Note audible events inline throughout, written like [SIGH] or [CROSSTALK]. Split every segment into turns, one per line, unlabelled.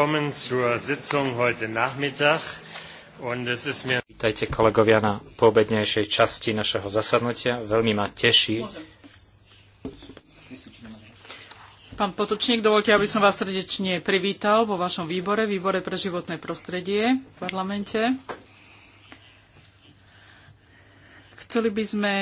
willkommen zur Sitzung heute Nachmittag. Und es ist mir... Vítajte kolegovia na poobednejšej časti našeho zasadnutia. Veľmi ma teší.
Pán Potočník, dovolte, aby som vás srdečne privítal vo vašom výbore, výbore pre životné prostredie v parlamente. Chceli by sme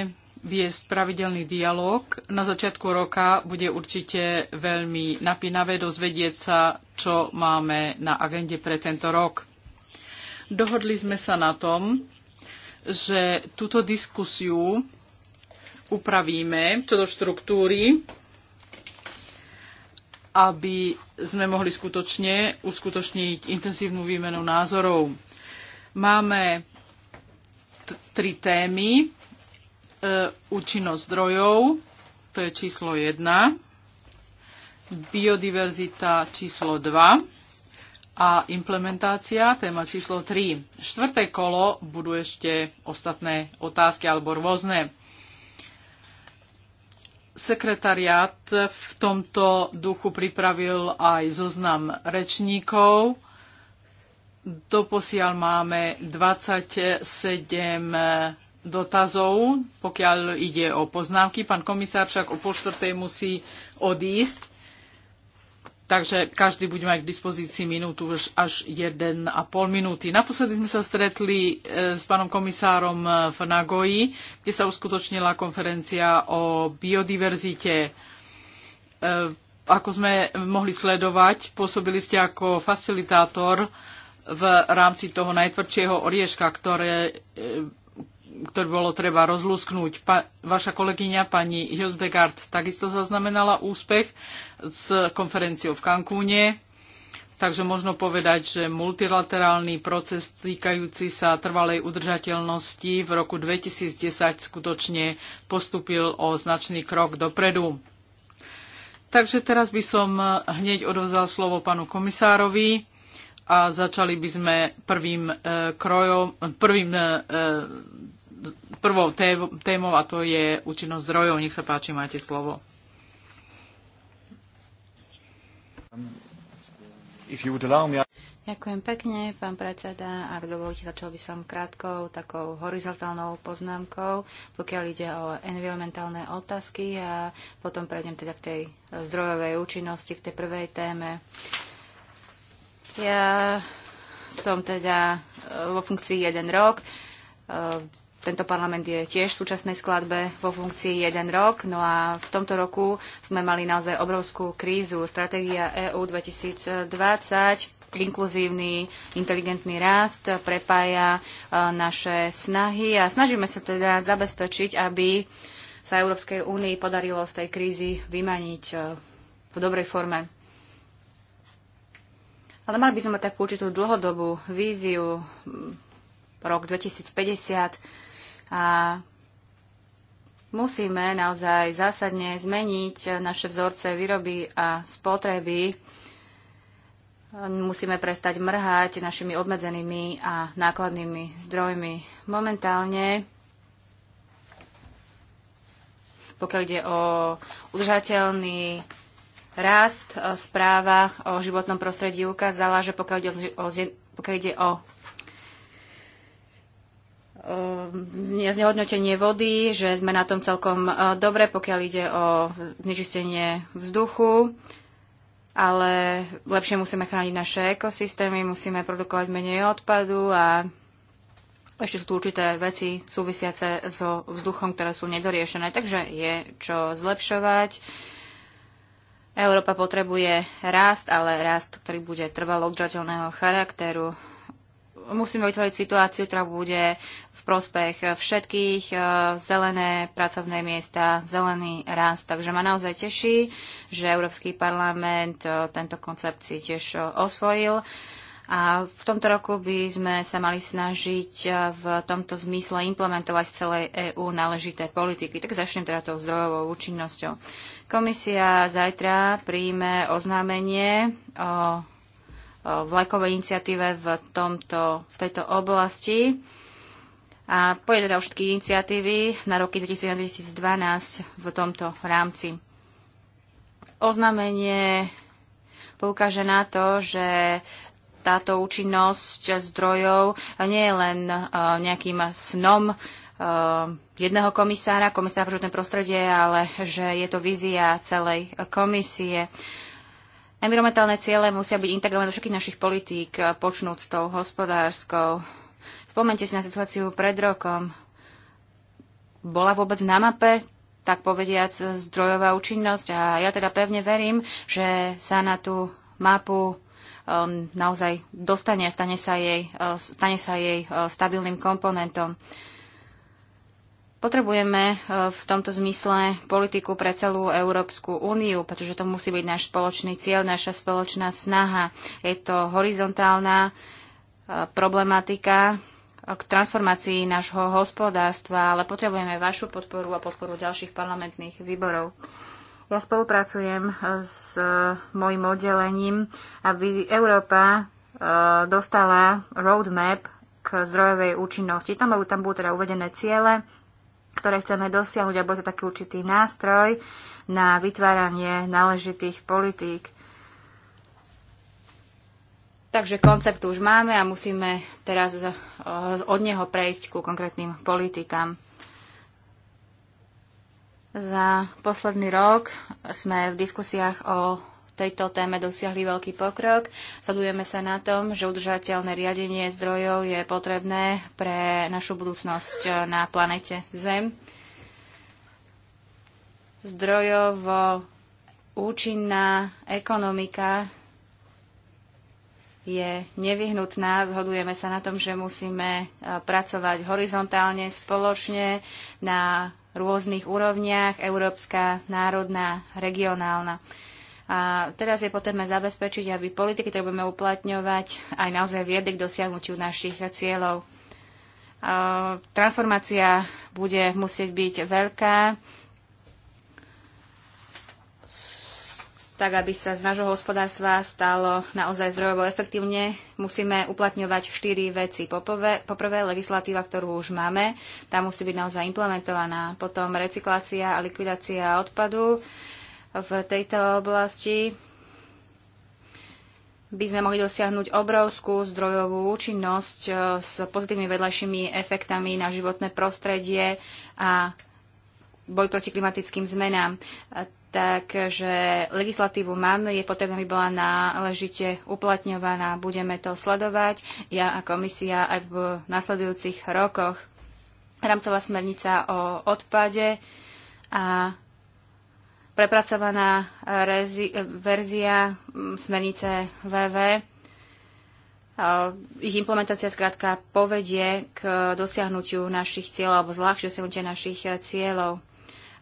viesť pravidelný dialog. Na začiatku roka bude určite veľmi napínavé dozvedieť sa, čo máme na agende pre tento rok. Dohodli sme sa na tom, že túto diskusiu upravíme čo do štruktúry, aby sme mohli skutočne uskutočniť intenzívnu výmenu názorov. Máme tri témy, E, účinnosť zdrojov, to je číslo 1, biodiverzita číslo 2 a implementácia, téma číslo 3. Štvrté kolo budú ešte ostatné otázky alebo rôzne. Sekretariát v tomto duchu pripravil aj zoznam rečníkov. Doposiaľ máme 27 dotazov, pokiaľ ide o poznámky. Pán komisár však o pol štvrtej musí odísť, takže každý bude mať k dispozícii minútu až 1,5 minúty. Naposledy sme sa stretli e, s pánom komisárom e, v Nagoji, kde sa uskutočnila konferencia o biodiverzite. E, ako sme mohli sledovať, pôsobili ste ako facilitátor v rámci toho najtvrdšieho orieška, ktoré ktorý bolo treba rozlúsknúť. Pa, vaša kolegyňa pani Hildegard takisto zaznamenala úspech s konferenciou v Cancúne, takže možno povedať, že multilaterálny proces týkajúci sa trvalej udržateľnosti v roku 2010 skutočne postupil o značný krok dopredu. Takže teraz by som hneď odovzal slovo panu komisárovi a začali by sme prvým eh, krojom, prvým eh, prvou témou a to je účinnosť zdrojov. Nech sa páči, máte slovo.
Me...
Ďakujem pekne, pán predseda. Ak dovolíte, začal by som krátkou takou horizontálnou poznámkou, pokiaľ ide o environmentálne otázky a potom prejdem teda k tej zdrojovej účinnosti, k tej prvej téme. Ja som teda eh, vo funkcii jeden rok. Eh, tento parlament je tiež v súčasnej skladbe vo funkcii jeden rok, no a v tomto roku sme mali naozaj obrovskú krízu. Stratégia EU 2020 inkluzívny, inteligentný rast prepája e, naše snahy a snažíme sa teda zabezpečiť, aby sa Európskej únii podarilo z tej krízy vymaniť e, v dobrej forme. Ale mali by sme takú určitú dlhodobú víziu, rok 2050 a musíme naozaj zásadne zmeniť naše vzorce výroby a spotreby. Musíme prestať mrhať našimi obmedzenými a nákladnými zdrojmi. Momentálne, pokiaľ ide o udržateľný rast, e, správa o životnom prostredí ukázala, že pokiaľ ide o, pokiaľ ide o Um, znehodnotenie vody, že sme na tom celkom uh, dobre, pokiaľ ide o znečistenie vzduchu, ale lepšie musíme chrániť naše ekosystémy, musíme produkovať menej odpadu a ešte sú tu určité veci súvisiace so vzduchom, ktoré sú nedoriešené, takže je čo zlepšovať. Európa potrebuje rast, ale rast, ktorý bude trvalo udržateľného charakteru musíme vytvoriť situáciu, ktorá bude v prospech všetkých, e, zelené pracovné miesta, zelený rast. Takže ma naozaj teší, že Európsky parlament e, tento koncept si tiež e, osvojil. A v tomto roku by sme sa mali snažiť v tomto zmysle implementovať v celej EÚ náležité politiky. Tak začnem teda tou zdrojovou účinnosťou. Komisia zajtra príjme oznámenie o vlajkovej iniciatíve v, tomto, v tejto oblasti. A pôjde teda všetky iniciatívy na roky 2012 v tomto rámci. Oznámenie poukáže na to, že táto účinnosť zdrojov nie je len e, nejakým snom e, jedného komisára, komisára pro životné prostredie, ale že je to vízia celej komisie. Environmentálne ciele musia byť integrované do všetkých našich politík, počnúť s tou hospodárskou. Spomente si na situáciu pred rokom. Bola vôbec na mape, tak povediac, zdrojová účinnosť a ja teda pevne verím, že sa na tú mapu um, naozaj dostane, stane sa jej, uh, stane sa jej uh, stabilným komponentom. Potrebujeme e, v tomto zmysle politiku pre celú Európsku úniu, pretože to musí byť náš spoločný cieľ, naša spoločná snaha. Je to horizontálna e, problematika k transformácii nášho hospodárstva, ale potrebujeme vašu podporu a podporu ďalších parlamentných výborov. Ja spolupracujem e, s mojim oddelením, aby Európa dostala roadmap k zdrojovej účinnosti. Tam budú, tam budú teda uvedené ciele, ktoré chceme dosiahnuť, a bude to taký určitý nástroj na vytváranie náležitých politík. Takže koncept už máme a musíme teraz eh, od neho prejsť ku konkrétnym politikám. Za posledný rok sme v diskusiách o tejto téme dosiahli veľký pokrok. Sledujeme sa na tom, že udržateľné riadenie zdrojov je potrebné pre našu budúcnosť na planete Zem. Zdrojovo účinná ekonomika je nevyhnutná. Zhodujeme sa na tom, že musíme e, pracovať horizontálne, spoločne na rôznych úrovniach, európska, národná, regionálna. A teraz je potrebné zabezpečiť, aby politiky, ktoré budeme uplatňovať, aj naozaj viedli k dosiahnutiu našich cieľov. Transformácia bude musieť byť veľká, tak aby sa z nášho hospodárstva stalo naozaj zdrojovo efektívne, musíme uplatňovať štyri veci. Poprvé, poprvé legislatíva, ktorú už máme, tá musí byť naozaj implementovaná. Potom recyklácia a likvidácia odpadu v tejto oblasti by sme mohli dosiahnuť obrovskú zdrojovú účinnosť e, s pozitívnymi vedľajšími efektami na životné prostredie a boj proti klimatickým zmenám. E, Takže legislatívu máme, je potrebné, aby bola náležite uplatňovaná. Budeme to sledovať, ja a komisia aj v nasledujúcich rokoch. Rámcová smernica o odpade a prepracovaná rezi, verzia mm, smernice VV. Ich implementácia skrátka povedie k dosiahnutiu našich cieľov alebo zľahšiu dosiahnutie našich cieľov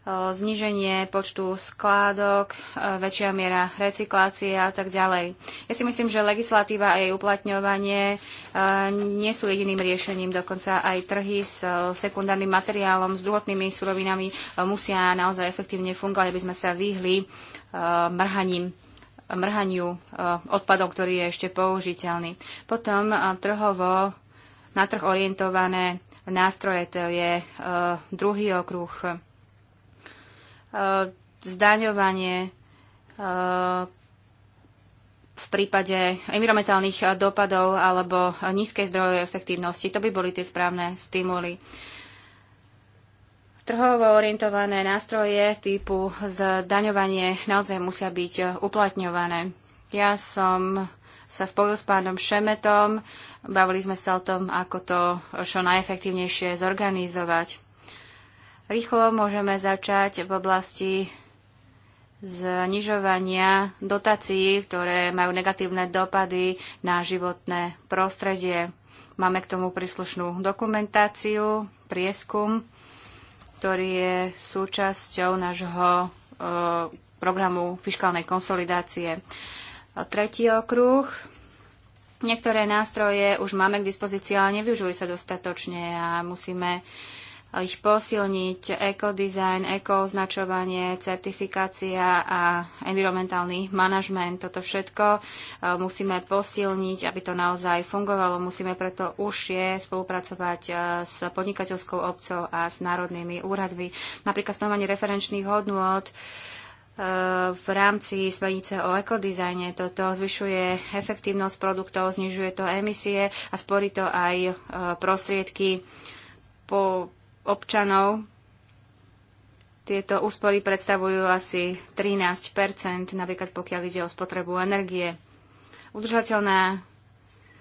zníženie počtu skládok, e, väčšia miera recyklácie a tak ďalej. Ja si myslím, že legislatíva a jej uplatňovanie e, nie sú jediným riešením. Dokonca aj trhy s e, sekundárnym materiálom, s druhotnými surovinami musia naozaj efektívne fungovať, aby sme sa vyhli mrhaním mrhaniu odpadov, ktorý je ešte použiteľný. Potom trhovo na trh orientované nástroje, to je druhý okruh Eh, zdaňovanie eh, v prípade environmentálnych eh, dopadov alebo nízkej zdrojovej efektívnosti. To by boli tie správne stimuly. Trhovo orientované nástroje typu zdaňovanie naozaj musia byť uplatňované. Ja som sa spojil s pánom Šemetom, bavili sme sa o tom, ako to čo najefektívnejšie zorganizovať. Rýchlo môžeme začať v oblasti znižovania dotácií, ktoré majú negatívne dopady na životné prostredie. Máme k tomu príslušnú dokumentáciu, prieskum, ktorý je súčasťou nášho e, programu fiskálnej konsolidácie. A tretí okruh. Niektoré nástroje už máme k dispozícii, ale nevyužili sa dostatočne a musíme ich posilniť, ekodizajn, ekoznačovanie, certifikácia a environmentálny manažment. Toto všetko e, musíme posilniť, aby to naozaj fungovalo. Musíme preto užšie spolupracovať e, s podnikateľskou obcou a s národnými úradmi. Napríklad stanovanie referenčných hodnôt, e, v rámci smernice o ekodizajne. Toto zvyšuje efektívnosť produktov, znižuje to emisie a sporí to aj prostriedky po občanov. Tieto úspory predstavujú asi 13 napríklad pokiaľ ide o spotrebu energie. Udržateľná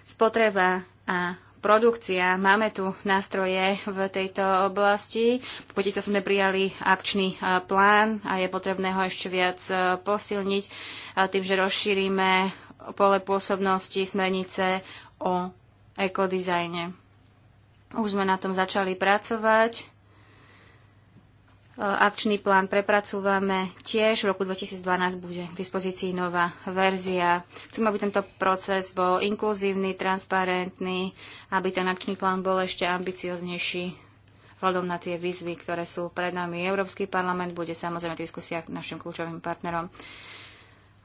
spotreba a produkcia. Máme tu nástroje v tejto oblasti. V sme prijali akčný e, plán a je potrebné ho ešte viac e, posilniť tým, že rozšírime pole pôsobnosti smernice o ekodizajne. Už sme na tom začali pracovať. E, akčný plán prepracúvame tiež. V roku 2012 bude k dispozícii nová verzia. Chcem, aby tento proces bol inkluzívny, transparentný, aby ten akčný plán bol ešte ambicioznejší vzhľadom na tie výzvy, ktoré sú pred nami. Európsky parlament bude samozrejme v diskusiách našim kľúčovým partnerom.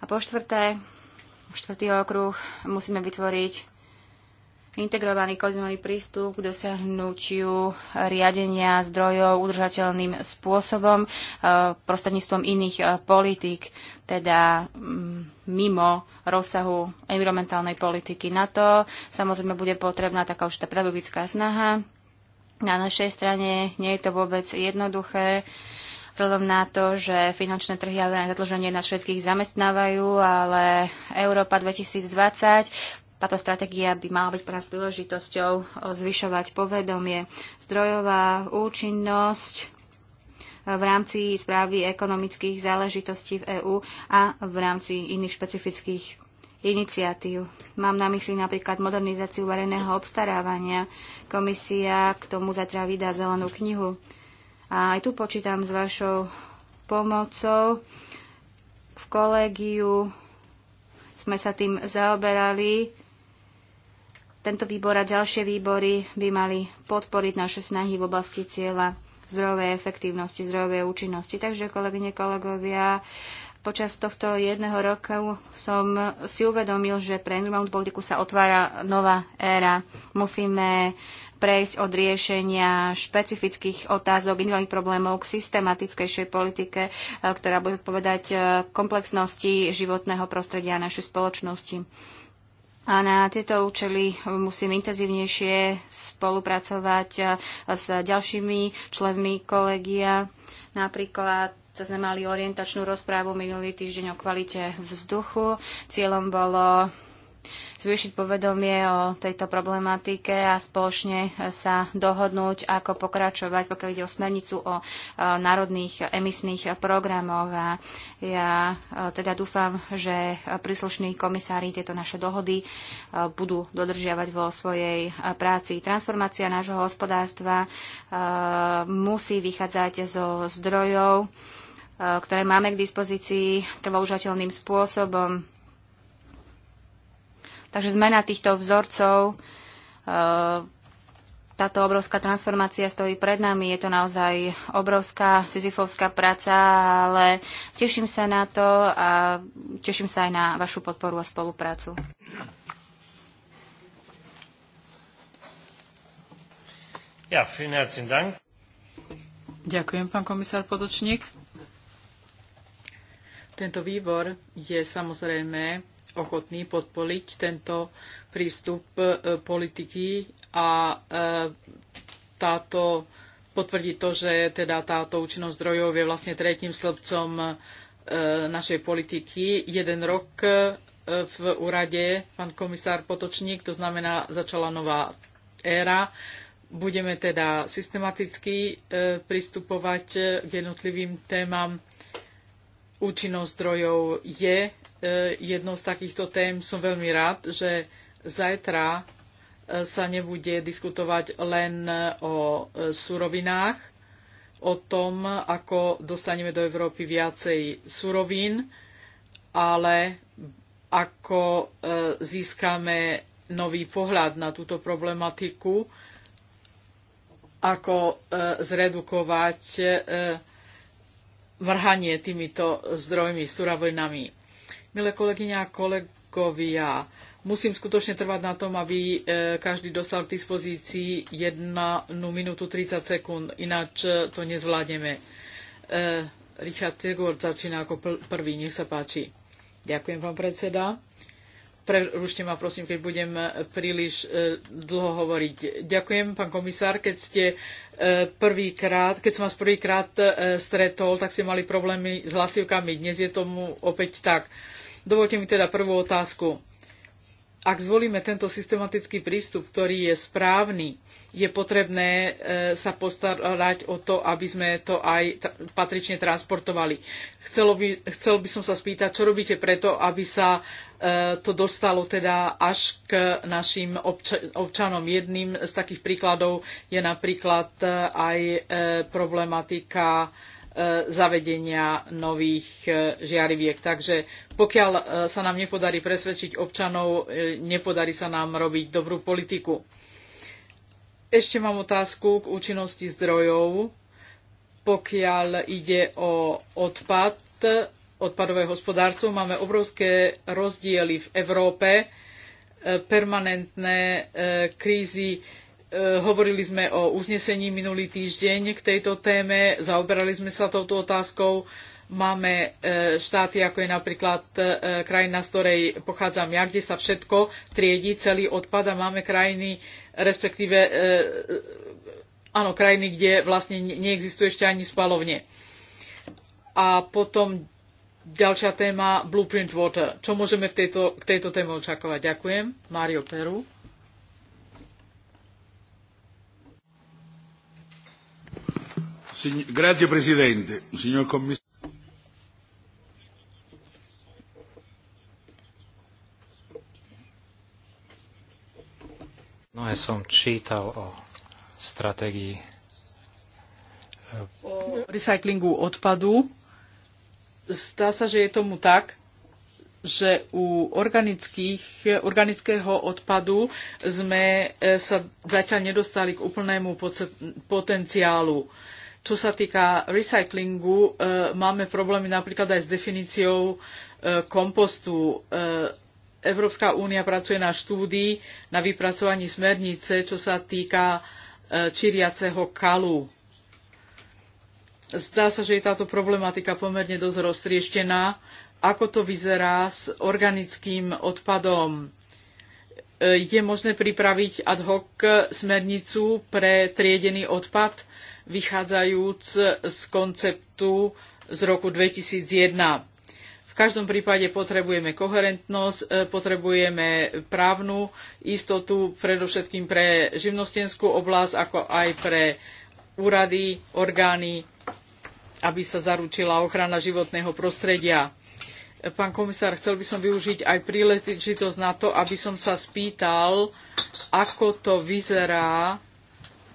A po štvrté, štvrtý okruh, musíme vytvoriť integrovaný koordinovaný prístup k dosiahnutiu riadenia zdrojov udržateľným spôsobom e, prostredníctvom iných e, politík, teda mm, mimo rozsahu environmentálnej politiky na to. Samozrejme bude potrebná taká už tá pedagogická snaha. Na našej strane nie je to vôbec jednoduché vzhľadom na to, že finančné trhy a verejné zadlženie nás všetkých zamestnávajú, ale Európa 2020 táto stratégia by mala byť pre nás príležitosťou e, zvyšovať povedomie. Zdrojová účinnosť e, v rámci správy ekonomických záležitostí v EÚ a v rámci iných špecifických iniciatív. Mám na mysli napríklad modernizáciu verejného obstarávania. Komisia k tomu zatiaľ vydá zelenú knihu. A aj tu počítam s vašou pomocou. V kolégiu sme sa tým zaoberali tento výbor a ďalšie výbory by mali podporiť naše snahy v oblasti cieľa zdrojovej efektívnosti, zdrojovej účinnosti. Takže, kolegyne, kolegovia, počas tohto jedného roka som si uvedomil, že pre environment politiku sa otvára nová éra. Musíme prejsť od riešenia špecifických otázok, individuálnych problémov k systematickejšej politike, ktorá bude odpovedať eh, komplexnosti životného prostredia našej spoločnosti. A na tieto účely musím intenzívnejšie spolupracovať s ďalšími členmi kolegia. Napríklad sme mali orientačnú rozprávu minulý týždeň o kvalite vzduchu. Cieľom bolo zvýšiť povedomie o tejto problematike a spoločne eh, sa dohodnúť, ako pokračovať, pokiaľ ide o smernicu o eh, národných emisných programoch. A ja eh, teda dúfam, že príslušní komisári tieto naše dohody budú dodržiavať vo svojej práci. Transformácia nášho hospodárstva musí vychádzať zo zdrojov, ktoré máme k dispozícii trvoužateľným spôsobom Takže zmena týchto vzorcov, e, táto obrovská transformácia stojí pred nami. Je to naozaj obrovská sizifovská práca, ale teším sa na to a teším sa aj na vašu podporu a spoluprácu.
Ja, vielen herzlichen Dank.
Ďakujem, pán komisár Podočník. Tento výbor je samozrejme ochotní podpoliť tento prístup e, politiky a e, táto potvrdiť to, že teda táto účinnosť zdrojov je vlastne tretím slobcom e, našej politiky. Jeden rok v úrade pán komisár Potočník, to znamená začala nová éra. Budeme teda systematicky pristupovať k jednotlivým témam. Účinnosť zdrojov je E, jednou z takýchto tém. Som veľmi rád, že zajtra e, sa nebude diskutovať len e, o surovinách, o tom, ako dostaneme do Európy viacej surovín, ale ako získame nový pohľad na túto problematiku, ako zredukovať mrhanie týmito zdrojmi, surovinami Milé kolegyňa a kolegovia, musím skutočne trvať na tom, aby e, každý dostal k dispozícii 1 no, minútu 30 sekúnd, ináč e, to nezvládneme. E, Richard Tegor začína ako prvý, nech sa páči. Ďakujem, pán predseda. Prerušte ma, prosím, keď budem príliš dlho hovoriť. Ďakujem, pán komisár, keď ste prvýkrát, keď som vás prvýkrát stretol, tak ste mali problémy s hlasivkami. Dnes je tomu opäť tak. Dovolte mi teda prvú otázku. Ak zvolíme tento systematický prístup, ktorý je správny, je potrebné e, sa postarať o to, aby sme to aj patrične transportovali. Chcelo by, chcel by som sa spýtať, čo robíte preto, aby sa e, to dostalo teda až k našim občanom. Jedným z takých príkladov je napríklad e, aj problematika E, zavedenia nových e, žiariviek. Takže pokiaľ e, sa nám nepodarí presvedčiť občanov, nepodarí sa nám robiť dobrú politiku. Ešte mám otázku k účinnosti zdrojov. Pokiaľ ide o odpad, odpadové hospodárstvo, máme obrovské rozdiely v Európe, permanentné krízy E, hovorili sme o uznesení minulý týždeň k tejto téme, zaoberali sme sa touto otázkou. Máme e, štáty, ako je napríklad e, krajina, z ktorej pochádzam ja, kde sa všetko triedi, celý odpad a máme krajiny, respektíve áno, krajiny, kde vlastne neexistuje ešte ani spalovne. A potom ďalšia téma Blueprint Water. Čo môžeme v tejto, k tejto téme očakávať? Ďakujem. Mario Peru. Grazie Presidente, signor Commissario.
No, som čítal o stratégii
eh, o recyklingu odpadu. Zdá sa, že je tomu tak, že u organického odpadu sme eh, sa zatiaľ nedostali k úplnému potenciálu. Čo sa týka recyklingu, e, máme problémy napríklad aj s definíciou e, kompostu. E, Európska únia pracuje na štúdii na vypracovaní smernice, čo sa týka čiriaceho kalu. Zdá sa, že je táto problematika pomerne dosť roztrieštená. Ako to vyzerá s organickým odpadom? Je možné pripraviť ad hoc smernicu pre triedený odpad? vychádzajúc z konceptu z roku 2001. V každom prípade potrebujeme koherentnosť, e, potrebujeme právnu istotu predovšetkým pre živnostenskú oblasť, ako aj pre úrady, orgány, aby sa zaručila ochrana životného prostredia. E, pán komisár, chcel by som využiť aj príležitosť na to, aby som sa spýtal, ako to vyzerá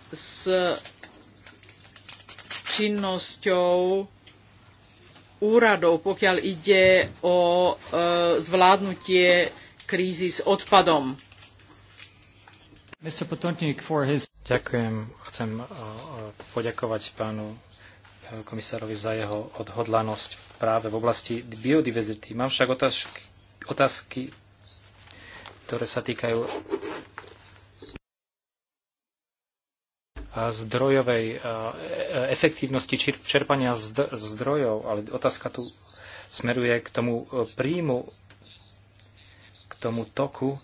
s činnosťou úradov, pokiaľ ide o e, zvládnutie krízy s odpadom.
Ďakujem. Chcem e, e, poďakovať pánu komisárovi za jeho odhodlanosť práve v oblasti biodiverzity. Mám však otázky, otázky ktoré sa týkajú zdrojovej e, e, efektívnosti čerpania zdrojov, ale otázka tu smeruje k tomu e, príjmu, k tomu toku.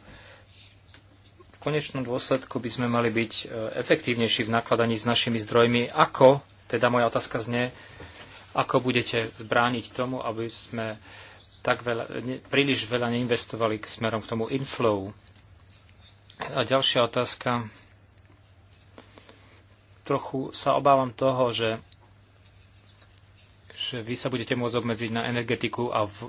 V konečnom dôsledku by sme mali byť efektívnejší v nakladaní s našimi zdrojmi. Ako, teda moja otázka znie, ako budete brániť tomu, aby sme tak veľa, ne, príliš veľa neinvestovali k smerom k tomu inflow. A ďalšia otázka trochu sa obávam toho, že, že vy sa budete môcť obmedziť na energetiku a v, e,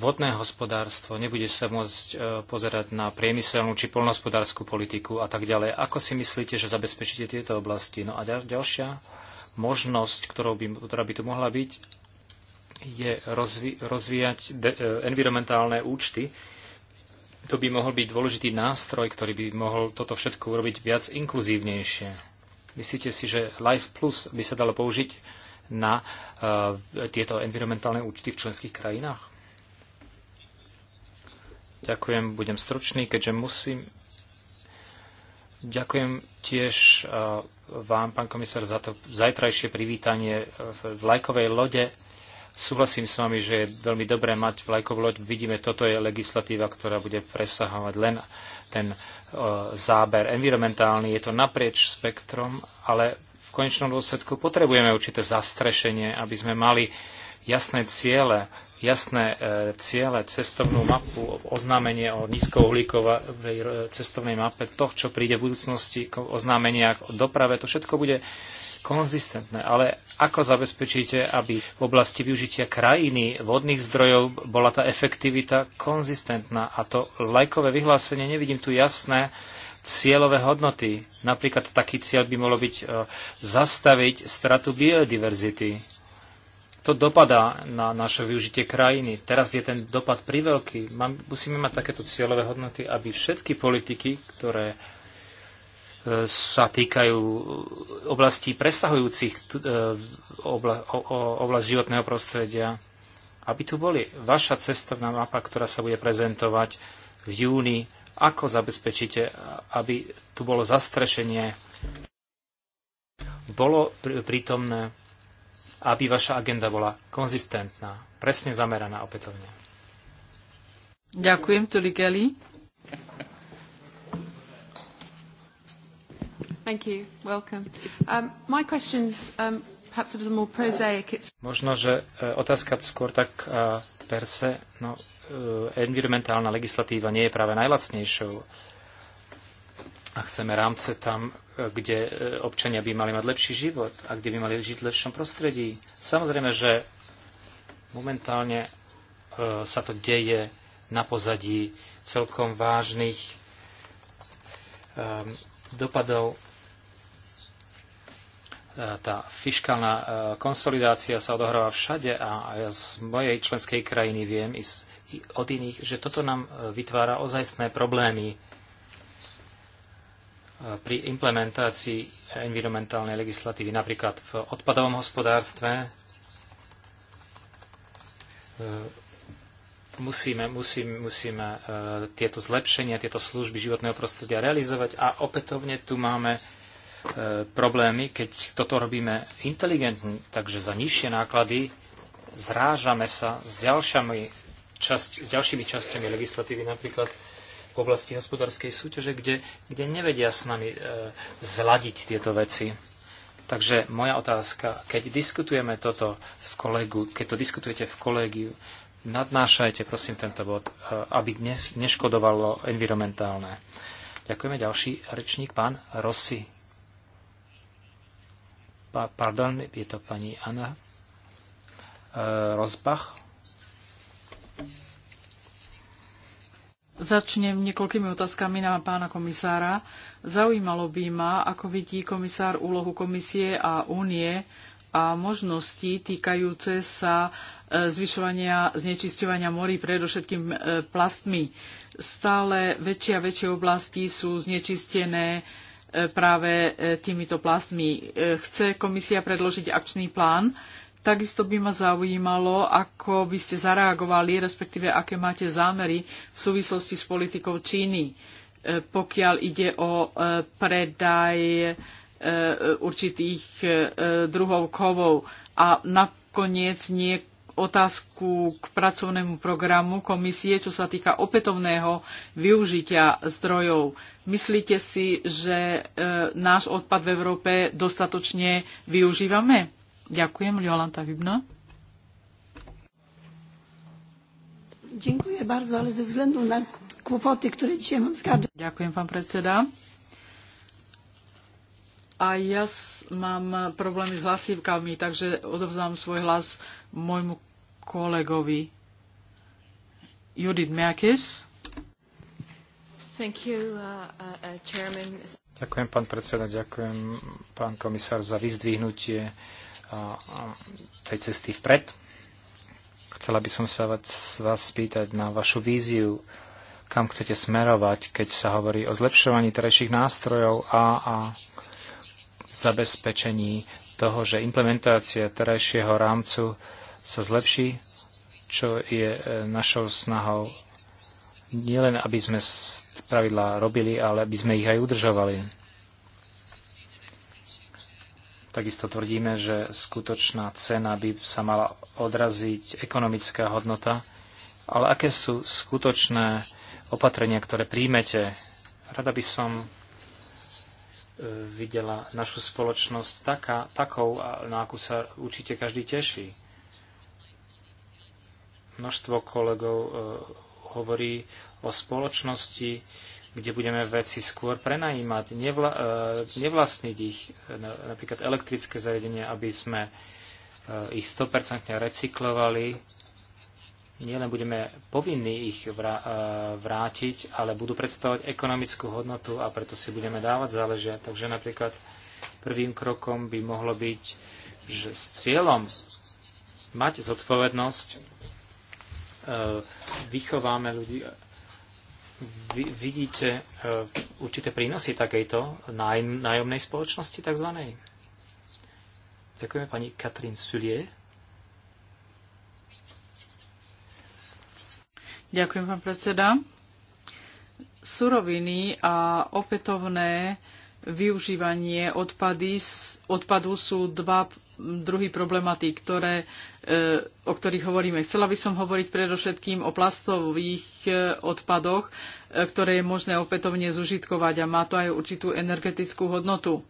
vodné hospodárstvo, nebude sa môcť e, pozerať na priemyselnú či polnohospodárskú politiku a tak ďalej. Ako si myslíte, že zabezpečíte tieto oblasti? No a ďalšia možnosť, ktorou by, ktorá by tu mohla byť, je rozvi- rozvíjať de- e, environmentálne účty, to by mohol byť dôležitý nástroj, ktorý by mohol toto všetko urobiť viac inkluzívnejšie. Myslíte si, že Life Plus by sa dalo použiť na uh, tieto environmentálne účty v členských krajinách? Ďakujem, budem stručný, keďže musím. Ďakujem tiež uh, vám, pán komisár, za to zajtrajšie privítanie v lajkovej lode Súhlasím s vami, že je veľmi dobré mať vlajkovú loď. Vidíme, toto je legislatíva, ktorá bude presahovať len ten e, záber environmentálny. Je to naprieč spektrom, ale v konečnom dôsledku potrebujeme určité zastrešenie, aby sme mali jasné ciele, jasné e, ciele, cestovnú mapu, oznámenie o nízkouhlíkovej e, cestovnej mape, to, čo príde v budúcnosti, oznámenia o doprave, to všetko bude konzistentné, ale ako zabezpečíte, aby v oblasti využitia krajiny, vodných zdrojov bola tá efektivita konzistentná? A to lajkové vyhlásenie, nevidím tu jasné cieľové hodnoty. Napríklad taký cieľ by mohlo byť e, zastaviť stratu biodiverzity to dopadá na naše využitie krajiny. Teraz je ten dopad priveľký. musíme mať takéto cieľové hodnoty, aby všetky politiky, ktoré sa týkajú oblastí presahujúcich e, obla, oblasť životného prostredia, aby tu boli vaša cestovná mapa, ktorá sa bude prezentovať v júni, ako zabezpečíte, aby tu bolo zastrešenie, bolo prítomné, aby vaša agenda bola konzistentná, presne zameraná opätovne.
Ďakujem, Tuli Kelly. Thank you. Welcome. Um, my question's um, perhaps a little more prosaic. It's...
Možno, že e, otázka skôr tak e, per se, no, e, environmentálna legislatíva nie je práve najlacnejšou. A chceme rámce tam, kde občania by mali mať lepší život a kde by mali žiť v lepšom prostredí. Samozrejme, že momentálne sa to deje na pozadí celkom vážnych dopadov E, tá fiskálna e, konsolidácia sa odohráva všade a ja z mojej členskej krajiny viem i od iných, že toto nám e, vytvára ozajstné problémy pri implementácii environmentálnej legislatívy, napríklad v odpadovom hospodárstve. Musíme, musíme, musíme tieto zlepšenia, tieto služby životného prostredia realizovať a opätovne tu máme E, problémy, keď toto robíme inteligentne, takže za nižšie náklady zrážame sa s ďalšími, časť, s ďalšími časťami legislatívy, napríklad v oblasti hospodárskej súťaže, kde, kde nevedia s nami e, zladiť tieto veci. Takže moja otázka, keď diskutujeme toto v kolegu, keď to diskutujete v kolégiu, nadnášajte prosím tento bod, e, aby dnes neškodovalo environmentálne. Ďakujeme. Ďalší rečník, pán Rossi pa, pardon, je to pani Anna e, Rozbach.
Začnem niekoľkými otázkami na pána komisára. Zaujímalo by ma, ako vidí komisár úlohu komisie a únie a možnosti týkajúce sa e, zvyšovania znečisťovania morí predovšetkým e, plastmi. Stále väčšie a väčšie oblasti sú znečistené E, práve e, týmito plastmi. E, chce komisia predložiť akčný plán. Takisto by ma zaujímalo, ako by ste zareagovali, respektíve aké máte zámery v súvislosti s politikou Číny, pokiaľ ide o predaj určitých druhov kovov. A nakoniec nie otázku k pracovnému programu komisie, čo sa týka opätovného využitia zdrojov. Myslíte si, že e, náš odpad v Európe dostatočne využívame? Ďakujem, Jolanta Hübner.
Dziękuję bardzo, ale ze względu na kłopoty,
dzisiaj Ďakujem, pán predseda. A ja mám problémy s hlasívkami, takže odovzdám svoj hlas môjmu kolegovi Judith Merkis.
You, uh, uh, uh
ďakujem, pán predseda, ďakujem, pán komisár, za vyzdvihnutie uh, uh, tej cesty vpred. Chcela by som sa vás, vás spýtať na vašu víziu, kam chcete smerovať, keď sa hovorí o zlepšovaní terajších nástrojov a, a zabezpečení toho, že implementácia terajšieho rámcu sa zlepší, čo je e, našou snahou nielen, aby sme pravidlá robili, ale aby sme ich aj udržovali. Takisto tvrdíme, že skutočná cena by sa mala odraziť ekonomická hodnota, ale aké sú skutočné opatrenia, ktoré príjmete? Rada by som e, videla našu spoločnosť taká, takou, na akú sa určite každý teší Množstvo kolegov e, hovorí o spoločnosti, kde budeme veci skôr prenajímať, nevla, e, nevlastniť ich, e, napríklad elektrické zariadenia, aby sme ich 100% recyklovali. Nielen budeme povinní ich vrátiť, ale budú predstavovať ekonomickú hodnotu a preto si budeme dávať záležiať. Takže napríklad prvým krokom by mohlo byť, že s cieľom mať zodpovednosť E, vychováme ľudí. Vy, vidíte e, určité prínosy takejto náj, nájomnej spoločnosti tzv. Ďakujeme pani Katrin Sulier.
Ďakujem, pán predseda. Suroviny a opätovné využívanie odpady, odpadu sú dva druhy problematík, ktoré, e, o ktorých hovoríme. Chcela by som hovoriť predovšetkým o plastových e, odpadoch, e, ktoré je možné opätovne zužitkovať a má to aj určitú energetickú hodnotu.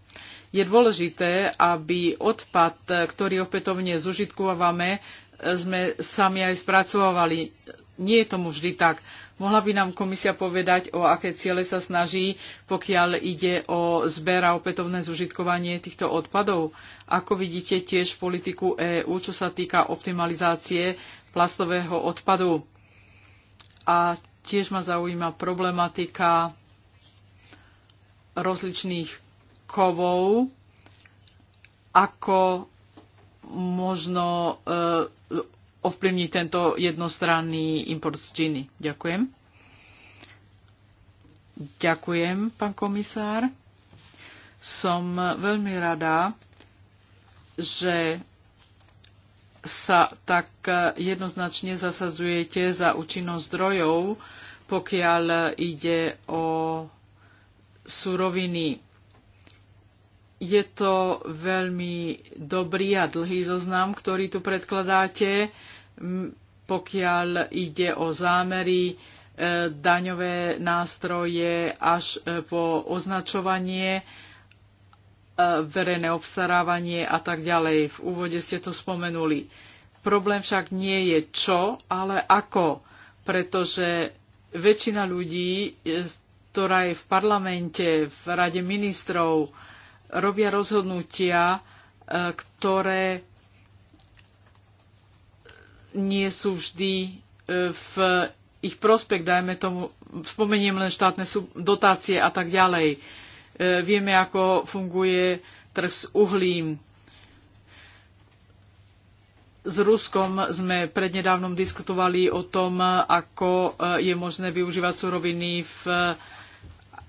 Je dôležité, aby odpad, ktorý opätovne zužitkovávame, sme sami aj spracovávali nie je tomu vždy tak. Mohla by nám komisia povedať, o aké ciele sa snaží, pokiaľ ide o zber a opätovné zužitkovanie týchto odpadov? Ako vidíte tiež politiku EÚ, čo sa týka optimalizácie plastového odpadu? A tiež ma zaujíma problematika rozličných kovov, ako možno e, ovplyvniť tento jednostranný import z Číny. Ďakujem. Ďakujem, pán komisár. Som veľmi rada, že sa tak jednoznačne zasadzujete za účinnosť zdrojov, pokiaľ ide o suroviny. Je to veľmi dobrý a dlhý zoznam, ktorý tu predkladáte pokiaľ ide o zámery, e, daňové nástroje až e, po označovanie, e, verejné obstarávanie a tak ďalej. V úvode ste to spomenuli. Problém však nie je čo, ale ako, pretože väčšina ľudí, ktorá je v parlamente, v rade ministrov, robia rozhodnutia, ktoré nie sú vždy e, v ich prospekt, dajme tomu, spomeniem len štátne dotácie a tak ďalej. E, vieme, ako funguje trh s uhlím. S Ruskom sme prednedávnom diskutovali o tom, ako e, je možné využívať suroviny v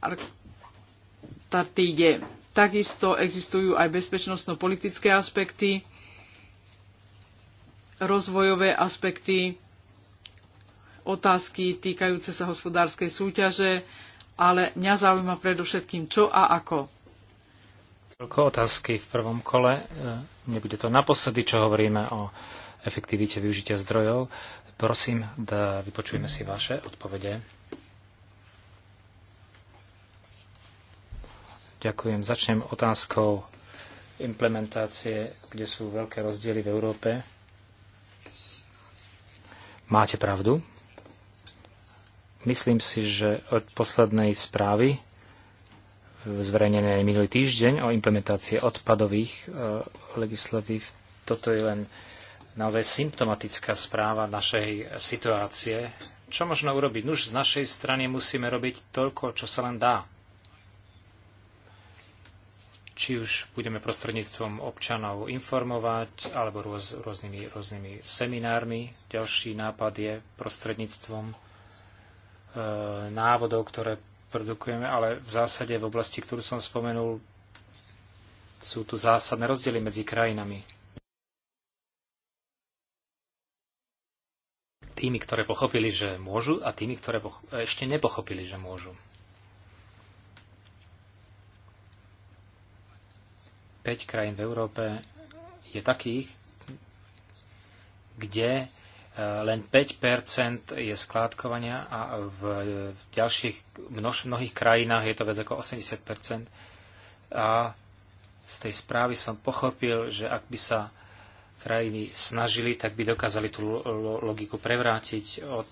Antarktíde. Takisto existujú aj bezpečnostno-politické aspekty rozvojové aspekty, otázky týkajúce sa hospodárskej súťaže, ale mňa zaujíma predovšetkým čo a ako.
Toľko otázky v prvom kole. E, nebude to naposledy, čo hovoríme o efektivite využitia zdrojov. Prosím, da vypočujeme si vaše odpovede. Ďakujem. Začnem otázkou implementácie, kde sú veľké rozdiely v Európe Máte pravdu. Myslím si, že od poslednej správy e, zverejnenej minulý týždeň o implementácii odpadových e, legislatív, toto je len naozaj symptomatická správa našej situácie. Čo možno urobiť? Nuž z našej strany musíme robiť toľko, čo sa len dá či už budeme prostredníctvom občanov informovať alebo rôz, rôznymi, rôznymi seminármi. Ďalší nápad je prostredníctvom e, návodov, ktoré produkujeme, ale v zásade v oblasti, ktorú som spomenul, sú tu zásadné rozdiely medzi krajinami. Tými, ktoré pochopili, že môžu a tými, ktoré e, ešte nepochopili, že môžu. 5 krajín v Európe je takých, kde e, len 5 je skládkovania a v ďalších množ, mnohých krajinách je to viac ako 80 A z tej správy som pochopil, že ak by sa krajiny snažili, tak by dokázali tú logiku prevrátiť od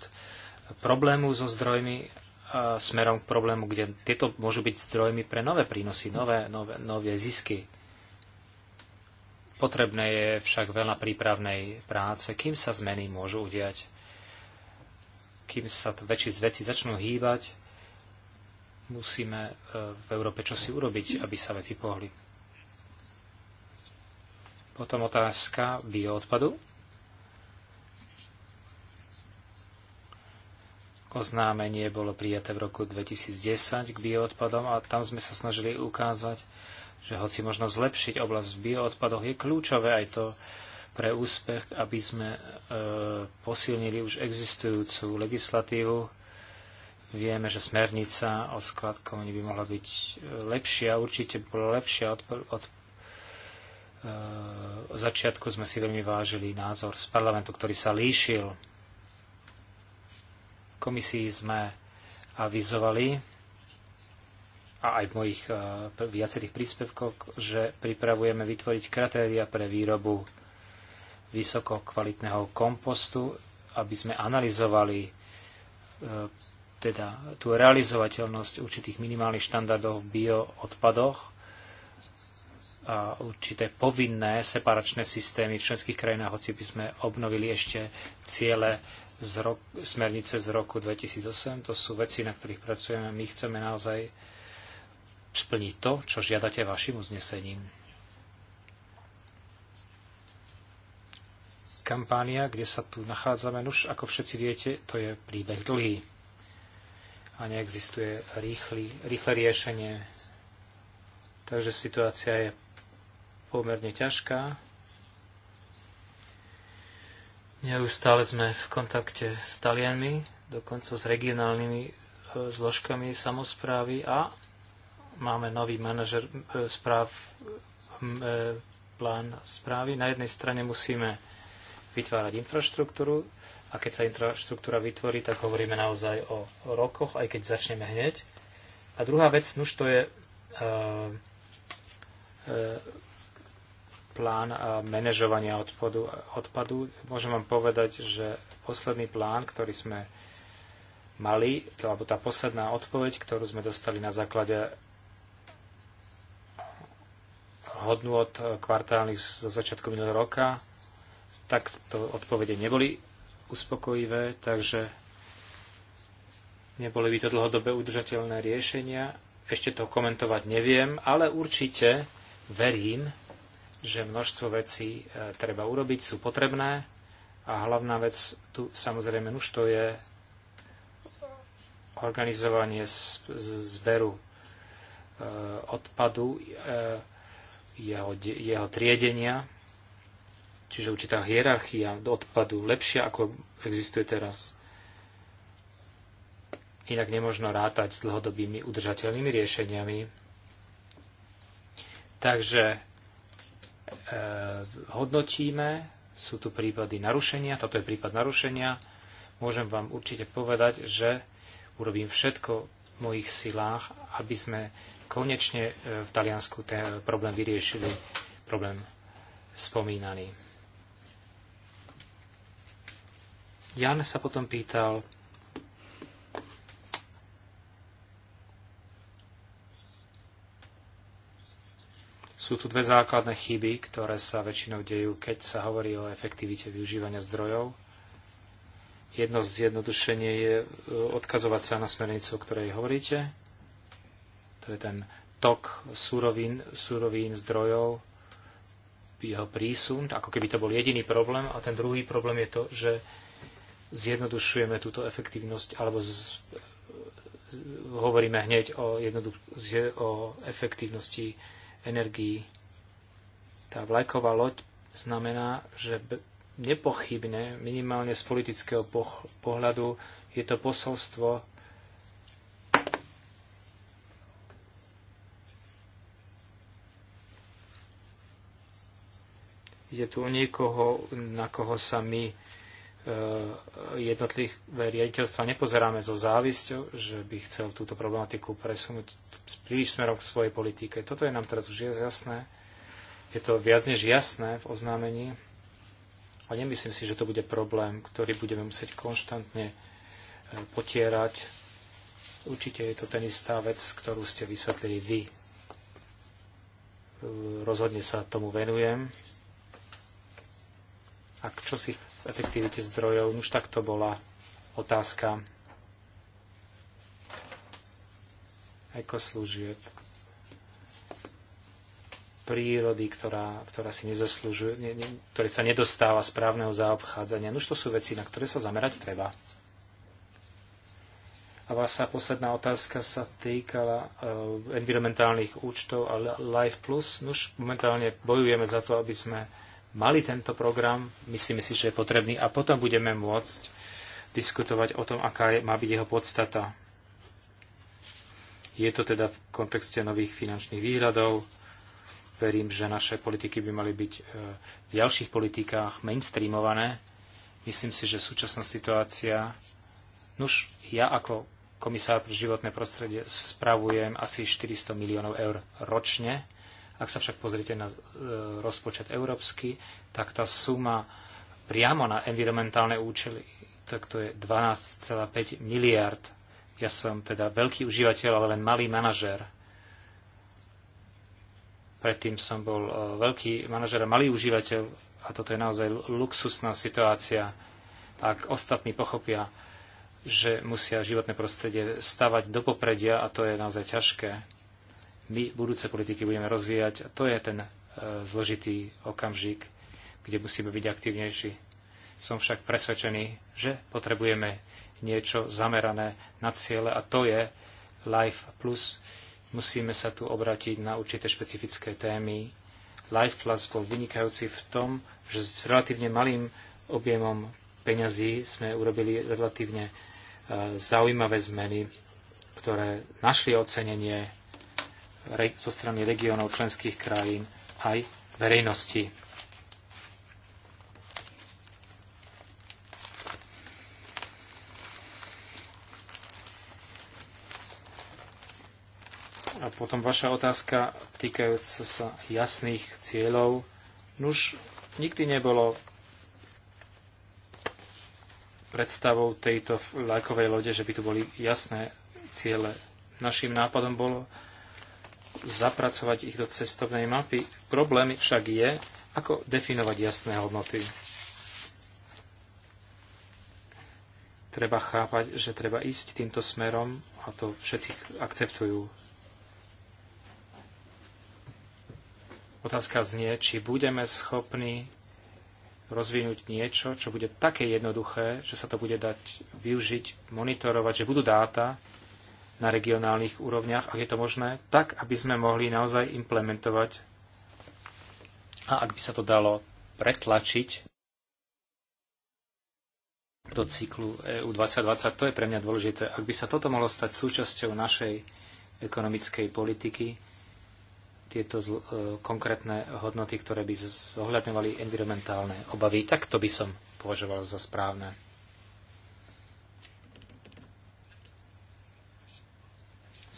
problému so zdrojmi a e, smerom k problému, kde tieto môžu byť zdrojmi pre nové prínosy, nové, nové, nové zisky. Potrebné je však veľa prípravnej práce, kým sa zmeny môžu udiať, kým sa väčšie z veci začnú hýbať, musíme e, v Európe čosi urobiť, aby sa veci pohli. Potom otázka bioodpadu. Oznámenie bolo prijaté v roku 2010 k bioodpadom a tam sme sa snažili ukázať, že hoci možno zlepšiť oblasť v bioodpadoch, je kľúčové aj to pre úspech, aby sme e, posilnili už existujúcu legislatívu. Vieme, že smernica o skladkovaní by mohla byť e, lepšia, určite bola lepšia od, od e, začiatku sme si veľmi vážili názor z parlamentu, ktorý sa líšil. V komisii sme avizovali, a aj v mojich eh, viacerých príspevkoch, že pripravujeme vytvoriť kratéria pre výrobu vysoko kvalitného kompostu, aby sme analyzovali eh, teda tú realizovateľnosť určitých minimálnych štandardov v bioodpadoch a určité povinné separačné systémy v členských krajinách, hoci by sme obnovili ešte ciele z rok, smernice z roku 2008. To sú veci, na ktorých pracujeme. My chceme naozaj splniť to, čo žiadate vašim uznesením. Kampánia, kde sa tu nachádzame, už ako všetci viete, to je príbeh dlhý a neexistuje rýchly, rýchle riešenie. Takže situácia je pomerne ťažká. Neustále sme v kontakte s Talianmi, dokonca s regionálnymi e, zložkami samozprávy a máme nový manažer e, správ, e, plán správy. Na jednej strane musíme vytvárať infraštruktúru a keď sa infraštruktúra vytvorí, tak hovoríme naozaj o rokoch, aj keď začneme hneď. A druhá vec, nuž to je e, plán a manažovania odpadu, odpadu. Môžem vám povedať, že posledný plán, ktorý sme mali, to, alebo tá posledná odpoveď, ktorú sme dostali na základe hodnot eh, kvartálnych zo začiatku minulého roka, tak to odpovede neboli uspokojivé, takže neboli by to dlhodobé udržateľné riešenia. Ešte to komentovať neviem, ale určite verím, že množstvo vecí eh, treba urobiť, sú potrebné a hlavná vec tu samozrejme už to je organizovanie zberu eh, odpadu jeho, jeho triedenia, čiže určitá hierarchia do odpadu lepšia, ako existuje teraz. Inak nemôžno rátať s dlhodobými udržateľnými riešeniami. Takže e, hodnotíme, sú tu prípady narušenia, toto je prípad narušenia. Môžem vám určite povedať, že urobím všetko v mojich silách, aby sme konečne e, v Taliansku ten e, problém vyriešili, problém spomínaný. Jan sa potom pýtal, Sú tu dve základné chyby, ktoré sa väčšinou dejú, keď sa hovorí o efektivite využívania zdrojov. Jedno zjednodušenie je e, odkazovať sa na smernicu, o ktorej hovoríte, to je ten tok surovín, surovín zdrojov, jeho prísun, ako keby to bol jediný problém. A ten druhý problém je to, že zjednodušujeme túto efektívnosť, alebo z, hovoríme hneď o, o efektívnosti energií. Tá vlajková loď znamená, že nepochybne, minimálne z politického pohľadu, je to posolstvo Je tu o niekoho, na koho sa my e, jednotlých riaditeľstva nepozeráme so závisťou, že by chcel túto problematiku presunúť príliš smerom k svojej politike. Toto je nám teraz už jasné. Je to viac než jasné v oznámení. A nemyslím si, že to bude problém, ktorý budeme musieť konštantne e, potierať. Určite je to ten istá vec, ktorú ste vysvetlili vy. E, rozhodne sa tomu venujem a čo si v efektivite zdrojov. Už tak to bola otázka ekoslúžieb prírody, ktorá, ktorá si nezaslúžuje, ne, ne, ktoré sa nedostáva správneho zaobchádzania. No Už to sú veci, na ktoré sa zamerať treba. A vaša posledná otázka sa týkala eh, environmentálnych účtov a Life Plus. už momentálne bojujeme za to, aby sme mali tento program, myslíme si, že je potrebný a potom budeme môcť diskutovať o tom, aká je, má byť jeho podstata. Je to teda v kontexte nových finančných výhľadov. Verím, že naše politiky by mali byť e, v ďalších politikách mainstreamované. Myslím si, že súčasná situácia... Nuž, ja ako komisár pre životné prostredie spravujem asi 400 miliónov eur ročne ak sa však pozrite na e, rozpočet európsky, tak tá suma priamo na environmentálne účely, tak to je 12,5 miliard. Ja som teda veľký užívateľ, ale len malý manažér. Predtým som bol e, veľký manažer a malý užívateľ a toto je naozaj luxusná situácia. Ak ostatní pochopia, že musia životné prostredie stavať do popredia a to je naozaj ťažké, my budúce politiky budeme rozvíjať. A to je ten e, zložitý okamžik, kde musíme byť aktívnejší. Som však presvedčený, že potrebujeme niečo zamerané na ciele a to je Life Plus. Musíme sa tu obratiť na určité špecifické témy. Life Plus bol vynikajúci v tom, že s relatívne malým objemom peňazí sme urobili relatívne e, zaujímavé zmeny, ktoré našli ocenenie zo strany regiónov členských krajín aj verejnosti. A potom vaša otázka týkajúca sa jasných cieľov. Nuž, nikdy nebolo predstavou tejto vlajkovej lode, že by tu boli jasné ciele. Našim nápadom bolo zapracovať ich do cestovnej mapy. Problém však je, ako definovať jasné hodnoty. Treba chápať, že treba ísť týmto smerom a to všetci akceptujú. Otázka znie, či budeme schopní rozvinúť niečo, čo bude také jednoduché, že sa to bude dať využiť, monitorovať, že budú dáta, na regionálnych úrovniach, ak je to možné, tak, aby sme mohli naozaj implementovať a ak by sa to dalo pretlačiť do cyklu EU 2020, to je pre mňa dôležité. Ak by sa toto mohlo stať súčasťou našej ekonomickej politiky, tieto zl- e, konkrétne hodnoty, ktoré by zohľadňovali environmentálne obavy, tak to by som považoval za správne.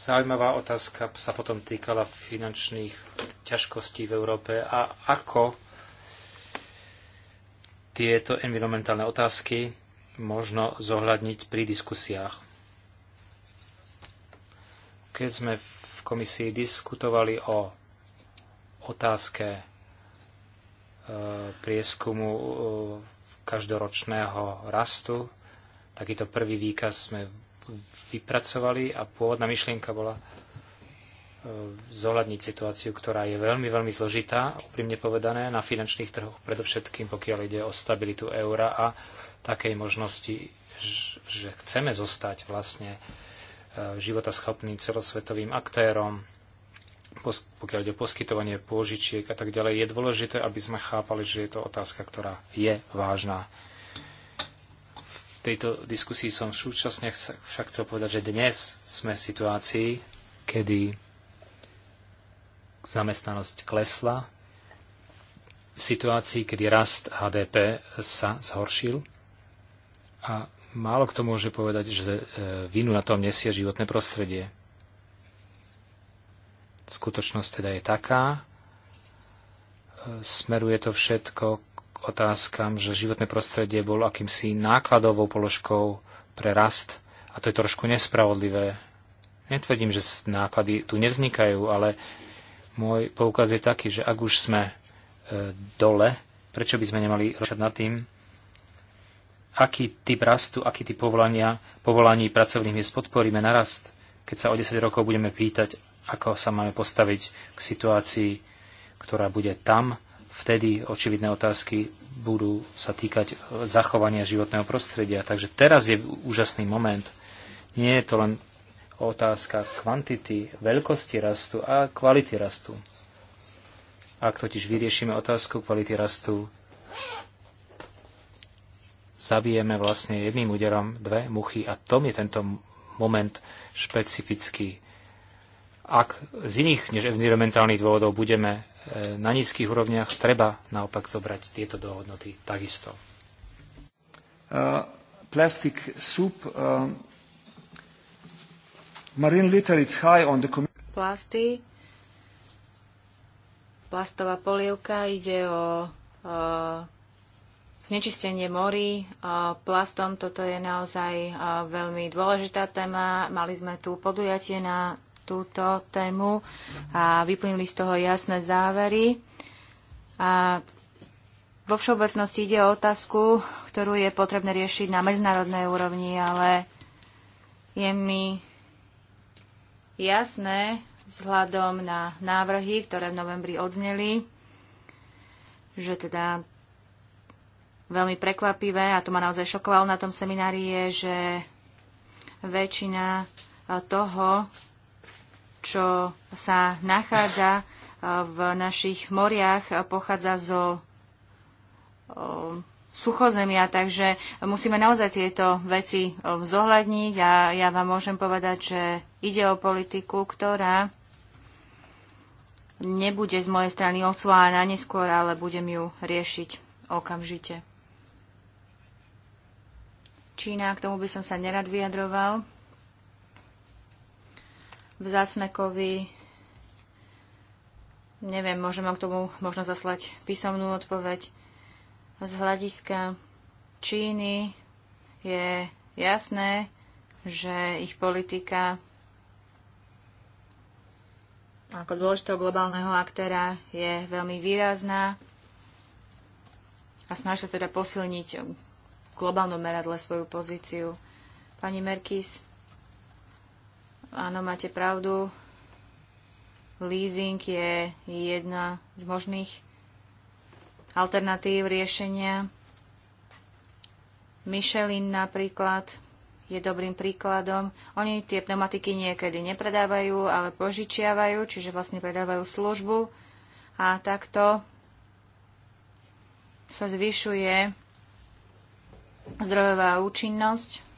Zaujímavá otázka sa potom týkala finančných ťažkostí v Európe a ako tieto environmentálne otázky možno zohľadniť pri diskusiách. Keď sme v komisii diskutovali o otázke e, prieskumu e, každoročného rastu, takýto prvý výkaz sme vypracovali a pôvodná myšlienka bola e, zohľadniť situáciu, ktorá je veľmi, veľmi zložitá, úprimne povedané, na finančných trhoch, predovšetkým pokiaľ ide o stabilitu eura a takej možnosti, že chceme zostať vlastne e, životaschopným celosvetovým aktérom, pokiaľ ide o poskytovanie pôžičiek a tak ďalej, je dôležité, aby sme chápali, že je to otázka, ktorá je vážna tejto diskusii som súčasne však chcel povedať, že dnes sme v situácii, kedy zamestnanosť klesla, v situácii, kedy rast HDP sa zhoršil a málo kto môže povedať, že e, vinu na tom nesie životné prostredie. Skutočnosť teda je taká, e, smeruje to všetko otázkam, že životné prostredie bolo akýmsi nákladovou položkou pre rast a to je trošku nespravodlivé. Netvrdím, že náklady tu nevznikajú, ale môj poukaz je taký, že ak už sme e, dole, prečo by sme nemali rozšať nad tým, aký typ rastu, aký typ povolania, povolaní pracovných miest podporíme na rast, keď sa o 10 rokov budeme pýtať, ako sa máme postaviť k situácii, ktorá bude tam, vtedy očividné otázky budú sa týkať e, zachovania životného prostredia. Takže teraz je úžasný moment. Nie je to len otázka kvantity, veľkosti rastu a kvality rastu. Ak totiž vyriešime otázku kvality rastu, zabijeme vlastne jedným úderom dve muchy a tom je tento moment špecifický. Ak z iných než environmentálnych dôvodov budeme E, na nízkych úrovniach treba naopak zobrať tieto dohodnoty takisto. Uh, plastic soup, uh, marine litter is high on the
Plasty, plastová polievka ide o uh, znečistenie morí plastom. Toto je naozaj veľmi dôležitá téma. Mali sme tu podujatie na túto tému a vyplynuli z toho jasné závery. A vo všeobecnosti ide o otázku, ktorú je potrebné riešiť na medzinárodnej úrovni, ale je mi jasné vzhľadom na návrhy, ktoré v novembri odzneli, že teda veľmi prekvapivé, a to ma naozaj šokovalo na tom seminári, je, že väčšina toho, čo sa nachádza e, v našich moriach, e, pochádza zo e, suchozemia, takže musíme naozaj tieto veci zohľadniť a ja vám môžem povedať, že ide o politiku, ktorá nebude z mojej strany odsúvaná neskôr, ale budem ju riešiť okamžite. Čína, k tomu by som sa nerad vyjadroval v Zásnekovi. Neviem, môžem vám k tomu možno zaslať písomnú odpoveď. Z hľadiska Číny je jasné, že ich politika ako dôležitého globálneho aktéra je veľmi výrazná a snažia teda posilniť v globálnom meradle svoju pozíciu. Pani Merkis, Áno, máte pravdu. Leasing je jedna z možných alternatív riešenia. Michelin napríklad je dobrým príkladom. Oni tie pneumatiky niekedy nepredávajú, ale požičiavajú, čiže vlastne predávajú službu a takto sa zvyšuje zdrojová účinnosť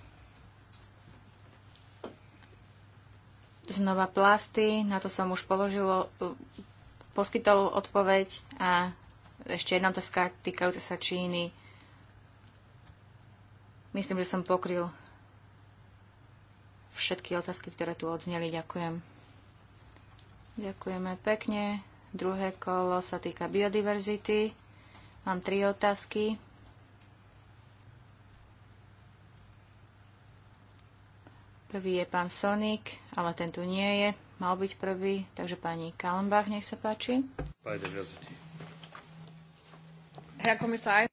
Znova plasty, na to som už položilo, poskytol odpoveď a ešte jedna otázka týkajúca sa Číny. Myslím, že som pokryl všetky otázky, ktoré tu odzneli. Ďakujem. Ďakujeme pekne. Druhé kolo sa týka biodiverzity. Mám tri otázky. Prvý je pán Sonik, ale ten tu nie je. Mal byť prvý, takže pani Kalmbach, nech sa páči. Herr komisár.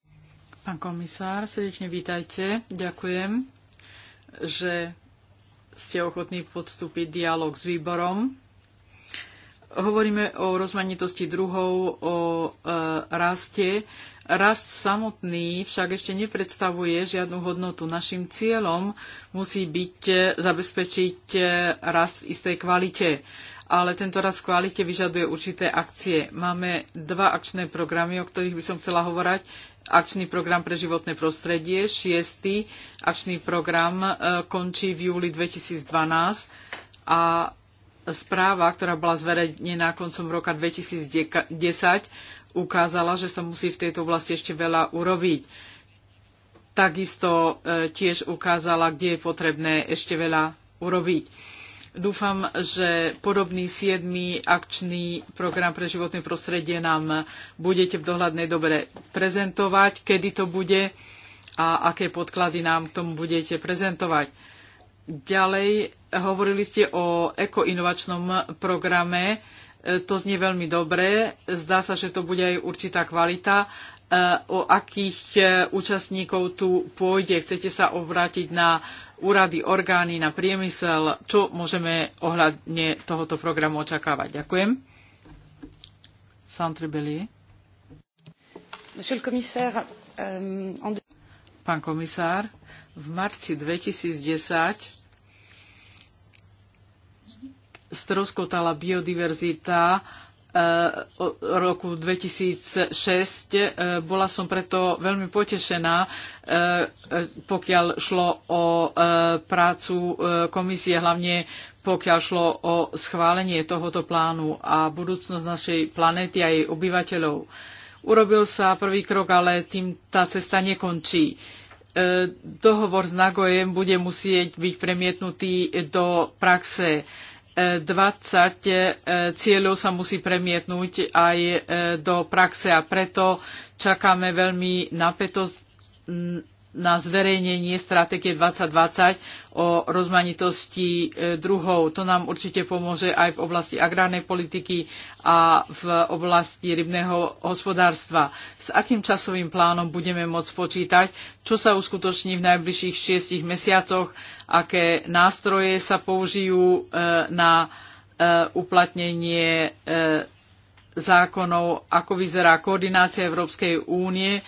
Pán komisár, srdečne vítajte. Ďakujem, že ste ochotní podstúpiť dialog s výborom. Hovoríme o rozmanitosti druhov, o e, raste. Rast samotný však ešte nepredstavuje žiadnu hodnotu. Našim cieľom musí byť zabezpečiť rast v istej kvalite ale tento raz v kvalite vyžaduje určité akcie. Máme dva akčné programy, o ktorých by som chcela hovorať. Akčný program pre životné prostredie, šiestý akčný program e, končí v júli 2012 a správa, ktorá bola zverejnená koncom roka 2010, ukázala, že sa musí v tejto oblasti ešte veľa urobiť. Takisto e, tiež ukázala, kde je potrebné ešte veľa urobiť. Dúfam, že podobný 7. akčný program pre životné prostredie nám budete v dohľadnej dobre prezentovať, kedy to bude a aké podklady nám k tomu budete prezentovať. Ďalej hovorili ste o ekoinovačnom programe, to znie veľmi dobre. Zdá sa, že to bude aj určitá kvalita. E, o akých e, účastníkov tu pôjde? Chcete sa obrátiť na úrady, orgány, na priemysel? Čo môžeme ohľadne tohoto programu očakávať? Ďakujem. Centre Bellier. Euh, Pán komisár, v marci 2010 stroskotala biodiverzita eh, roku 2006. Eh, bola som preto veľmi potešená, eh, pokiaľ šlo o prácu komisie, hlavne pokiaľ šlo o schválenie tohoto plánu a budúcnosť našej planéty a jej obyvateľov. Urobil sa prvý krok, ale tým tá cesta nekončí. Dohovor s Nagojem bude musieť byť premietnutý do praxe 20 e, cieľov sa musí premietnúť aj e, do praxe a preto čakáme veľmi napeto na zverejnenie stratégie 2020 o rozmanitosti e, druhov. To nám určite pomôže aj v oblasti agrárnej politiky a v oblasti rybného hospodárstva. S akým časovým plánom budeme môcť počítať, čo sa uskutoční v najbližších šiestich mesiacoch, aké nástroje sa použijú e, na e, uplatnenie zákonov, ako vyzerá koordinácia Európskej únie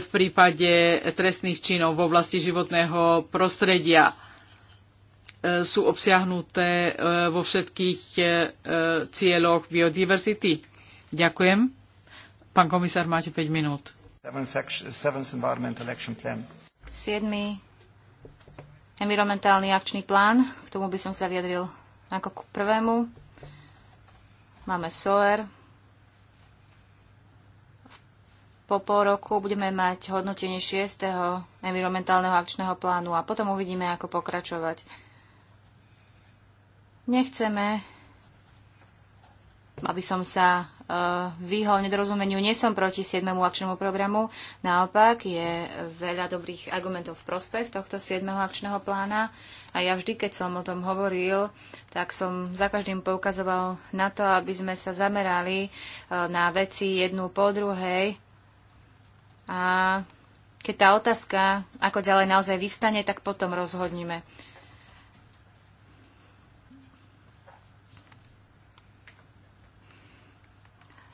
v prípade trestných činov v oblasti životného prostredia e, sú obsiahnuté e, vo všetkých e, cieľoch biodiverzity. Ďakujem. Pán komisár, máte 5 minút.
7. environmentálny akčný plán. K tomu by som sa vyjadril ako k prvému. Máme SOER, po pol roku budeme mať hodnotenie 6. environmentálneho akčného plánu a potom uvidíme, ako pokračovať. Nechceme, aby som sa uh, vyhol nedorozumeniu. Nie som proti 7. akčnému programu. Naopak je veľa dobrých argumentov v prospech tohto 7. akčného plána. A ja vždy, keď som o tom hovoril, tak som za každým poukazoval na to, aby sme sa zamerali uh, na veci jednu po druhej a keď tá otázka, ako ďalej naozaj vyvstane, tak potom rozhodníme.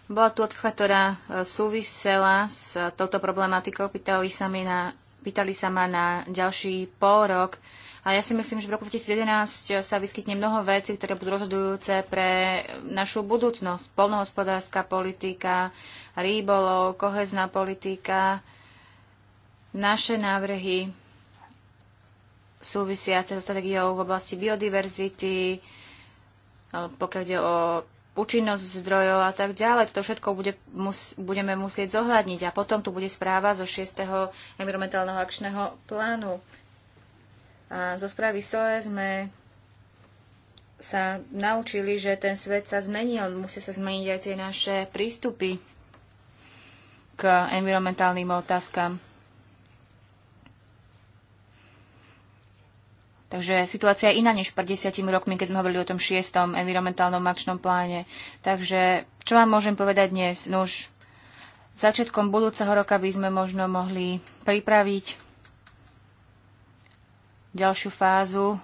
Bola tu otázka, ktorá e, súvisela s e, touto problematikou. Pýtali sa, mi na, pýtali sa ma na ďalší pol rok. Uh, a ja si myslím, že v roku 2011 sa vyskytne mnoho vecí, ktoré budú rozhodujúce pre našu budúcnosť. Polnohospodárska politika, rýbolov, kohezná politika, naše návrhy súvisiace so strategiou v oblasti biodiverzity, pokiaľ ide o účinnosť zdrojov a tak ďalej. To všetko bude, mus, budeme musieť zohľadniť. A potom tu bude správa zo 6. environmentálneho akčného plánu. A zo správy SOE sme sa naučili, že ten svet sa zmenil, musia sa zmeniť aj tie naše prístupy k environmentálnym otázkam. Takže situácia je iná než pred desiatimi rokmi, keď sme hovorili o tom šiestom environmentálnom akčnom pláne. Takže čo vám môžem povedať dnes? Nuž, začiatkom budúceho roka by sme možno mohli pripraviť ďalšiu fázu,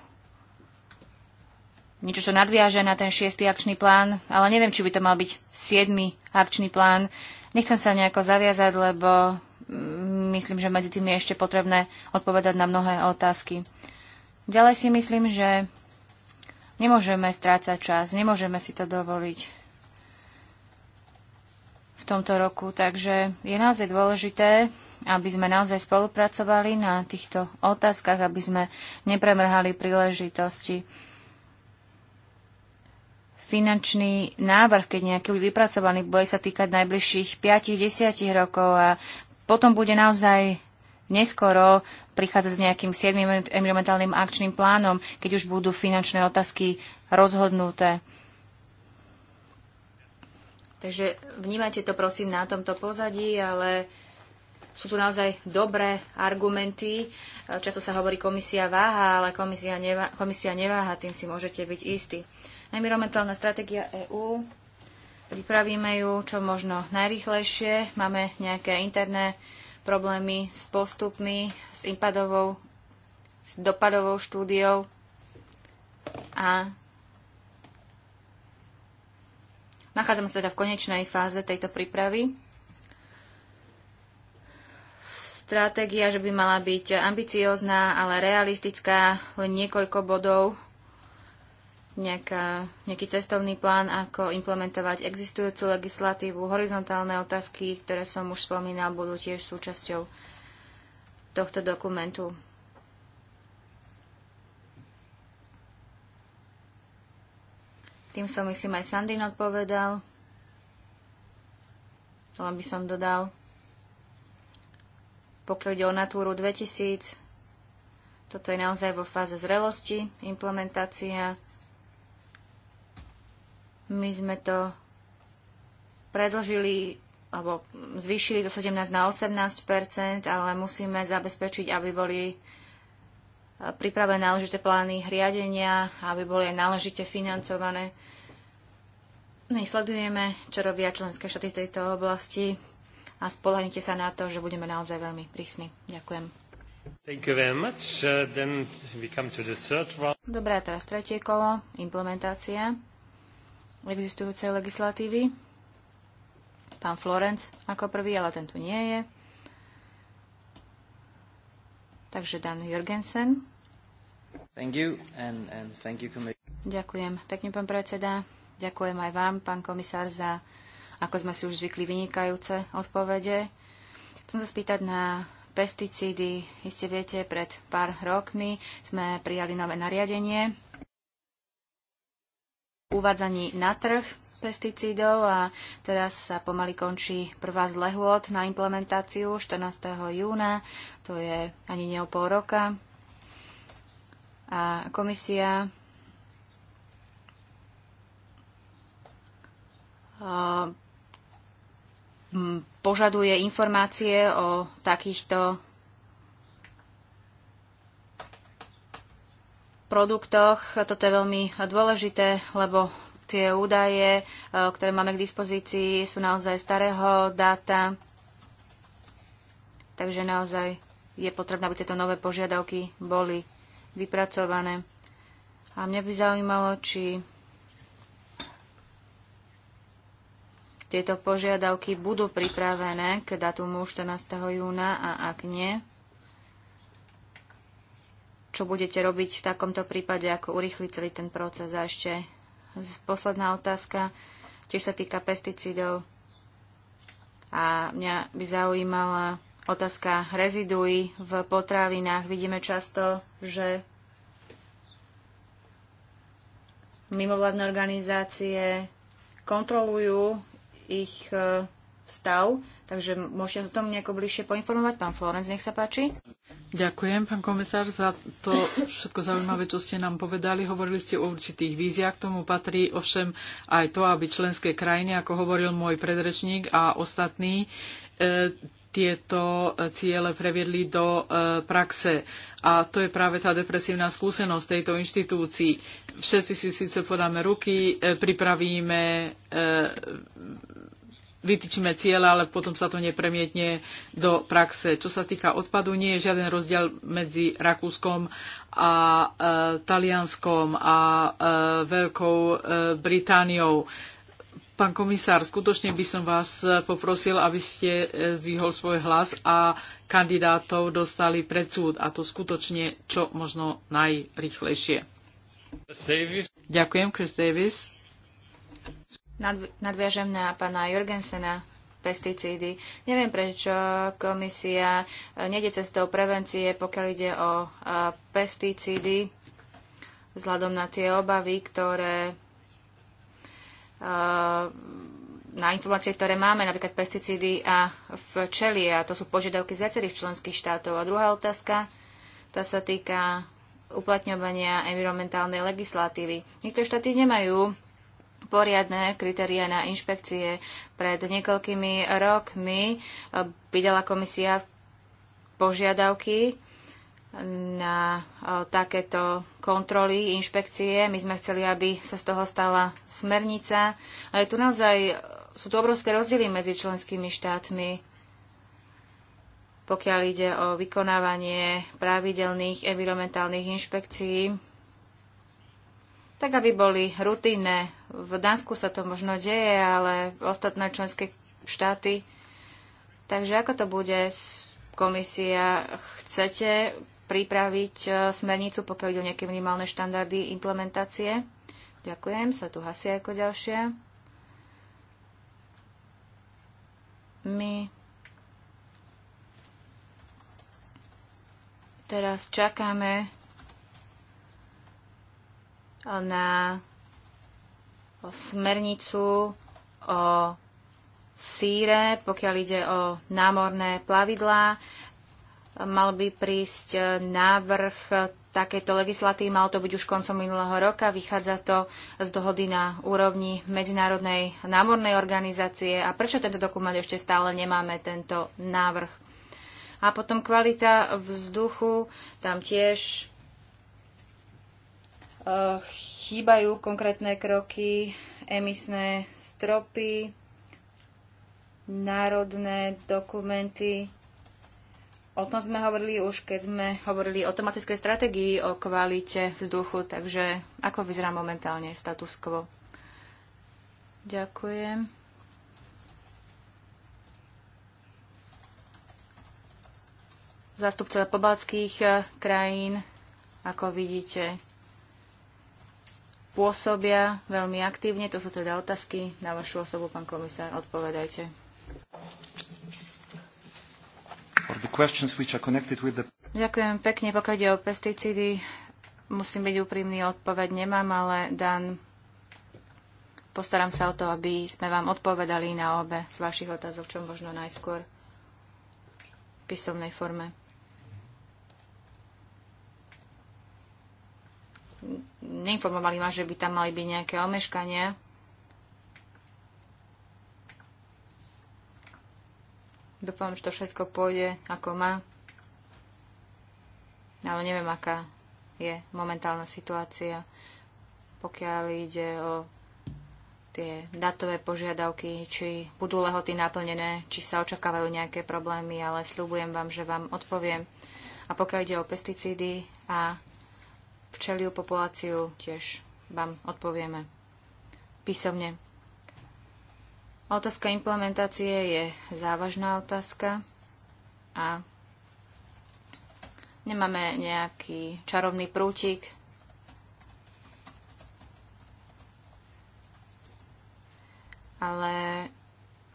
niečo, čo nadviaže na ten šiestý akčný plán, ale neviem, či by to mal byť siedmy akčný plán. Nechcem sa nejako zaviazať, lebo mm, myslím, že medzi tým je ešte potrebné odpovedať na mnohé otázky. Ďalej si myslím, že nemôžeme strácať čas, nemôžeme si to dovoliť v tomto roku. Takže je naozaj dôležité, aby sme naozaj spolupracovali na týchto otázkach, aby sme nepremrhali príležitosti. Finančný návrh, keď nejaký bude vypracovaný, bude sa týkať najbližších 5-10 rokov a potom bude naozaj neskoro prichádzať s nejakým 7. environmentálnym akčným plánom, keď už budú finančné otázky rozhodnuté. Takže vnímajte to prosím na tomto pozadí, ale sú tu naozaj dobré argumenty. Často sa hovorí, komisia váha, ale komisia, nevá, komisia neváha, tým si môžete byť istí. Environmentálna stratégia EÚ, pripravíme ju čo možno najrychlejšie. Máme nejaké interné problémy s postupmi, s impadovou, s dopadovou štúdiou a nachádzame sa teda v konečnej fáze tejto prípravy stratégia, že by mala byť ambiciozná, ale realistická, len niekoľko bodov, nejaká, nejaký cestovný plán, ako implementovať existujúcu legislatívu, horizontálne otázky, ktoré som už spomínal, budú tiež súčasťou tohto dokumentu. Tým som, myslím, aj Sandin odpovedal. To len by som dodal. Pokiaľ ide o Natúru 2000, toto je naozaj vo fáze zrelosti, implementácia. My sme to predlžili alebo zvýšili to 17 na 18 ale musíme zabezpečiť, aby boli e, pripravené náležité plány riadenia, aby boli aj náležite financované. My sledujeme, čo robia členské štáty v tejto oblasti a spolahnite sa na to, že budeme naozaj veľmi prísni. Ďakujem.
Thank you very much. Uh, then we come to the third one.
Dobre, teraz tretie kolo, implementácia existujúcej legislatívy. Pán Florenc ako prvý, ale ten tu nie je. Takže Dan Jorgensen.
Thank you and, and thank you,
Ďakujem pekne, pán predseda. Ďakujem aj vám, pán komisár, za ako sme si už zvykli, vynikajúce odpovede. Chcem sa spýtať na pesticídy. Iste viete, pred pár rokmi sme prijali nové nariadenie uvádzaní na trh pesticídov a teraz sa pomaly končí prvá z lehôd na implementáciu 14. júna, to je ani ne o pol roka. A komisia požaduje informácie o takýchto produktoch. Toto je veľmi dôležité, lebo tie údaje, e, ktoré máme k dispozícii, sú naozaj starého dáta. Takže naozaj je potrebné, aby tieto nové požiadavky boli vypracované. A mňa by zaujímalo, či tieto požiadavky budú pripravené k datumu 14. júna a ak nie, čo budete robiť v takomto prípade, ako urýchliť celý ten proces. A ešte posledná otázka, tiež sa týka pesticídov. A mňa by zaujímala otázka reziduí v potravinách. Vidíme často, že mimovládne organizácie kontrolujú ich e, stav, takže môžete sa tom nejako bližšie poinformovať. Pán Florenc, nech sa páči.
Ďakujem, pán komisár, za to všetko zaujímavé, čo ste nám povedali. Hovorili ste o určitých víziách, k tomu patrí ovšem aj to, aby členské krajiny, ako hovoril môj predrečník a ostatní, e, tieto ciele previedli do e, praxe. A to je práve tá depresívna skúsenosť tejto inštitúcii. Všetci si síce podáme ruky, e, pripravíme vytýčime cieľa, ale potom sa to nepremietne do praxe. Čo sa týka odpadu, nie je žiaden rozdiel medzi Rakúskom a e, Talianskom a e, Veľkou e, Britániou. Pán komisár, skutočne by som vás e, poprosil, aby ste e, zdvihol svoj hlas a kandidátov dostali pred súd, a to skutočne čo možno najrychlejšie. Ďakujem, Chris Davis
nadviažem na pána Jorgensena pesticídy. Neviem, prečo komisia eh, nejde cestou prevencie, pokiaľ ide o eh, pesticídy, vzhľadom na tie obavy, ktoré eh, na informácie, ktoré máme, napríklad pesticídy a včely, a to sú požiadavky z viacerých členských štátov. A druhá otázka, tá sa týka uplatňovania environmentálnej legislatívy. Niektoré štáty nemajú poriadne kritéria na inšpekcie. Pred niekoľkými rokmi e, vydala komisia požiadavky na e, takéto kontroly, inšpekcie. My sme chceli, aby sa z toho stala smernica. Ale tu naozaj sú tu obrovské rozdiely medzi členskými štátmi pokiaľ ide o vykonávanie pravidelných environmentálnych inšpekcií tak aby boli rutinné. V Dánsku sa to možno deje, ale ostatné členské štáty. Takže ako to bude? Komisia, chcete pripraviť e, smernicu, pokiaľ ide o nejaké minimálne štandardy implementácie? Ďakujem, sa tu hasia ako ďalšia. My teraz čakáme na smernicu o síre, pokiaľ ide o námorné plavidlá. Mal by prísť návrh takéto legislatívy, mal to byť už koncom minulého roka. Vychádza to z dohody na úrovni Medzinárodnej námornej organizácie. A prečo tento dokument ešte stále nemáme, tento návrh? A potom kvalita vzduchu, tam tiež chýbajú konkrétne kroky, emisné stropy, národné dokumenty. O tom sme hovorili už, keď sme hovorili o tematickej stratégii, o kvalite vzduchu, takže ako vyzerá momentálne status quo. Ďakujem. Zástupce pobaltských eh, krajín, ako vidíte, pôsobia veľmi aktívne. To sú teda otázky na vašu osobu, pán komisár. Odpovedajte.
The...
Ďakujem pekne, pokiaľ ide o pesticídy. Musím byť úprimný, odpoveď nemám, ale Dan, postaram sa o to, aby sme vám odpovedali na obe z vašich otázok, čo možno najskôr v písomnej forme. neinformovali ma, že by tam mali byť nejaké omeškania. Dúfam, že to všetko pôjde ako má. Ale neviem, aká je momentálna situácia, pokiaľ ide o tie datové požiadavky, či budú lehoty naplnené, či sa očakávajú nejaké problémy, ale slúbujem vám, že vám odpoviem. A pokiaľ ide o pesticídy a včeliu populáciu, tiež vám odpovieme písomne. Otázka implementácie je závažná otázka a nemáme nejaký čarovný prútik. Ale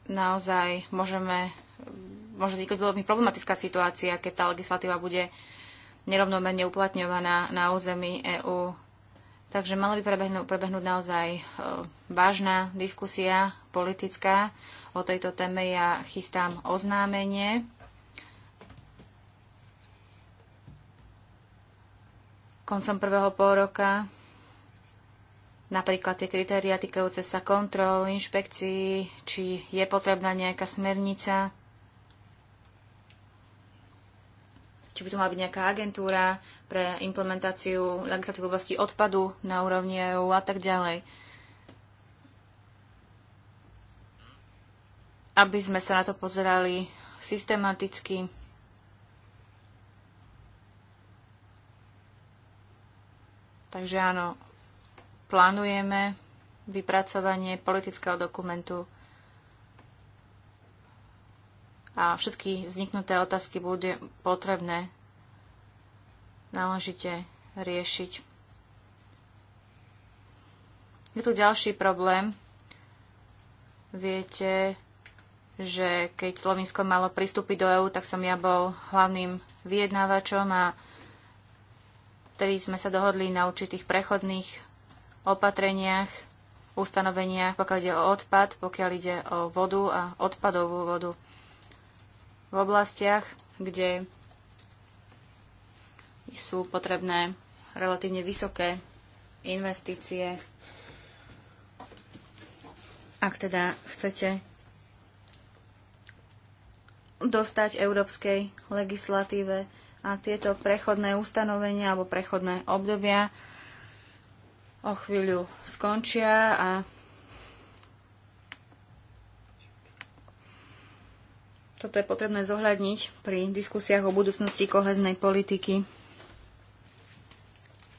naozaj môžeme, môže vzniknúť veľmi problematická situácia, keď tá legislatíva bude nerovnomerne uplatňovaná na území EÚ. Takže mala by prebehnú, prebehnúť naozaj e, vážna diskusia politická o tejto téme. Ja chystám oznámenie. Koncom prvého pôroka napríklad tie kritéria týkajúce sa kontrol, inšpekcií, či je potrebná nejaká smernica či by tu mala byť nejaká agentúra pre implementáciu legislatívy v oblasti odpadu na úrovni EÚ a tak ďalej. Aby sme sa na to pozerali systematicky. Takže áno, plánujeme vypracovanie politického dokumentu a všetky vzniknuté otázky bude potrebné náležite riešiť. Je tu ďalší problém. Viete, že keď Slovinsko malo pristúpiť do EÚ, tak som ja bol hlavným vyjednávačom a vtedy sme sa dohodli na určitých prechodných opatreniach, ustanoveniach, pokiaľ ide o odpad, pokiaľ ide o vodu a odpadovú vodu v oblastiach, kde sú potrebné relatívne vysoké investície. Ak teda chcete dostať európskej legislatíve a tieto prechodné ustanovenia alebo prechodné obdobia o chvíľu skončia a Toto je potrebné zohľadniť pri diskusiách o budúcnosti koheznej politiky.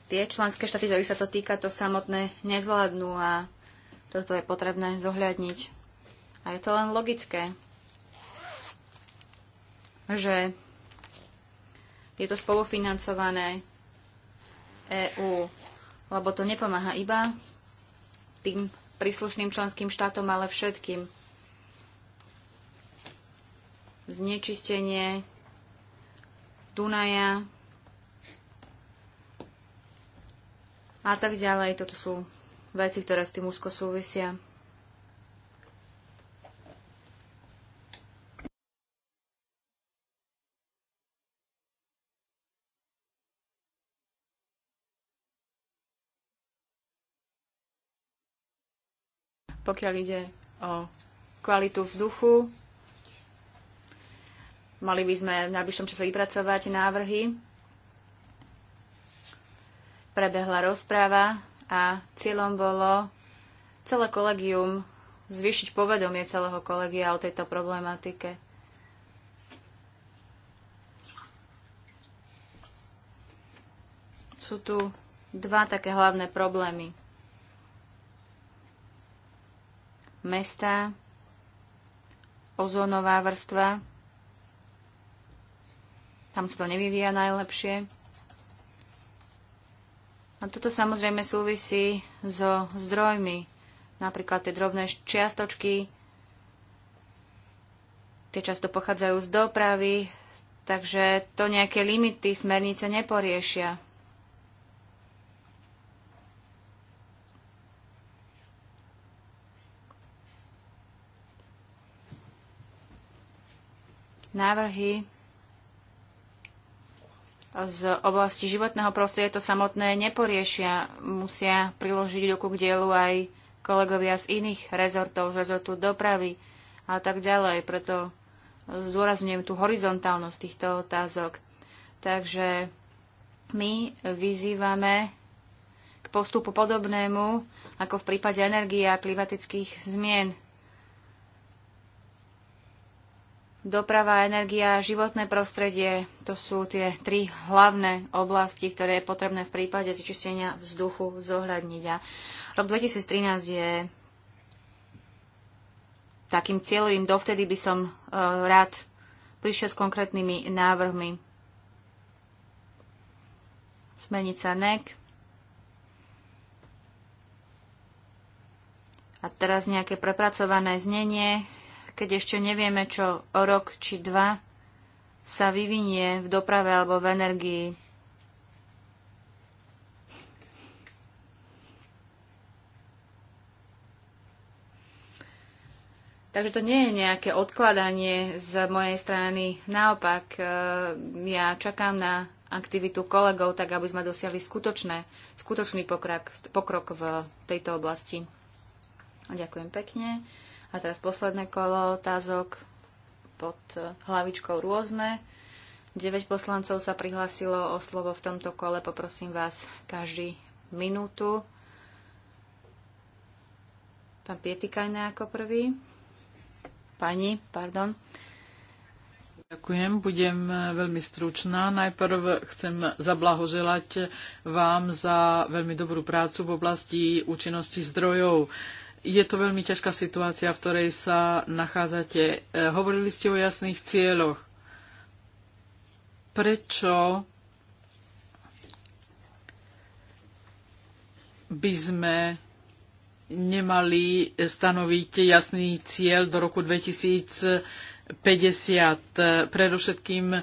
Tie členské štáty, ktorých sa to týka, to samotné nezvládnu a toto je potrebné zohľadniť. A je to len logické, že je to spolufinancované EÚ, lebo to nepomáha iba tým príslušným členským štátom, ale všetkým znečistenie Dunaja a tak ďalej. Toto sú veci, ktoré s tým úzko súvisia. Pokiaľ ide o kvalitu vzduchu, Mali by sme v najbližšom čase vypracovať návrhy. Prebehla rozpráva a cieľom bolo celé kolegium zvýšiť povedomie celého kolegia o tejto problematike. Sú tu dva také hlavné problémy. Mesta, ozónová vrstva tam sa to nevyvíja najlepšie. A toto samozrejme súvisí so zdrojmi, napríklad tie drobné čiastočky, tie často pochádzajú z dopravy, takže to nejaké limity smernice neporiešia. Návrhy z oblasti životného prostredia to samotné neporiešia. Musia priložiť ruku k dielu aj kolegovia z iných rezortov, z rezortu dopravy a tak ďalej. Preto zdôrazňujem tú horizontálnosť týchto otázok. Takže my vyzývame k postupu podobnému ako v prípade energie a klimatických zmien. Doprava, energia, životné prostredie, to sú tie tri hlavné oblasti, ktoré je potrebné v prípade znečistenia vzduchu zohľadniť. A rok 2013 je takým cieľovým, dovtedy by som e, rád prišiel s konkrétnymi návrhmi. sa NEC. A teraz nejaké prepracované znenie keď ešte nevieme, čo o rok či dva sa vyvinie v doprave alebo v energii. Takže to nie je nejaké odkladanie z mojej strany. Naopak, e, ja čakám na aktivitu kolegov, tak aby sme dosiahli skutočné, skutočný pokrok, pokrok v tejto oblasti. Ďakujem pekne. A teraz posledné kolo otázok pod eh, hlavičkou rôzne. 9 poslancov sa prihlásilo o slovo v tomto kole. Poprosím vás každý minútu. Pán Pietikajne ako prvý. Pani, pardon.
Ďakujem, budem eh, veľmi stručná. Najprv chcem zablahoželať eh, vám za veľmi dobrú prácu v oblasti účinnosti zdrojov. Je to veľmi ťažká situácia, v ktorej sa nachádzate. E, hovorili ste o jasných cieľoch. Prečo by sme nemali stanoviť jasný cieľ do roku 2050, e, predovšetkým e,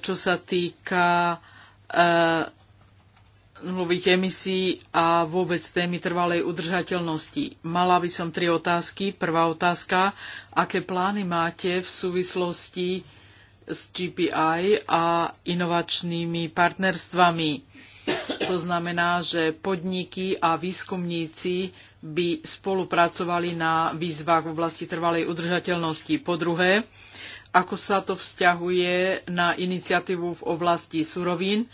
čo sa týka nulových emisí a vôbec témy trvalej udržateľnosti. Mala by som tri otázky. Prvá otázka, aké plány máte v súvislosti s GPI a inovačnými partnerstvami? To znamená, že podniky a výskumníci by spolupracovali na výzvach v oblasti trvalej udržateľnosti. Po druhé, ako sa to vzťahuje na iniciatívu v oblasti surovín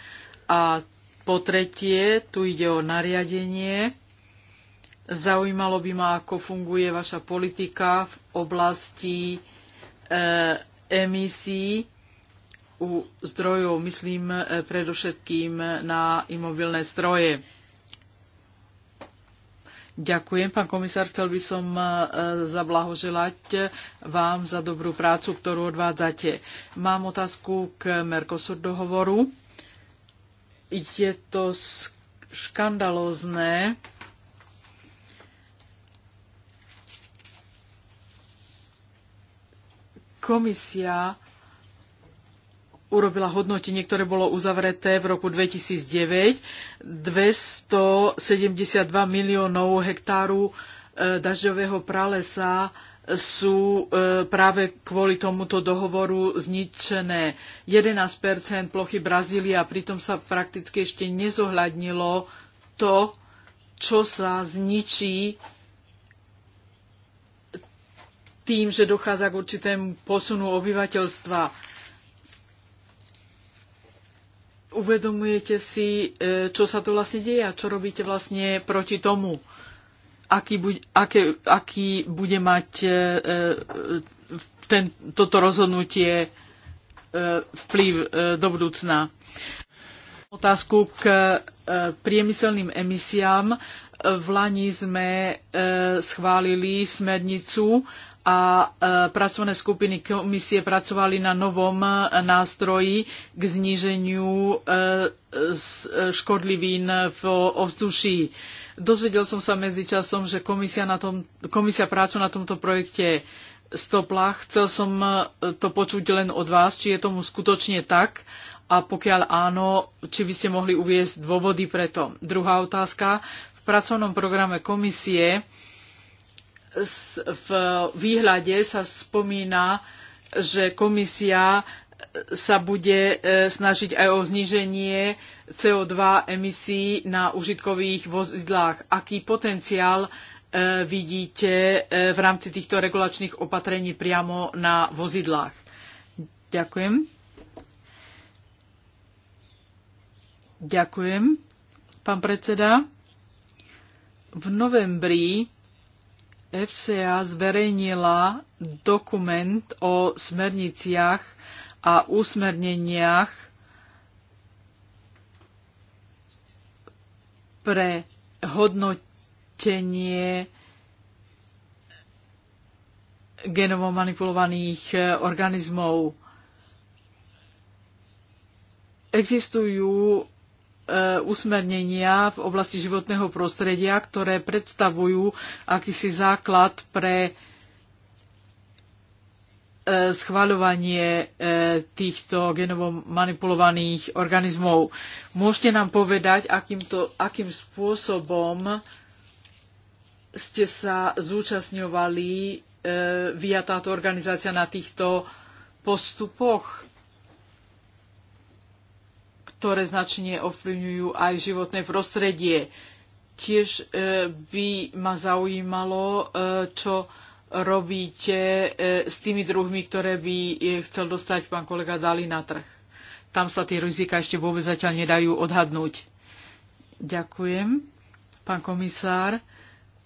a po tretie, tu ide o nariadenie. Zaujímalo by ma, ako funguje vaša politika v oblasti e, emisí u zdrojov, myslím e, predovšetkým na imobilné stroje. Ďakujem, pán komisár, chcel by som e, zablahoželať vám za dobrú prácu, ktorú odvádzate. Mám otázku k Mercosur dohovoru je to škandalózne. Komisia urobila hodnotenie, ktoré bolo uzavreté v roku 2009, 272 miliónov hektárov e, dažďového pralesa sú e, práve kvôli tomuto dohovoru zničené. 11 plochy Brazília, pritom sa prakticky ešte nezohľadnilo to, čo sa zničí tým, že dochádza k určitému posunu obyvateľstva. Uvedomujete si, e, čo sa tu vlastne deje a čo robíte vlastne proti tomu aký, buď, aké, aký bude mať e, e, ten, toto rozhodnutie e, vplyv e, do budúcna. Otázku k e, priemyselným emisiám. V Lani sme e, schválili smernicu a e, pracovné skupiny komisie pracovali na novom e, nástroji k zníženiu škodlivín v ovzduší. E, Dozvedel som sa medzi časom, že komisia, na tom, komisia prácu na tomto projekte stopla. Chcel som e, to počuť len od vás, či je tomu skutočne tak a pokiaľ áno, či by ste mohli uviezť dôvody pre to. Druhá otázka. V pracovnom programe komisie v výhľade sa spomína, že komisia sa bude e, snažiť aj o zniženie CO2 emisí na užitkových vozidlách. Aký potenciál e, vidíte e, v rámci týchto regulačných opatrení priamo na vozidlách? Ďakujem. Ďakujem, pán predseda. V novembri FCA zverejnila dokument o smerniciach a usmerneniach pre hodnotenie genovo manipulovaných e, organizmov. Existujú e, usmernenia v oblasti životného prostredia, ktoré predstavujú akýsi základ pre E, schvaľovanie e, týchto genovo manipulovaných organizmov. Môžete nám povedať, akým, to, akým spôsobom ste sa zúčastňovali e, via táto organizácia na týchto postupoch, ktoré značne ovplyvňujú aj životné prostredie. Tiež by ma zaujímalo, čo robíte e, s tými druhmi, ktoré by e, chcel dostať pán kolega Dali na trh. Tam sa tie rizika ešte vôbec zatiaľ nedajú odhadnúť. Ďakujem, pán komisár.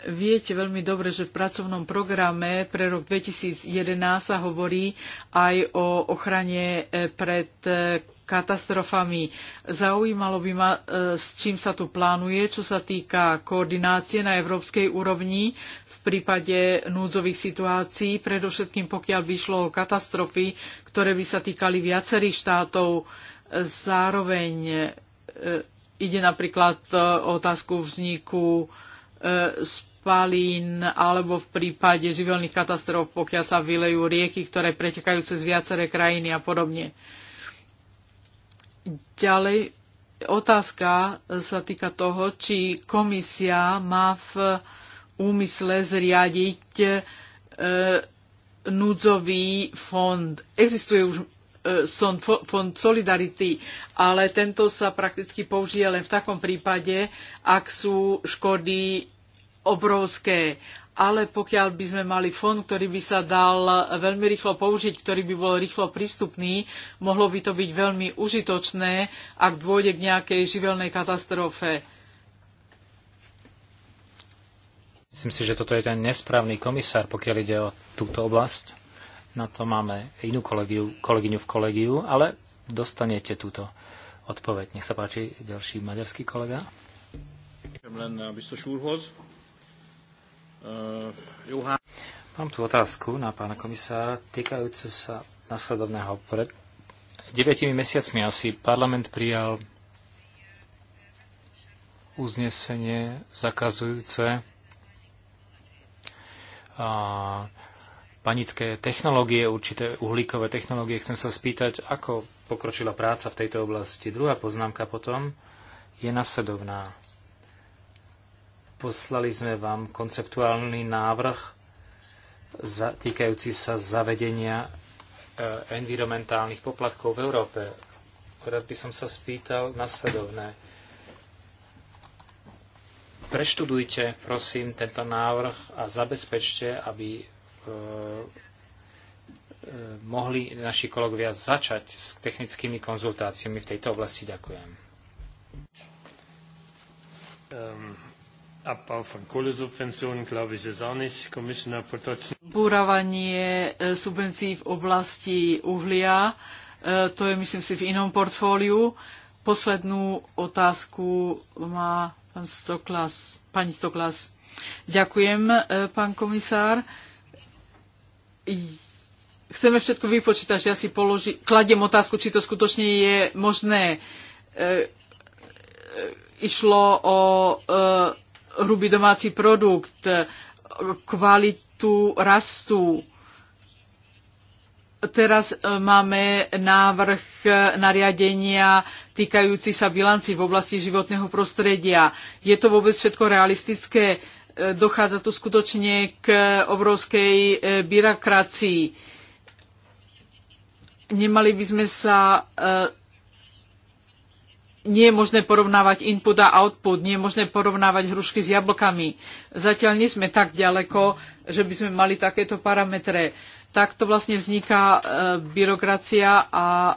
Viete veľmi dobre, že v pracovnom programe pre rok 2011 sa hovorí aj o ochrane e, pred katastrofami. Zaujímalo by ma, e, s čím sa tu plánuje, čo sa týka koordinácie na európskej úrovni v prípade núdzových situácií, predovšetkým pokiaľ by šlo o katastrofy, ktoré by sa týkali viacerých štátov. Zároveň e, ide napríklad e, o otázku vzniku spalín alebo v prípade živelných katastrof, pokiaľ sa vylejú rieky, ktoré pretekajú cez viaceré krajiny a podobne. Ďalej otázka sa týka toho, či komisia má v úmysle zriadiť e, núdzový fond. Existuje už e, son, fond Solidarity, ale tento sa prakticky použije len v takom prípade, ak sú škody obrovské ale pokiaľ by sme mali fond, ktorý by sa dal veľmi rýchlo použiť, ktorý by bol rýchlo prístupný, mohlo by to byť veľmi užitočné, ak dôjde k nejakej živelnej katastrofe.
Myslím si, že toto je ten nesprávny komisár, pokiaľ ide o túto oblasť. Na to máme inú kolegiu, kolegyňu v kolegiu, ale dostanete túto odpoveď. Nech sa páči ďalší maďarský kolega. Len Mám tu otázku na pána komisára týkajúcu sa nasledovného. Pred 9 mesiacmi asi parlament prijal uznesenie zakazujúce panické technológie, určité uhlíkové technológie. Chcem sa spýtať, ako pokročila práca v tejto oblasti. Druhá poznámka potom je nasledovná. Poslali sme vám konceptuálny návrh za, týkajúci sa zavedenia e, environmentálnych poplatkov v Európe. Rád by som sa spýtal nasledovné. Preštudujte, prosím, tento návrh a zabezpečte, aby e, e, mohli naši kolegovia začať s technickými konzultáciami v tejto oblasti. Ďakujem. Um. Abbau von Kohlesubventionen, glaube ich, ist auch nicht. Commissioner Potočný.
Búravanie e, subvencií v oblasti uhlia, e, to je, myslím si, v inom portfóliu. Poslednú otázku má pán Stoklas, pani Stoklas. Ďakujem, e, pán komisár. Chceme všetko vypočítať, že ja si položi, kladiem otázku, či to skutočne je možné. E, e, išlo o e, hrubý domáci produkt, kvalitu rastu. Teraz e, máme návrh nariadenia týkajúci sa bilanci v oblasti životného prostredia. Je to vôbec všetko realistické? E, dochádza tu skutočne k obrovskej e, byrokracii. Nemali by sme sa nie je možné porovnávať input a output, nie je možné porovnávať hrušky s jablkami. Zatiaľ nie sme tak ďaleko, že by sme mali takéto parametre. Takto vlastne vzniká e, byrokracia a e,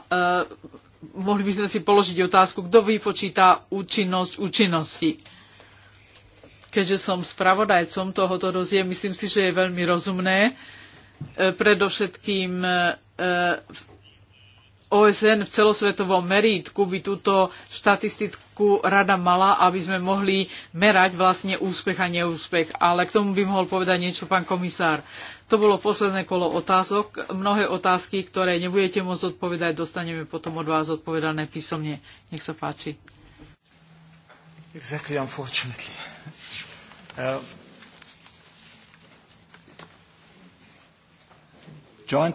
mohli by sme si položiť otázku, kto vypočíta účinnosť účinnosti. Keďže som spravodajcom tohoto rozie, myslím si, že je veľmi rozumné, e, predovšetkým e, e OSN v celosvetovom merítku by túto štatistiku rada mala, aby sme mohli merať vlastne úspech a neúspech. Ale k tomu by mohol povedať niečo pán komisár. To bolo posledné kolo otázok. Mnohé otázky, ktoré nebudete môcť odpovedať, dostaneme potom od vás odpovedané písomne. Nech sa páči.
Exactly, unfortunately. Uh, joint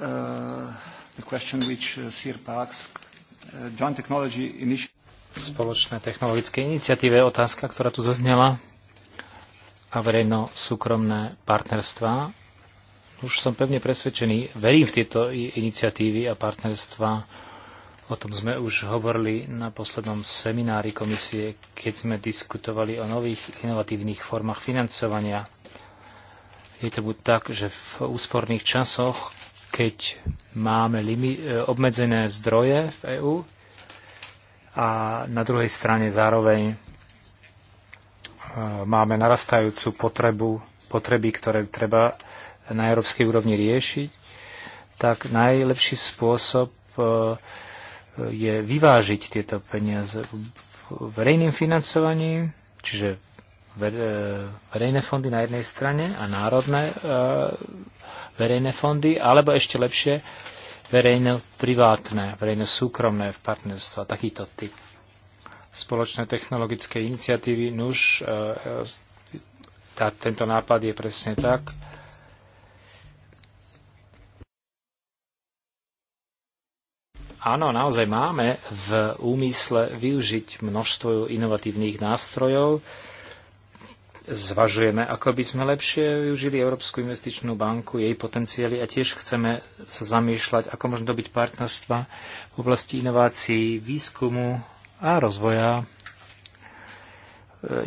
uh, the question which uh, asked, uh, joint technology initiative. Spoločné technologické iniciatíve je otázka, ktorá tu zaznela a verejno-súkromné partnerstvá. Už som pevne presvedčený, verím v tieto iniciatívy a partnerstvá. O tom sme už hovorili na poslednom seminári komisie, keď sme diskutovali o nových inovatívnych formách financovania. Je to buď tak, že v úsporných časoch, keď máme e, obmedzené zdroje v EÚ a na druhej strane zároveň e, máme narastajúcu potrebu, potreby, ktoré treba na európskej úrovni riešiť, tak najlepší spôsob e, je vyvážiť tieto peniaze verejným financovaním, čiže E, verejné fondy na jednej strane a národné e, verejné fondy, alebo ešte lepšie verejno-privátne, verejno-súkromné v partnerstvo. Takýto typ spoločné technologické iniciatívy. Nuž, e, tá, tento nápad je presne tak. Áno, naozaj máme v úmysle využiť množstvo inovatívnych nástrojov, zvažujeme, ako by sme lepšie využili Európsku investičnú banku, jej potenciály a tiež chceme sa zamýšľať, ako možno dobiť partnerstva v oblasti inovácií, výskumu a rozvoja. E,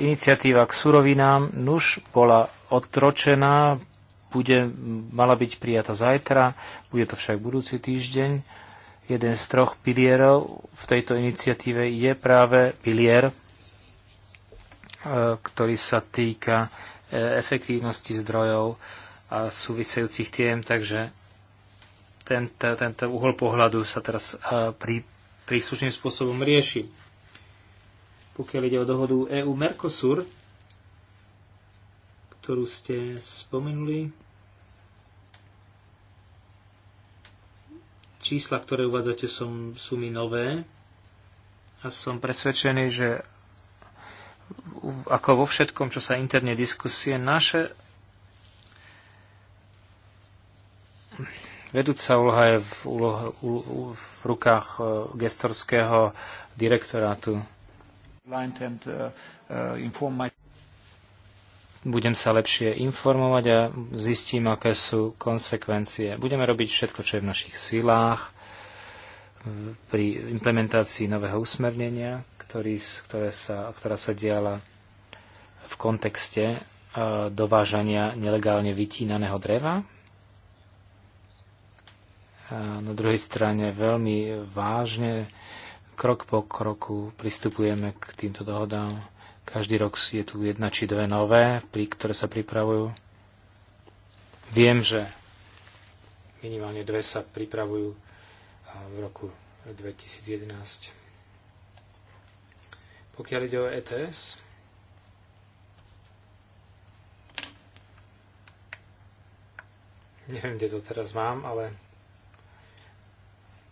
iniciatíva k surovinám už bola otročená, bude, mala byť prijata zajtra, bude to však budúci týždeň. Jeden z troch pilierov v tejto iniciatíve je práve pilier E, ktorý sa týka e, efektívnosti zdrojov a súvisejúcich tiem, takže tento, tento uhol pohľadu sa teraz e, pri, príslušným spôsobom rieši. Pokiaľ ide o dohodu EU-Mercosur, ktorú ste spomenuli, čísla, ktoré uvádzate, som, sú mi nové a som presvedčený, že ako vo všetkom, čo sa interne diskusie, naše vedúca úloha je v, u, v rukách e, gestorského direktorátu. Budem sa lepšie informovať a zistím, aké sú konsekvencie. Budeme robiť všetko, čo je v našich silách pri implementácii nového usmernenia ktorý, ktoré sa, ktorá sa diala v kontexte e, dovážania nelegálne vytínaného dreva. A e, na druhej strane veľmi vážne krok po kroku pristupujeme k týmto dohodám. Každý rok je tu jedna či dve nové, ktoré sa pripravujú. Viem, že minimálne dve sa pripravujú e, v roku 2011. Pokiaľ ide o ETS, neviem, kde to teraz mám, ale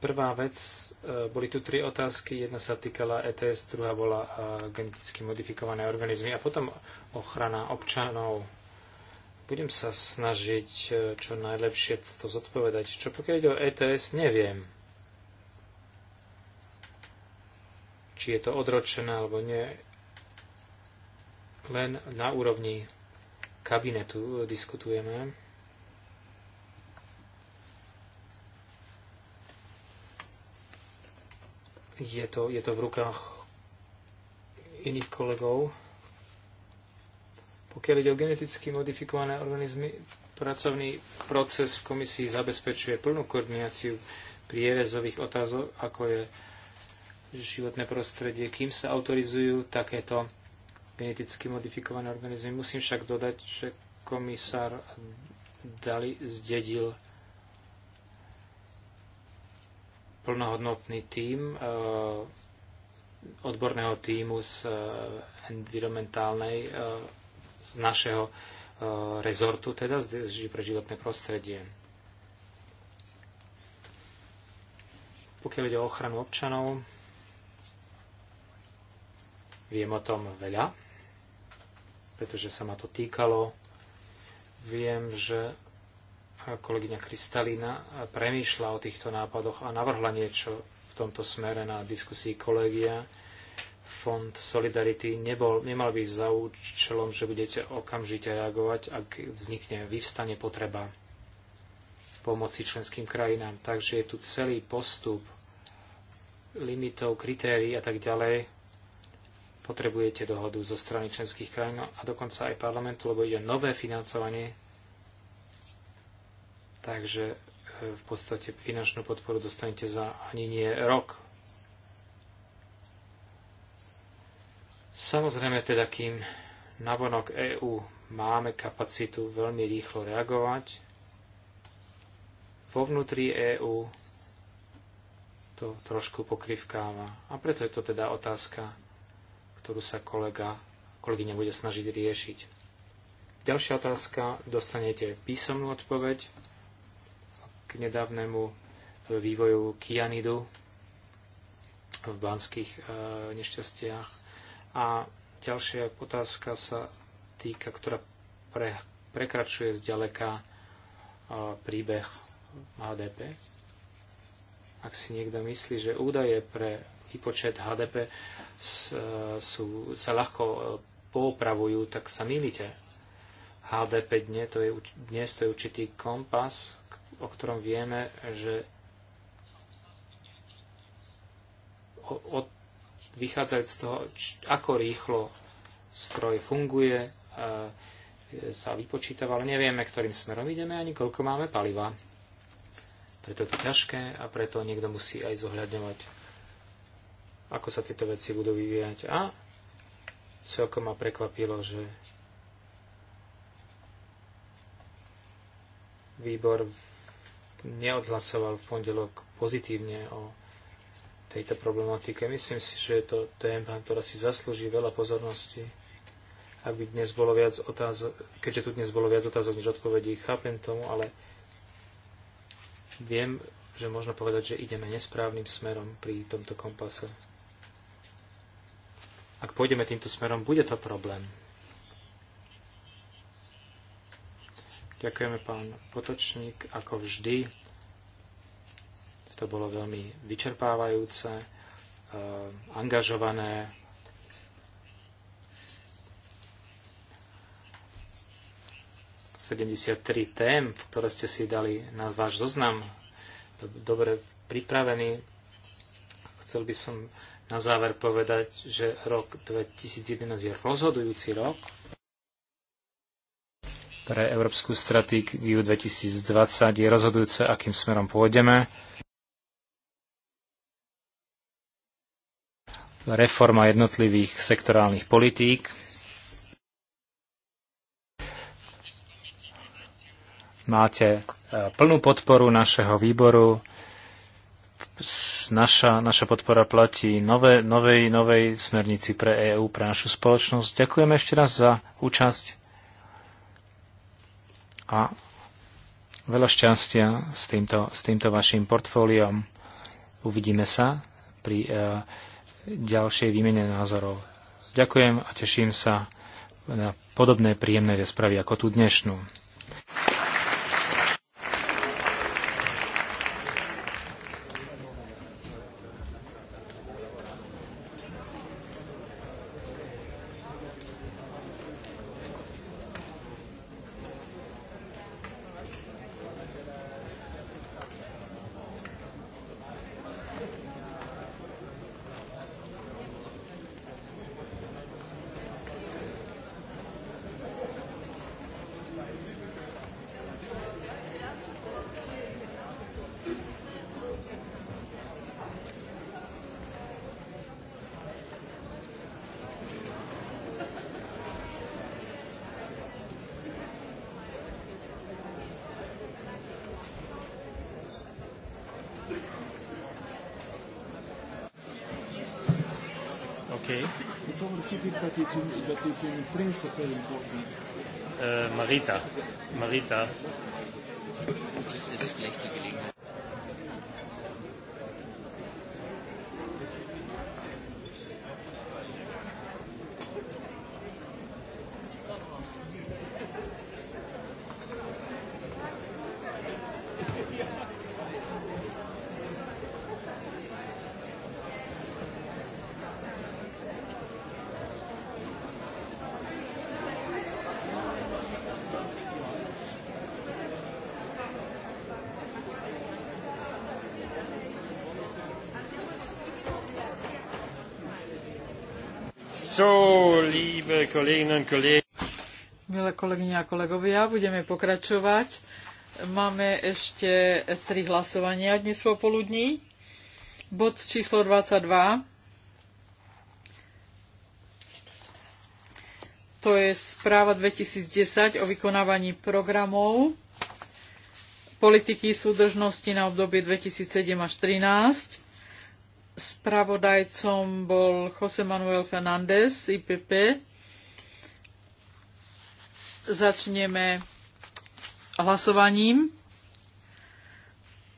prvá vec, e, boli tu tri otázky. Jedna sa týkala ETS, druhá bola e, geneticky modifikované organizmy a potom ochrana občanov. Budem sa snažiť e, čo najlepšie to zodpovedať. Čo pokiaľ ide o ETS, neviem. či je to odročené alebo nie, len na úrovni kabinetu diskutujeme. Je to, je to v rukách iných kolegov. Pokiaľ ide o geneticky modifikované organizmy, pracovný proces v komisii zabezpečuje plnú koordináciu prierezových otázok, ako je životné prostredie, kým sa autorizujú takéto geneticky modifikované organizmy. Musím však dodať, že komisár Dali zdedil plnohodnotný tím e, odborného týmu z e, environmentálnej, e, z našeho rezortu, teda pre životné prostredie. Pokiaľ ide o ochranu občanov, Viem o tom veľa, pretože sa ma to týkalo. Viem, že kolegyňa Kristalina premýšľa o týchto nápadoch a navrhla niečo v tomto smere na diskusii kolegia. Fond Solidarity nebol, nemal byť za účelom, že budete okamžite reagovať, ak vznikne, vyvstane potreba pomoci členským krajinám. Takže je tu celý postup limitov, kritérií a tak ďalej, potrebujete dohodu zo strany členských krajín a dokonca aj parlamentu, lebo ide nové financovanie. Takže e, v podstate finančnú podporu dostanete za ani nie rok. Samozrejme teda, kým navonok EÚ máme kapacitu veľmi rýchlo reagovať, vo vnútri EÚ to trošku pokrivkáva. A preto je to teda otázka ktorú sa kolega, kolegyňa bude snažiť riešiť. Ďalšia otázka, dostanete písomnú odpoveď k nedávnemu vývoju kianidu v banských e, nešťastiach. A ďalšia otázka sa týka, ktorá pre, prekračuje zďaleka e, príbeh HDP. Ak si niekto myslí, že údaje pre počet HDP e, sú, sa ľahko e, poupravujú, tak sa milíte. HDP dne, to je, dnes to je určitý kompas, o ktorom vieme, že od, vychádzajúc z toho, č, ako rýchlo stroj funguje, a, e, sa vypočítava, ale nevieme, ktorým smerom ideme ani koľko máme paliva. Preto je to ťažké a preto niekto musí aj zohľadňovať ako sa tieto veci budú vyvíjať. A celkom ma prekvapilo, že výbor neodhlasoval v pondelok pozitívne o tejto problematike. Myslím si, že je to téma, ktorá si zaslúži veľa pozornosti. Ak by dnes bolo viac otázok, keďže tu dnes bolo viac otázok než odpovedí, chápem tomu, ale viem, že možno povedať, že ideme nesprávnym smerom pri tomto kompase. Ak pôjdeme týmto smerom, bude to problém. Ďakujeme pán Potočník, ako vždy. To bolo veľmi vyčerpávajúce, eh, angažované. ...73 tém, ktoré ste si dali na váš zoznam, dobre pripravený. Chcel by som na záver povedať, že rok 2011 je rozhodujúci rok pre európsku stratégiu 2020. Je rozhodujúce, akým smerom pôjdeme. Reforma jednotlivých sektorálnych politík. Máte e, plnú podporu našeho výboru naša, naša podpora platí nové, novej, novej smernici pre EÚ, pre našu spoločnosť. Ďakujem ešte raz za účasť a veľa šťastia s týmto, s týmto vašim portfóliom. Uvidíme sa pri e, ďalšej výmene názorov. Ďakujem a teším sa na podobné príjemné rozpravy ako tú dnešnú. principally important? Uh, Marita. Marita.
Milé kolegyne a kolegovia, budeme pokračovať. Máme ešte tri hlasovania dnes popoludní. Bod číslo 22. To je správa 2010 o vykonávaní programov politiky súdržnosti na obdobie 2007 až 2013. Spravodajcom bol Jose Manuel Fernández, IPP Začneme hlasovaním.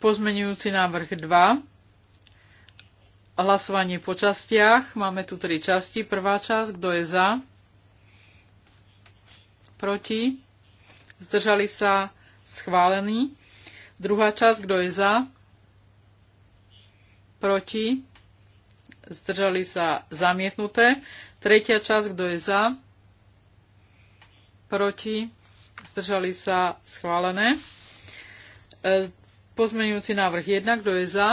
Pozmenujúci návrh 2. Hlasovanie po častiach. Máme tu tri časti. Prvá časť, kto je za? Proti? Zdržali sa? Schválený. Druhá časť, kto je za? Proti? Zdržali sa? Zamietnuté. Tretia časť, kto je za? proti, zdržali sa schválené. E, pozmeňujúci návrh 1, kto je za,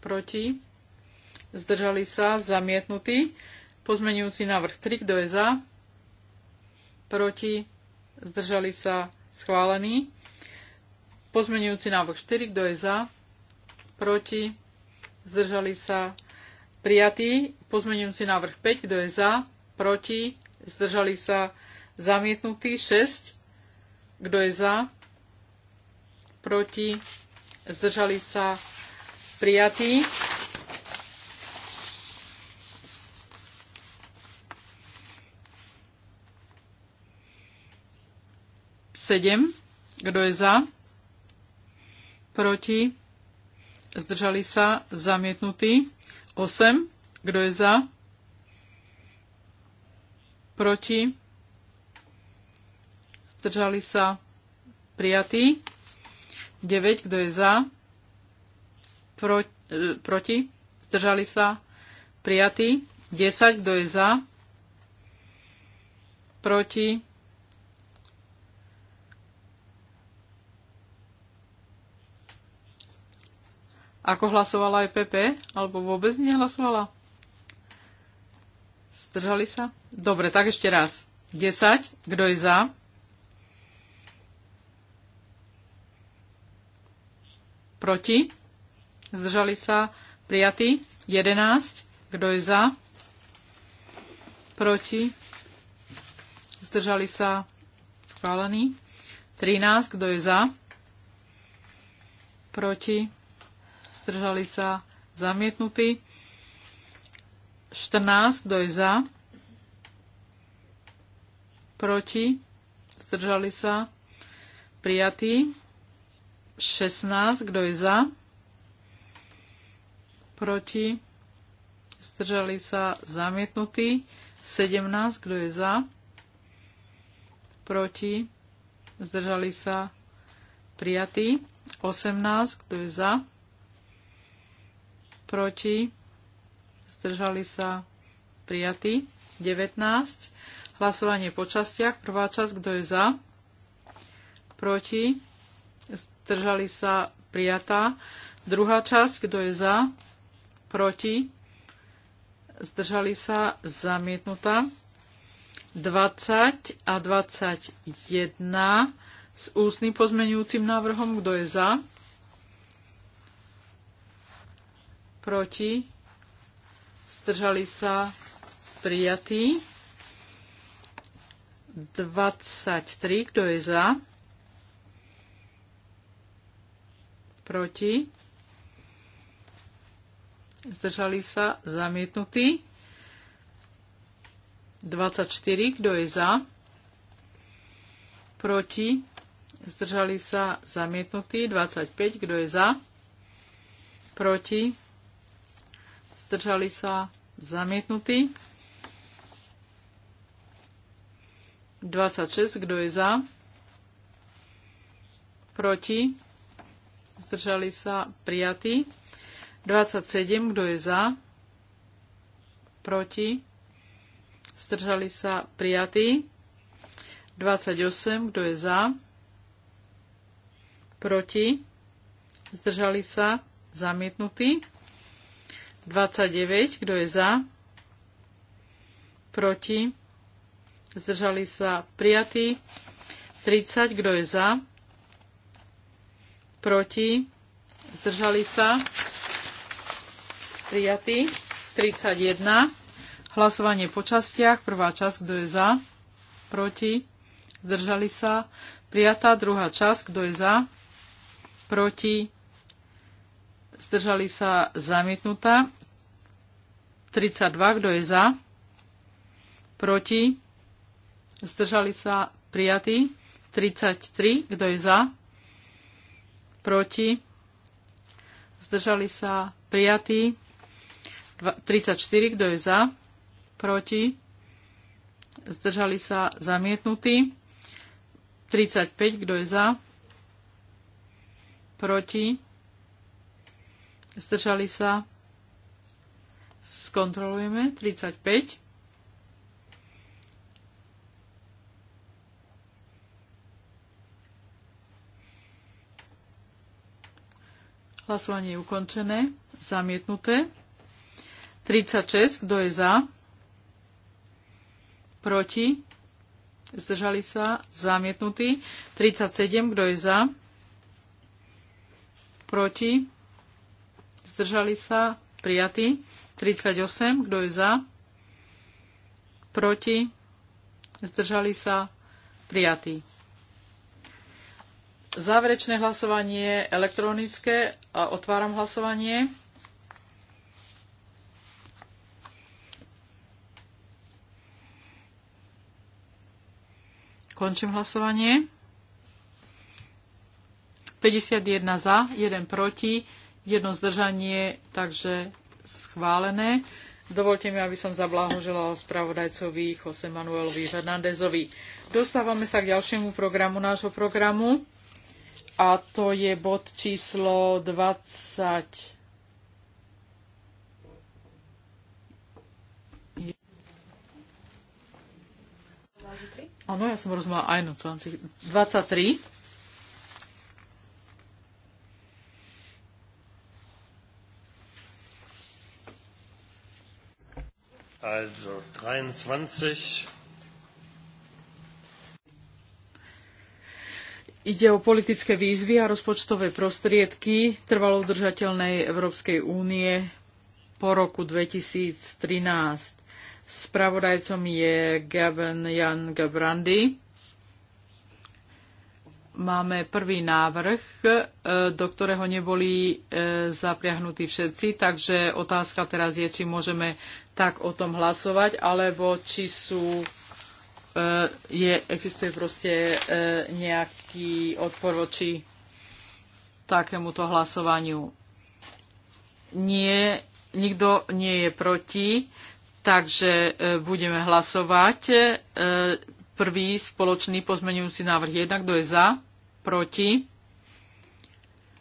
proti, zdržali sa, zamietnutý. Pozmeňujúci návrh 3, kto je za, proti, zdržali sa, schválený. Pozmeňujúci návrh 4, kto je za, proti, zdržali sa, prijatý. Pozmeňujúci návrh 5, kto je za, proti, zdržali sa zamietnutí, 6, kto je za, proti, zdržali sa prijatí. Sedem. Kto je za? Proti? Zdržali sa? Zamietnutí? Osem. Kto je za? proti, zdržali sa prijatí, 9, kto je za, pro, e, proti, zdržali sa prijatí, 10, kto je za, proti, Ako hlasovala aj e PP? Alebo vôbec nehlasovala? Zdržali sa? Dobre, tak ešte raz. 10. Kto je za? Proti? Zdržali sa? Prijatí? 11. Kto je za? Proti? Zdržali sa? Schválený. 13. Kto je za? Proti? Zdržali sa? Zamietnutý. 14. Kto je za? proti, zdržali sa, prijatý. 16, kto je za, proti, zdržali sa, zamietnutý. 17, kto je za, proti, zdržali sa, prijatý. 18, kto je za, proti, zdržali sa, prijatý. 19, Hlasovanie po častiach. Prvá časť, kto je za? Proti? Zdržali sa prijatá. Druhá časť, kto je za? Proti? Zdržali sa zamietnutá. 20 a 21 s ústnym pozmenujúcim návrhom. Kto je za? Proti? Zdržali sa prijatí. 23. Kto je za? Proti? Zdržali sa? Zamietnutí. 24. Kto je za? Proti? Zdržali sa? Zamietnutí. 25. Kto je za? Proti? Zdržali sa? Zamietnutí. 26. Kto je za? Proti? Zdržali sa prijatí. 27. Kto je za? Proti? Zdržali sa prijatí. 28. Kto je za? Proti? Zdržali sa zamietnutí. 29. Kto je za? Proti? Zdržali sa prijatí. 30. Kto je za? Proti? Zdržali sa? Prijatí. 31. Hlasovanie po častiach. Prvá časť. Kto je za? Proti? Zdržali sa? Prijatá. Druhá časť. Kto je za? Proti? Zdržali sa? Zamietnutá. 32. Kto je za? Proti? Zdržali sa prijatí. 33. Kto je za? Proti? Zdržali sa prijatí. 34. Kto je za? Proti? Zdržali sa zamietnutí. 35. Kto je za? Proti? Zdržali sa. Skontrolujeme. 35. Hlasovanie je ukončené. Zamietnuté. 36. Kto je za? Proti? Zdržali sa? Zamietnutý. 37. Kto je za? Proti? Zdržali sa? Prijatý. 38. Kto je za? Proti? Zdržali sa? Prijatý. Záverečné hlasovanie elektronické. A otváram hlasovanie. Končím hlasovanie. 51 za, 1 proti, 1 zdržanie, takže schválené. Dovolte mi, aby som zablahoželala spravodajcovi Jose Manuelovi Hernandezovi. Dostávame sa k ďalšiemu programu nášho programu a to je bod číslo 20. Áno, ja som rozumela aj no, 23.
Also 23.
Ide o politické výzvy a rozpočtové prostriedky trvalo udržateľnej Európskej únie po roku 2013. Spravodajcom je Gaben Jan Gabrandy. Máme prvý návrh, e, do ktorého neboli e, zapriahnutí všetci, takže otázka teraz je, či môžeme tak o tom hlasovať, alebo či sú e, je, existuje proste nejak nejaký odpor voči takémuto hlasovaniu. Nie, nikto nie je proti, takže e, budeme hlasovať. E, prvý spoločný pozmenujúci návrh 1. Kto je za? Proti?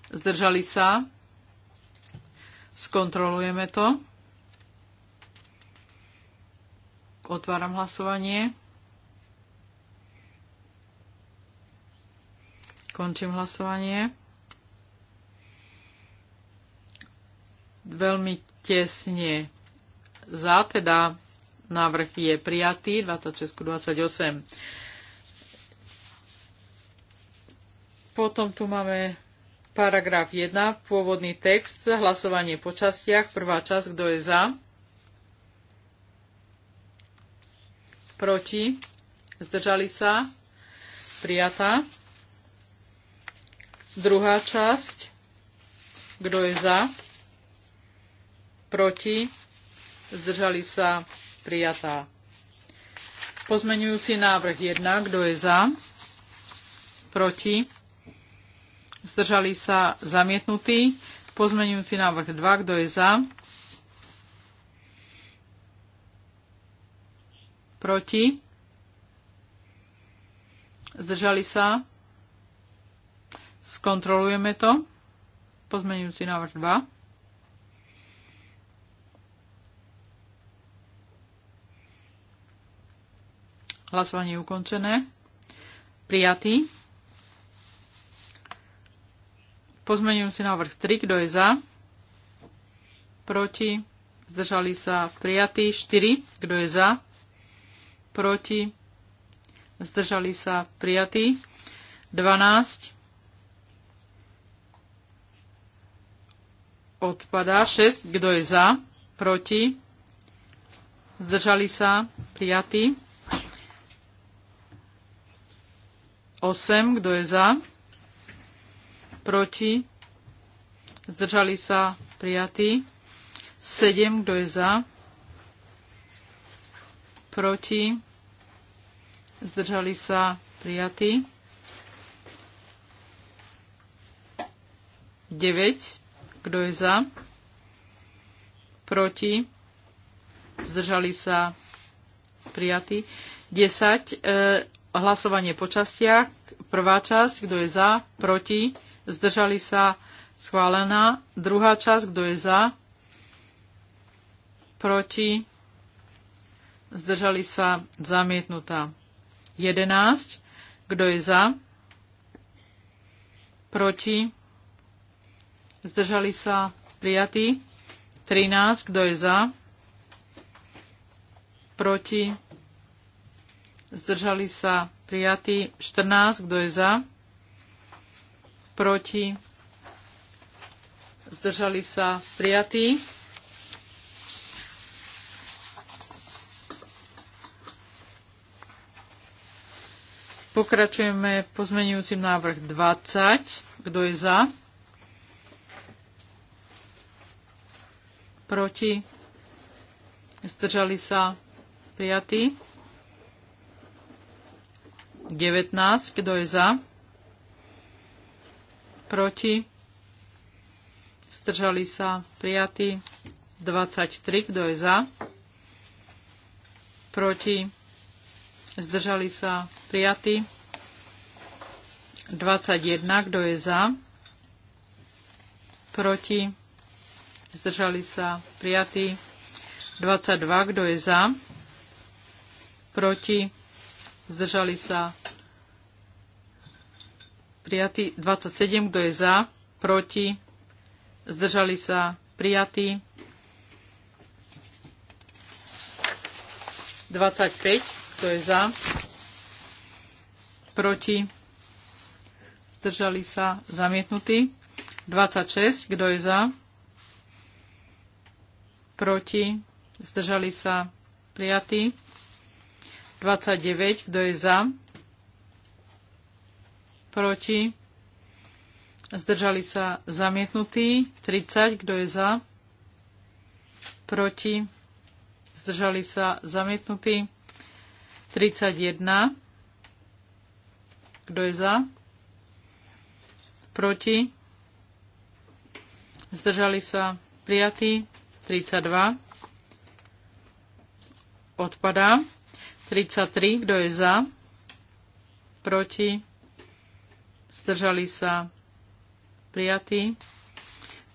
Zdržali sa? Skontrolujeme to. Otváram hlasovanie. Končím hlasovanie. Veľmi tesne za, teda návrh je prijatý 26 28. Potom tu máme paragraf 1, pôvodný text, hlasovanie po častiach, prvá časť, kto je za, proti, zdržali sa, prijatá. Druhá časť. Kto je za? Proti? Zdržali sa? Prijatá. Pozmenujúci návrh 1. Kto je za? Proti? Zdržali sa? Zamietnutý. Pozmenujúci návrh 2. Kto je za? Proti? Zdržali sa? Skontrolujeme to. Pozmeňujúci návrh 2. Hlasovanie je ukončené. Prijatý. Pozmeňujúci návrh 3. Kto je za? Proti? Zdržali sa prijatí. 4. Kto je za? Proti? Zdržali sa prijatí. 12. odpadá. 6. Kto je za? Proti? Zdržali sa? Prijatí. 8. Kto je za? Proti? Zdržali sa? Prijatí. 7. Kto je za? Proti? Zdržali sa? Prijatí. 9. Kto je za? Proti? Zdržali sa prijatí. 10. E, hlasovanie po častiach. Prvá časť, kto je za, proti, zdržali sa, schválená. Druhá časť, kto je za, proti, zdržali sa, zamietnutá. 11. Kto je za, proti, Zdržali sa prijatí. 13. Kto je za? Proti? Zdržali sa prijatí. 14. Kto je za? Proti? Zdržali sa prijatí. Pokračujeme pozmenujúcim návrh 20. Kto je za? proti, zdržali sa prijatí. 19, kto je za, proti, zdržali sa prijatí. 23, kto je za, proti, zdržali sa prijatí. 21, kto je za, proti, zdržali sa prijatí. 22, kto je za, proti, zdržali sa prijatí. 27, kto je za, proti, zdržali sa prijatí. 25, kto je za, proti, zdržali sa zamietnutí. 26, kto je za, proti, zdržali sa prijatí. 29, kto je za, proti, zdržali sa zamietnutí. 30, kto je za, proti, zdržali sa zamietnutí. 31, kto je za, proti, zdržali sa prijatí. 32 odpadá. 33, kto je za? Proti? Zdržali sa? Prijatí.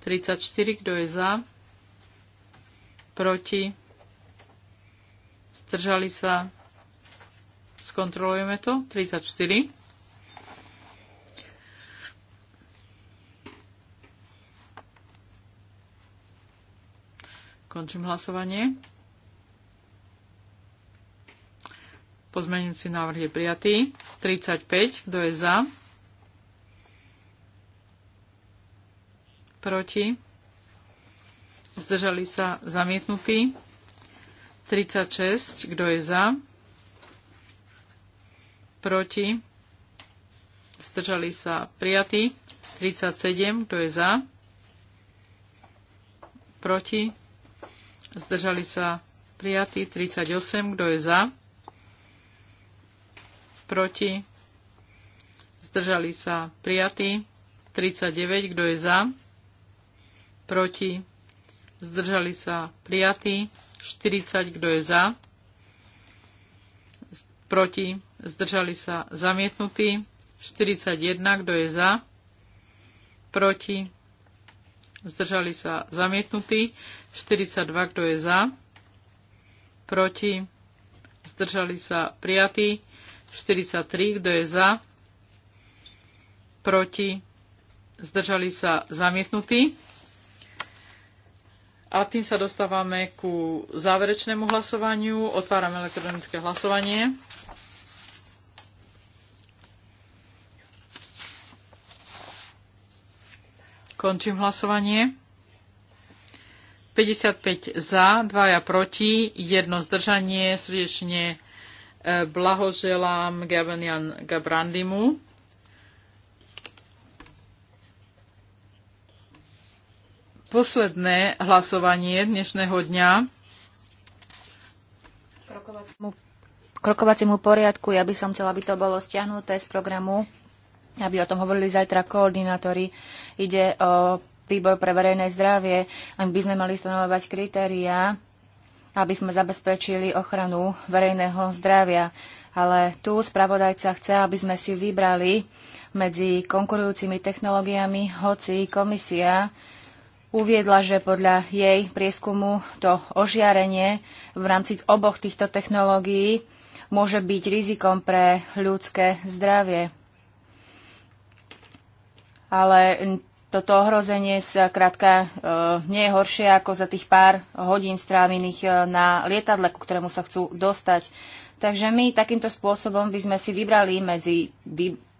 34, kto je za? Proti? Zdržali sa? Skontrolujeme to. 34. Končím hlasovanie. Pozmeňujúci návrh je prijatý. 35. Kto je za? Proti? Zdržali sa zamietnutí. 36. Kto je za? Proti? Zdržali sa prijatí. 37. Kto je za? Proti? Zdržali sa prijatí 38. Kto je za? Proti? Zdržali sa prijatí 39. Kto je za? Proti? Zdržali sa prijatí 40. Kto je za? Proti? Zdržali sa zamietnutí 41. Kto je za? Proti? zdržali sa zamietnutí, 42, kto je za, proti, zdržali sa prijatí, 43, kto je za, proti, zdržali sa zamietnutí. A tým sa dostávame ku záverečnému hlasovaniu. Otváram elektronické hlasovanie. Končím hlasovanie. 55 za, 2 proti, jedno zdržanie. Srdečne e, blahoželám Gavenian Gabrandimu. Posledné hlasovanie dnešného dňa.
Krokovaciemu, krokovaciemu poriadku, ja by som chcela, aby to bolo stiahnuté z programu aby o tom hovorili zajtra koordinátori. Ide o výbor pre verejné zdravie, ak by sme mali stanovať kritériá, aby sme zabezpečili ochranu verejného zdravia. Ale tu spravodajca chce, aby sme si vybrali medzi konkurujúcimi technológiami, hoci komisia uviedla, že podľa jej prieskumu to ožiarenie v rámci oboch týchto technológií môže byť rizikom pre ľudské zdravie ale toto ohrozenie zkrátka eh, eh, nie je horšie ako za tých pár hodín strávených eh, na lietadle, ku ktorému sa chcú dostať. Takže my takýmto spôsobom by sme si vybrali medzi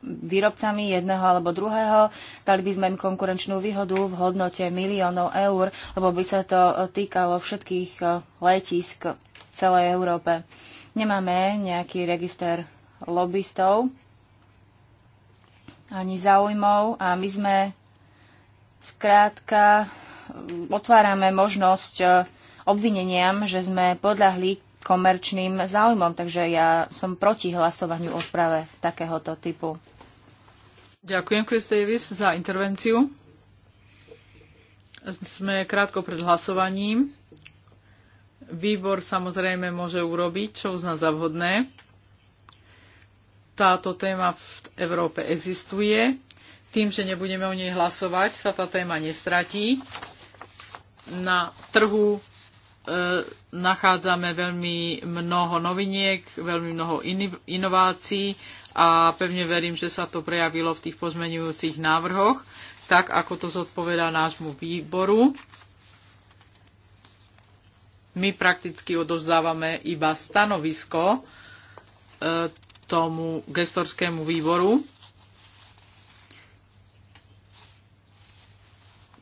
výrobcami jedného alebo druhého, dali by sme im konkurenčnú výhodu v hodnote miliónov eur, lebo by sa to týkalo všetkých letisk v celej Európe. Nemáme nejaký register lobbystov, ani záujmov a my sme skrátka mm, otvárame možnosť e, obvineniam, že sme podľahli komerčným záujmom, takže ja som proti hlasovaniu o správe takéhoto typu.
Ďakujem, Chris Davis, za intervenciu. Sme krátko pred hlasovaním. Výbor samozrejme môže urobiť, čo uzná za vhodné táto téma v Európe existuje. Tým, že nebudeme o nej hlasovať, sa tá téma nestratí. Na trhu e, nachádzame veľmi mnoho noviniek, veľmi mnoho inovácií a pevne verím, že sa to prejavilo v tých pozmenujúcich návrhoch, tak ako to zodpovedá nášmu výboru. My prakticky odovzdávame iba stanovisko, e, tomu gestorskému výboru.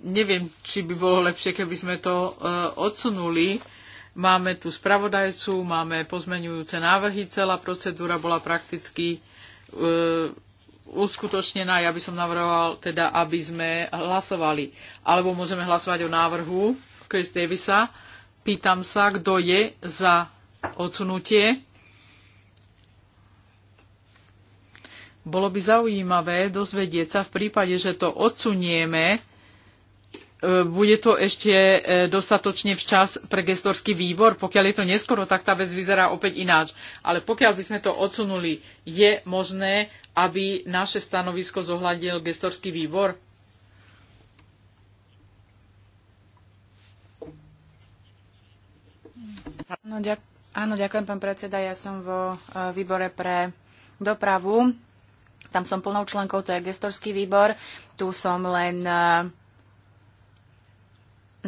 Neviem, či by bolo lepšie, keby sme to e, odsunuli. Máme tu spravodajcu, máme pozmenujúce návrhy, celá procedúra bola prakticky e, uskutočnená. Ja by som navrhoval teda, aby sme hlasovali. Alebo môžeme hlasovať o návrhu Chris Davisa. Pýtam sa, kto je za odsunutie. Bolo by zaujímavé dozvedieť sa v prípade, že to odsunieme, e, bude to ešte e, dostatočne včas pre gestorský výbor. Pokiaľ je to neskoro, tak tá vec vyzerá opäť ináč. Ale pokiaľ by sme to odsunuli, je možné, aby naše stanovisko zohľadil gestorský výbor?
Áno, ďak- áno, ďakujem, pán predseda. Ja som vo e, výbore pre dopravu tam som plnou členkou, to je gestorský výbor. Tu som len e,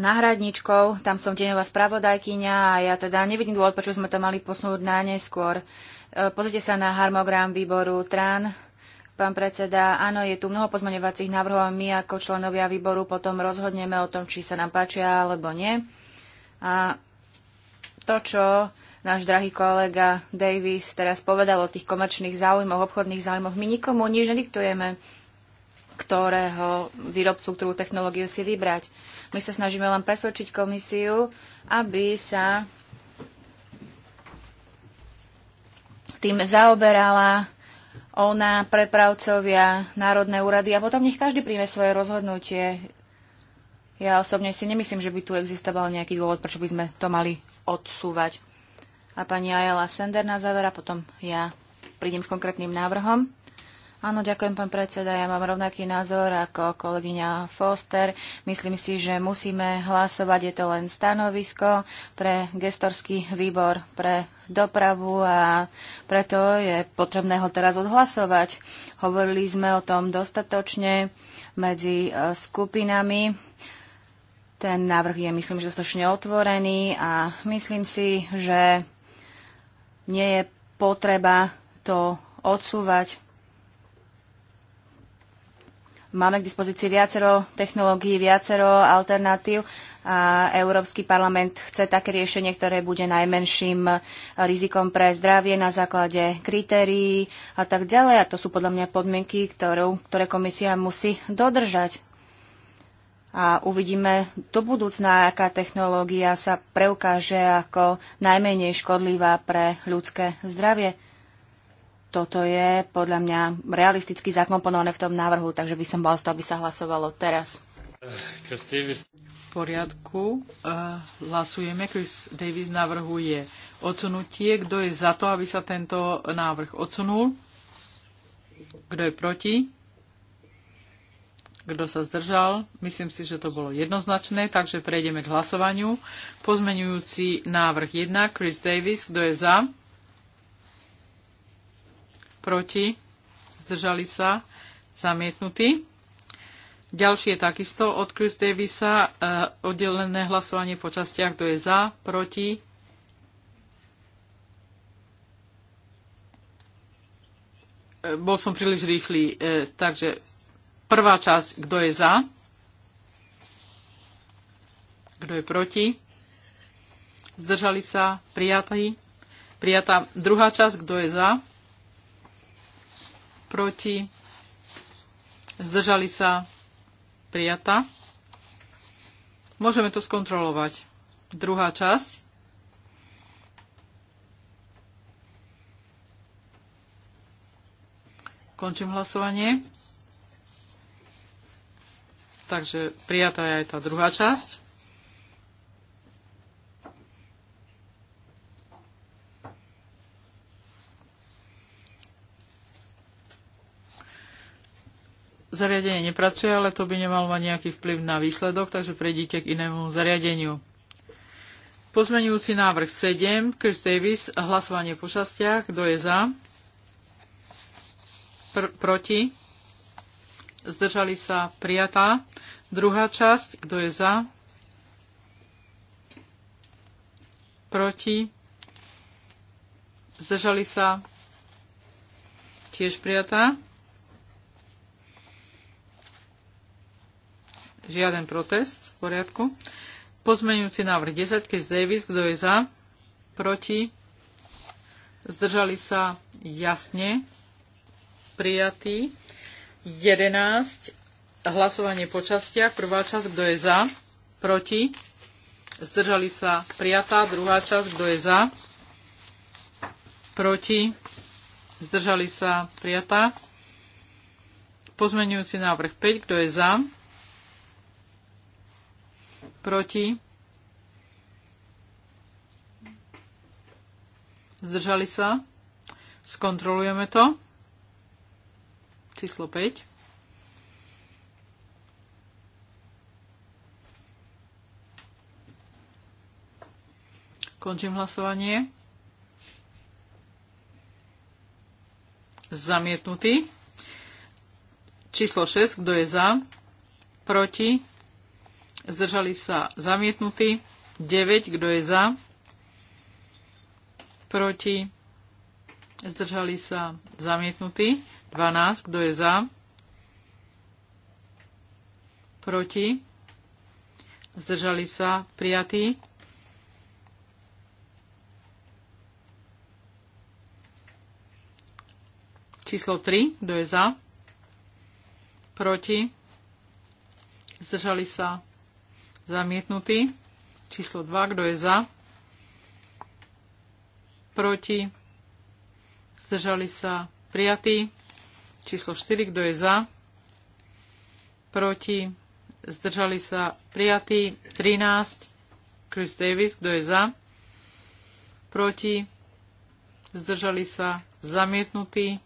náhradničkou, tam som tieňová spravodajkyňa a ja teda nevidím dôvod, prečo sme to mali posunúť na neskôr. E, pozrite sa na harmogram výboru TRAN, pán predseda. Áno, je tu mnoho pozmaňovacích návrhov a my ako členovia výboru potom rozhodneme o tom, či sa nám páčia alebo nie. A to, čo náš drahý kolega Davis teraz povedal o tých komerčných záujmoch, obchodných záujmoch. My nikomu nič nediktujeme, ktorého výrobcu, ktorú technológiu si vybrať. My sa snažíme len presvedčiť komisiu, aby sa tým zaoberala ona, prepravcovia, národné úrady a potom nech každý príjme svoje rozhodnutie. Ja osobne si nemyslím, že by tu existoval nejaký dôvod, prečo by sme to mali odsúvať a pani Ajela Sender na záver a potom ja prídem s konkrétnym návrhom. Áno, ďakujem, pán predseda. Ja mám rovnaký názor ako kolegyňa Foster. Myslím si, že musíme hlasovať. Je to len stanovisko pre gestorský výbor pre dopravu a preto je potrebné ho teraz odhlasovať. Hovorili sme o tom dostatočne medzi e, skupinami. Ten návrh je, myslím, že dostatočne otvorený a myslím si, že nie je potreba to odsúvať. Máme k dispozícii viacero technológií, viacero alternatív a Európsky parlament chce také riešenie, ktoré bude najmenším rizikom pre zdravie na základe kritérií a tak ďalej. A to sú podľa mňa podmienky, ktorú, ktoré komisia musí dodržať a uvidíme do budúcna, aká technológia sa preukáže ako najmenej škodlivá pre ľudské zdravie. Toto je podľa mňa realisticky zakomponované v tom návrhu, takže by som bol z toho, aby sa hlasovalo teraz.
V poriadku. E, hlasujeme. Chris Davis navrhuje odsunutie. Kto je za to, aby sa tento návrh odsunul? Kto je proti? Kto sa zdržal? Myslím si, že to bolo jednoznačné, takže prejdeme k hlasovaniu. Pozmenujúci návrh 1, Chris Davis, kto je za? Proti? Zdržali sa? Ďalší Ďalšie takisto od Chris Davisa e, oddelené hlasovanie po častiach, kto je za, proti. E, bol som príliš rýchly, e, takže Prvá časť, kto je za? Kto je proti? Zdržali sa? Prijatí? Prijatá druhá časť, kto je za? Proti? Zdržali sa? Prijatá? Môžeme to skontrolovať. Druhá časť. Končím hlasovanie takže prijatá je aj tá druhá časť. Zariadenie nepracuje, ale to by nemalo mať nejaký vplyv na výsledok, takže prejdite k inému zariadeniu. Pozmenujúci návrh 7, Chris Davis, hlasovanie po častiach, kto je za? Pr- proti? zdržali sa prijatá. Druhá časť, kto je za, proti, zdržali sa tiež prijatá. Žiaden protest, v poriadku. Pozmeňujúci návrh 10, Chris Davis, kto je za, proti, zdržali sa jasne, prijatý. 11. Hlasovanie po častiach. Prvá časť, kto je za? Proti? Zdržali sa prijatá. Druhá časť, kto je za? Proti? Zdržali sa prijatá. Pozmenujúci návrh 5, kto je za? Proti? Zdržali sa? Skontrolujeme to číslo 5. Končím hlasovanie. Zamietnutý. Číslo 6. Kto je za? Proti? Zdržali sa zamietnutí. 9. Kto je za? Proti? Zdržali sa zamietnutí. 12. Kto je za? Proti? Zdržali sa? Prijatí? Číslo 3. Kto je za? Proti? Zdržali sa? Zamietnutí? Číslo 2. Kto je za? Proti? Zdržali sa? Prijatí? Číslo 4, kto je za? Proti? Zdržali sa prijatí. 13, Chris Davis, kto je za? Proti? Zdržali sa zamietnutí.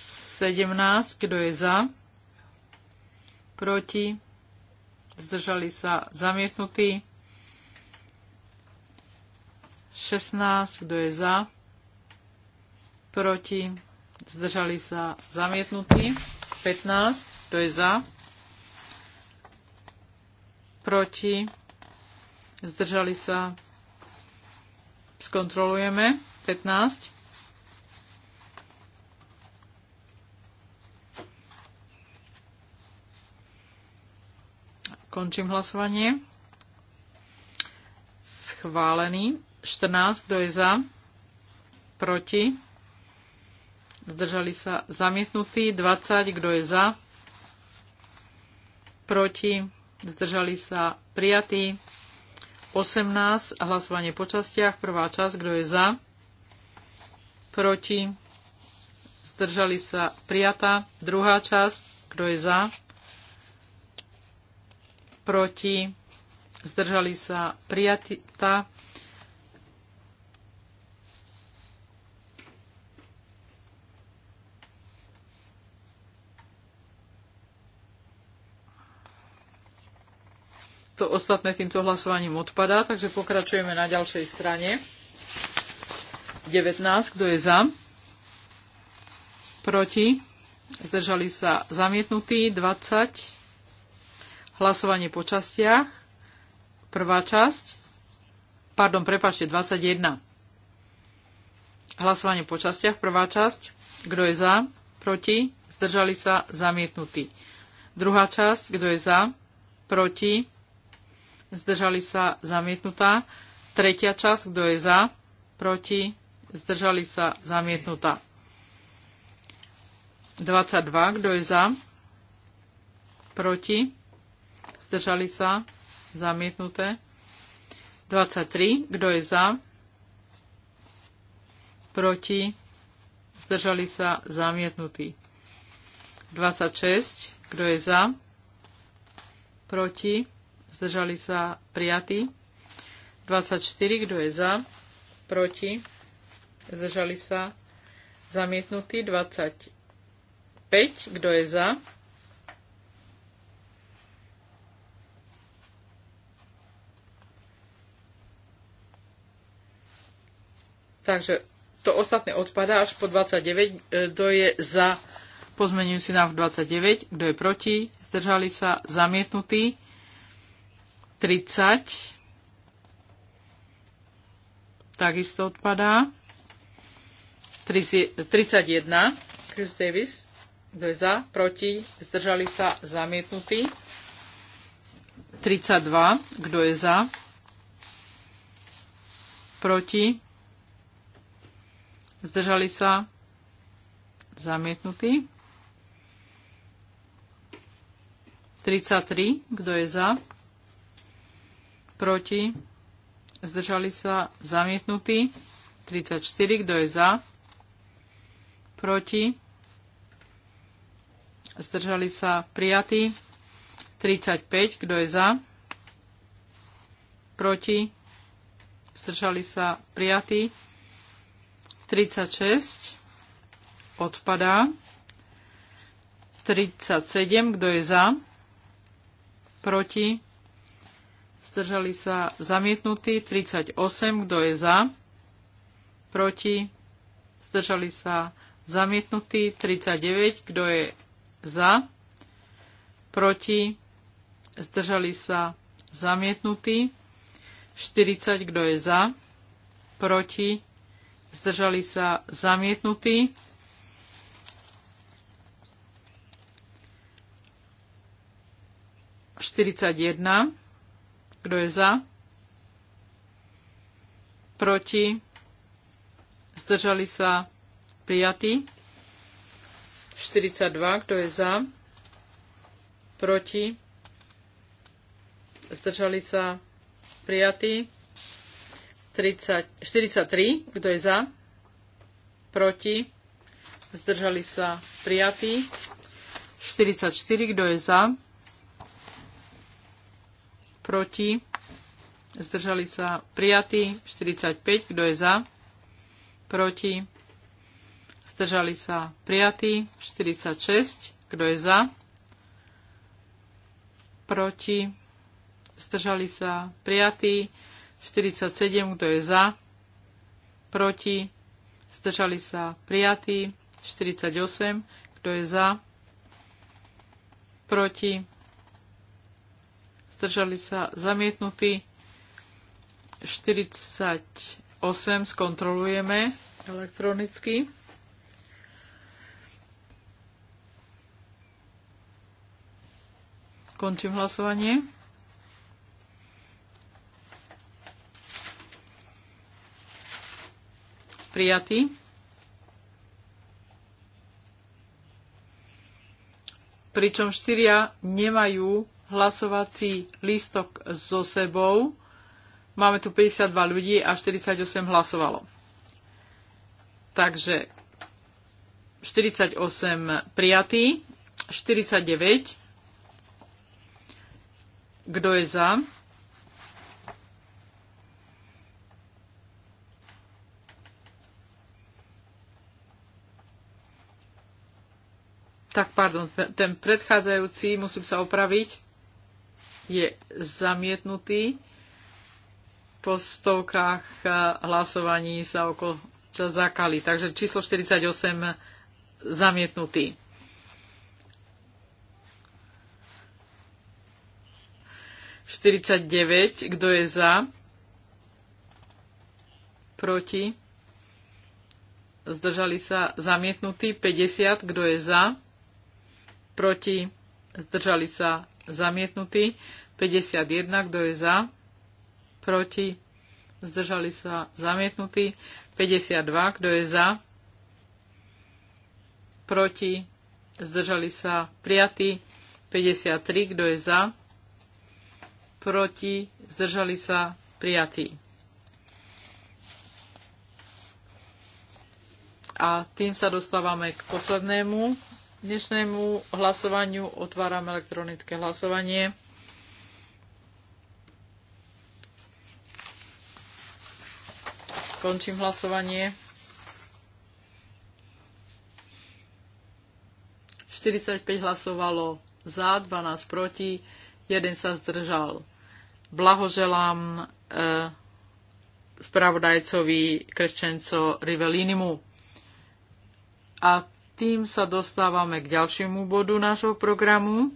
17, kto je za? Proti? Zdržali sa zamietnutí. 16, kto je za? proti, zdržali sa zamietnutí. 15, kto je za, proti, zdržali sa, skontrolujeme, 15. Končím hlasovanie. Schválený. 14, kto je za? Proti? zdržali sa zamietnutí, 20, kto je za, proti, zdržali sa prijatí, 18, hlasovanie po častiach, prvá časť, kto je za, proti, zdržali sa prijatá, druhá časť, kto je za, proti, zdržali sa prijatá, to ostatné týmto hlasovaním odpadá, takže pokračujeme na ďalšej strane. 19, kto je za? Proti? Zdržali sa zamietnutí. 20. Hlasovanie po častiach. Prvá časť. Pardon, prepáčte, 21. Hlasovanie po častiach. Prvá časť. Kto je za? Proti? Zdržali sa zamietnutí. Druhá časť. Kto je za? Proti? zdržali sa zamietnutá. Tretia časť, kto je za, proti, zdržali sa zamietnutá. 22, kto je za, proti, zdržali sa zamietnuté. 23, kto je za, proti, zdržali sa zamietnutí. 26, kto je za, proti, zdržali sa prijatí. 24, kto je za, proti, zdržali sa zamietnutí. 25, kto je za, Takže to ostatné odpadá až po 29. Kto je za pozmením si návrh 29? Kto je proti? Zdržali sa? Zamietnutí? 30 takisto odpadá. 31 Chris Davis kto je za, proti, zdržali sa, zamietnutí. 32 kto je za, proti, zdržali sa, zamietnutí. 33 kto je za, proti, zdržali sa zamietnutí, 34, kto je za, proti, zdržali sa prijatí, 35, kto je za, proti, zdržali sa prijatí, 36, odpadá, 37, kto je za, proti, zdržali sa zamietnutí, 38, kto je za, proti, zdržali sa zamietnutí, 39, kto je za, proti, zdržali sa zamietnutí, 40, kto je za, proti, zdržali sa zamietnutí, Štyridsať jedna kto je za? Proti? Zdržali sa prijatí. 42. Kto je za? Proti? Zdržali sa prijatí. 43. Kto je za? Proti? Zdržali sa prijatí. 44. Kto je za? proti, zdržali sa prijatí, 45, kto je za, proti, zdržali sa prijatí, 46, kto je za, proti, zdržali sa prijatí, 47, kto je za, proti, zdržali sa prijatí, 48, kto je za, proti, zdržali sa zamietnutí. 48 skontrolujeme elektronicky. Končím hlasovanie. Prijatý. Pričom štyria nemajú hlasovací lístok so sebou. Máme tu 52 ľudí a 48 hlasovalo. Takže 48 prijatý, 49. Kto je za? Tak pardon, ten predchádzajúci, musím sa opraviť je zamietnutý. Po stovkách eh, hlasovaní sa okolo čas zakali. Takže číslo 48 zamietnutý. Štyridsaťdeväť. Kto je za? Proti? Zdržali sa zamietnutí. 50. Kto je za? Proti? Zdržali sa zamietnutý. 51, kto je za, proti, zdržali sa, zamietnutý. 52, kto je za, proti, zdržali sa, prijatý. 53, kto je za, proti, zdržali sa, prijatý. A tým sa dostávame k poslednému dnešnému hlasovaniu otváram elektronické hlasovanie. Končím hlasovanie. 45 hlasovalo za, 12 proti, 1 sa zdržal. Blahoželám e, spravodajcovi Kreščenco Rivelinimu. A tým sa dostávame k ďalšiemu bodu nášho programu,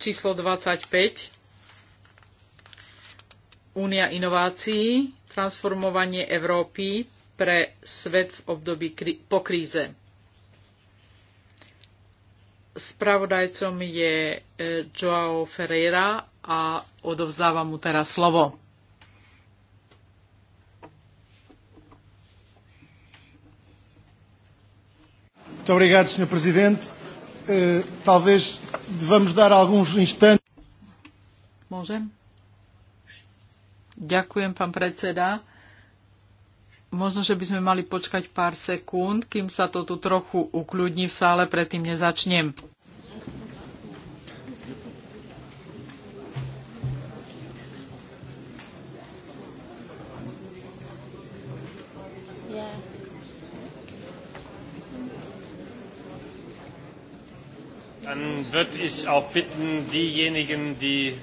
číslo 25. Únia inovácií, transformovanie Európy pre svet v období kri- po kríze. Spravodajcom je e, Joao Ferreira a odovzdávam mu teraz slovo. Muito obrigado, Sr. Presidente. Uh, talvez devamos dar alguns instantes. Môžem? Ďakujem, pán predseda. Možno, že by sme mali počkať pár sekúnd, kým sa to tu trochu ukľudní v sále, predtým nezačnem.
Dann würde ich auch bitten, diejenigen, die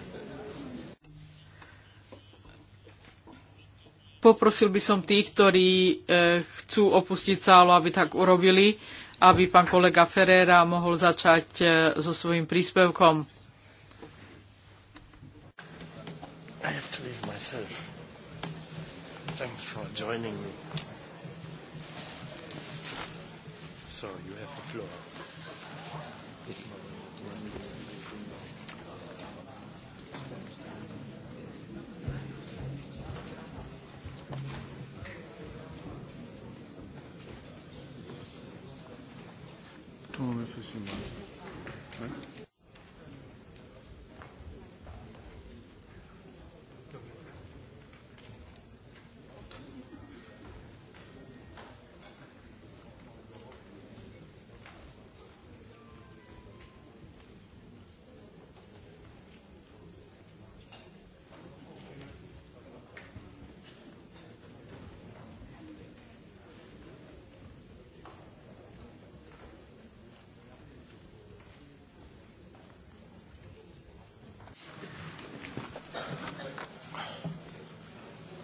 Poprosil by som tých, ktorí e, chcú opustiť sálu, aby tak urobili, aby pán kolega Ferreira mohol začať e, so svojím príspevkom.
I have to leave myself. Thanks for joining me. So you have the floor. tout le monde me fait signe.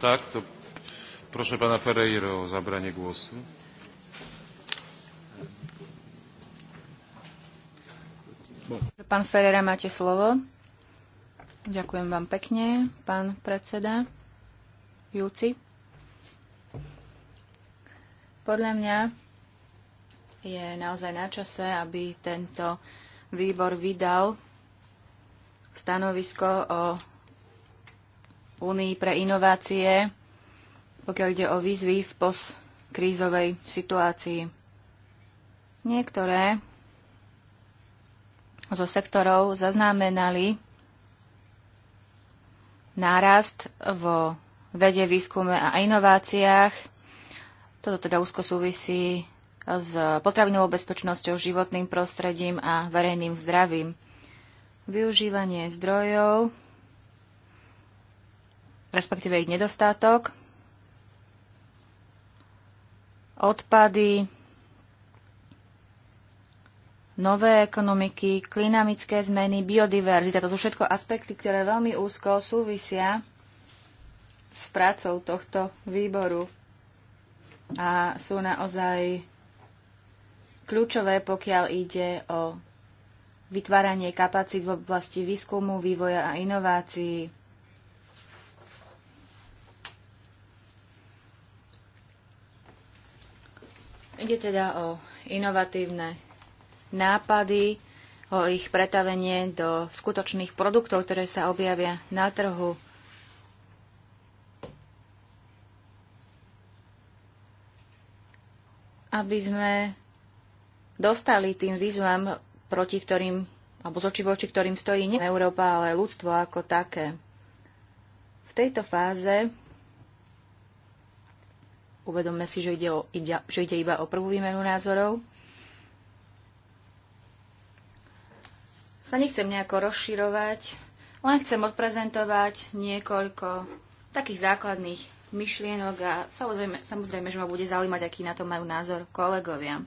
tak, to proszę pana Ferreira o zabranie
głosu.
Pán Ferreira, máte slovo. Ďakujem vám pekne, pán predseda Júci. Podľa mňa je naozaj na čase, aby tento výbor vydal stanovisko o Únii pre inovácie, pokiaľ ide o výzvy v postkrízovej situácii. Niektoré zo sektorov zaznamenali nárast vo vede, výskume a inováciách. Toto teda úzko súvisí s potravinovou bezpečnosťou, životným prostredím a verejným zdravím. Využívanie zdrojov respektíve ich nedostatok, odpady, nové ekonomiky, klinamické zmeny, biodiverzita. To sú všetko aspekty, ktoré veľmi úzko súvisia s prácou tohto výboru a sú naozaj kľúčové, pokiaľ ide o vytváranie kapacít v oblasti výskumu, vývoja a inovácií Ide teda o inovatívne nápady, o ich pretavenie do skutočných produktov, ktoré sa objavia na trhu. Aby sme dostali tým výzvam, proti ktorým, alebo z voči ktorým stojí nie Európa, ale ľudstvo ako také. V tejto fáze Uvedomme si, že ide, o, že ide iba o prvú výmenu názorov. Sa nechcem nejako rozširovať, len chcem odprezentovať niekoľko takých základných myšlienok a samozrejme, samozrejme, že ma bude zaujímať, aký na to majú názor kolegovia.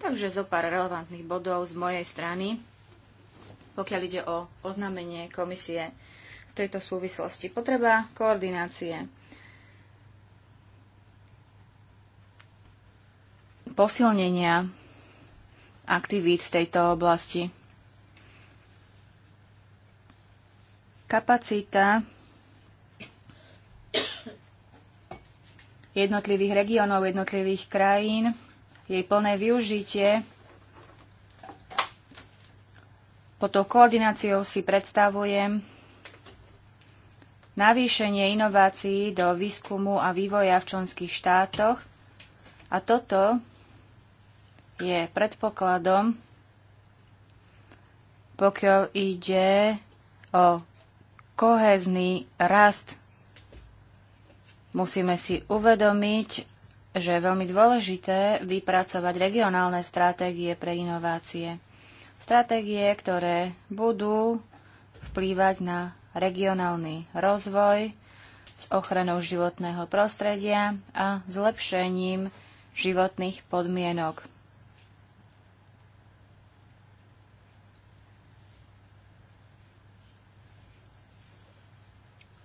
Takže zo pár relevantných bodov z mojej strany, pokiaľ ide o oznámenie komisie v tejto súvislosti. Potreba koordinácie posilnenia aktivít v tejto oblasti. Kapacita jednotlivých regiónov, jednotlivých krajín, jej plné využitie pod tou koordináciou si predstavujem navýšenie inovácií do výskumu a vývoja v členských štátoch a toto je predpokladom, pokiaľ ide o kohezný rast. Musíme si uvedomiť, že je veľmi dôležité vypracovať regionálne stratégie pre inovácie. Stratégie, ktoré budú vplývať na regionálny rozvoj s ochranou životného prostredia a zlepšením životných podmienok.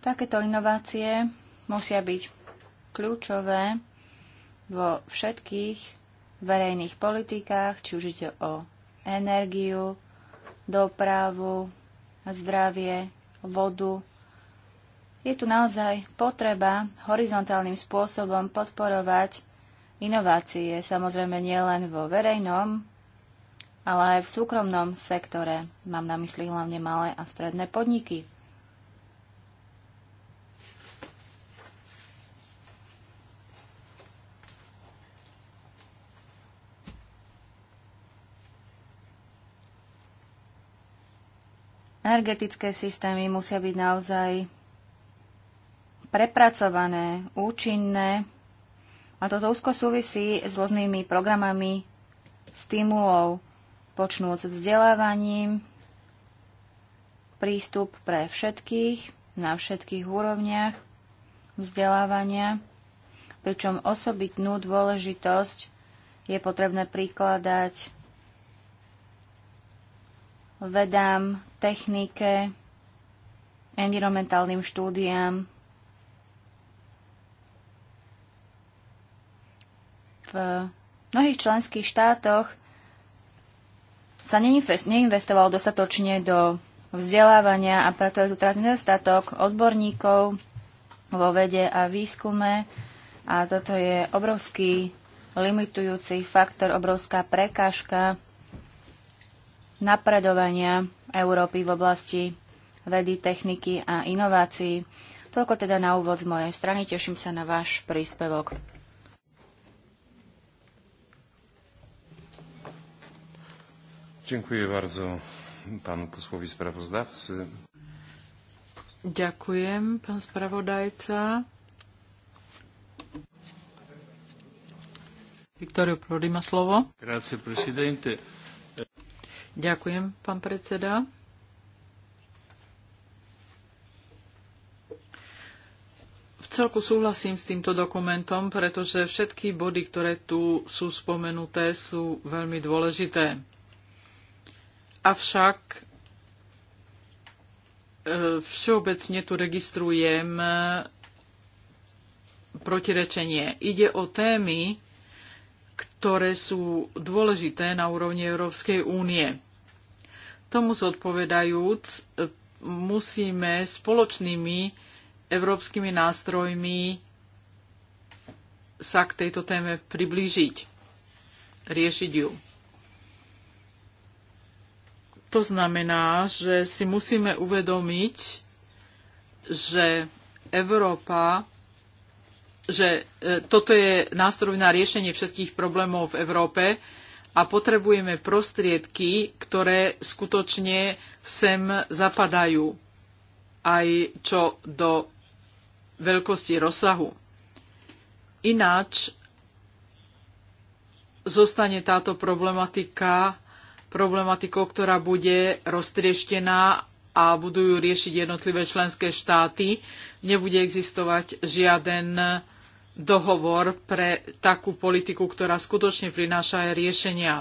Takéto inovácie musia byť kľúčové vo všetkých verejných politikách, či už ide o energiu, dopravu, zdravie, vodu. Je tu naozaj potreba horizontálnym spôsobom podporovať inovácie, samozrejme nielen vo verejnom, ale aj v súkromnom sektore. Mám na mysli hlavne malé a stredné podniky. energetické systémy musia byť naozaj prepracované, účinné. A toto úzko súvisí s rôznymi programami stimulov, počnúc vzdelávaním, prístup pre všetkých na všetkých úrovniach vzdelávania, pričom osobitnú dôležitosť je potrebné prikladať vedám technike, environmentálnym štúdiám, v mnohých členských štátoch sa neinvestovalo dostatočne do vzdelávania a preto je tu teraz nedostatok odborníkov vo vede a výskume a toto je obrovský limitujúci faktor, obrovská prekážka napredovania Európy v oblasti vedy, techniky a inovácií. Toľko teda na úvod z mojej strany. Teším sa na váš príspevok.
Dziękuję bardzo panu posłowi sprawozdawcy.
Ďakujem, pán spravodajca. Viktorio Prodi má slovo.
Grazie, presidente.
Ďakujem, pán predseda. V celku súhlasím s týmto dokumentom, pretože všetky body, ktoré tu sú spomenuté, sú veľmi dôležité. Avšak e, všeobecne tu registrujem e, protirečenie. Ide o témy, ktoré sú dôležité na úrovni Európskej únie. Tomu zodpovedajúc, musíme spoločnými európskymi nástrojmi sa k tejto téme priblížiť, riešiť ju. To znamená, že si musíme uvedomiť, že Európa, že e, toto je nástroj na riešenie všetkých problémov v Európe, a potrebujeme prostriedky, ktoré skutočne sem zapadajú aj čo do veľkosti rozsahu. Ináč zostane táto problematika problematikou, ktorá bude roztrieštená a budú ju riešiť jednotlivé členské štáty. Nebude existovať žiaden dohovor pre takú politiku, ktorá skutočne prináša aj riešenia.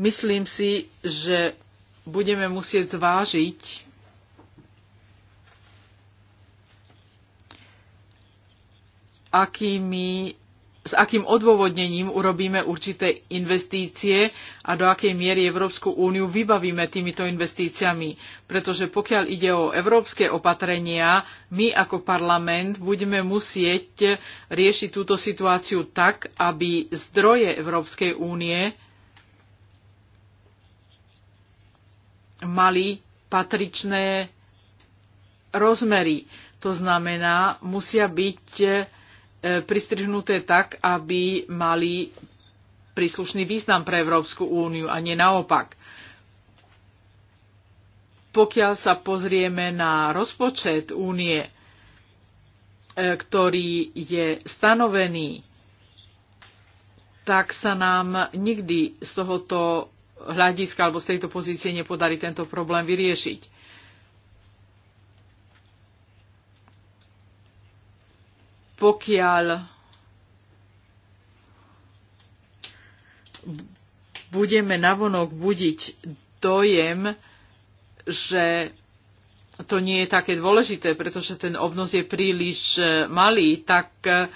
Myslím si, že budeme musieť zvážiť akými s akým odôvodnením urobíme určité investície a do akej miery Európsku úniu vybavíme týmito investíciami. Pretože pokiaľ ide o európske opatrenia, my ako parlament budeme musieť riešiť túto situáciu tak, aby zdroje Európskej únie mali patričné rozmery. To znamená, musia byť E, pristrihnuté tak, aby mali príslušný význam pre Európsku úniu a nie naopak. Pokiaľ sa pozrieme na rozpočet únie, e, ktorý je stanovený, tak sa nám nikdy z tohoto hľadiska alebo z tejto pozície nepodarí tento problém vyriešiť. pokiaľ budeme navonok budiť dojem, že to nie je také dôležité, pretože ten obnos je príliš e, malý, tak e,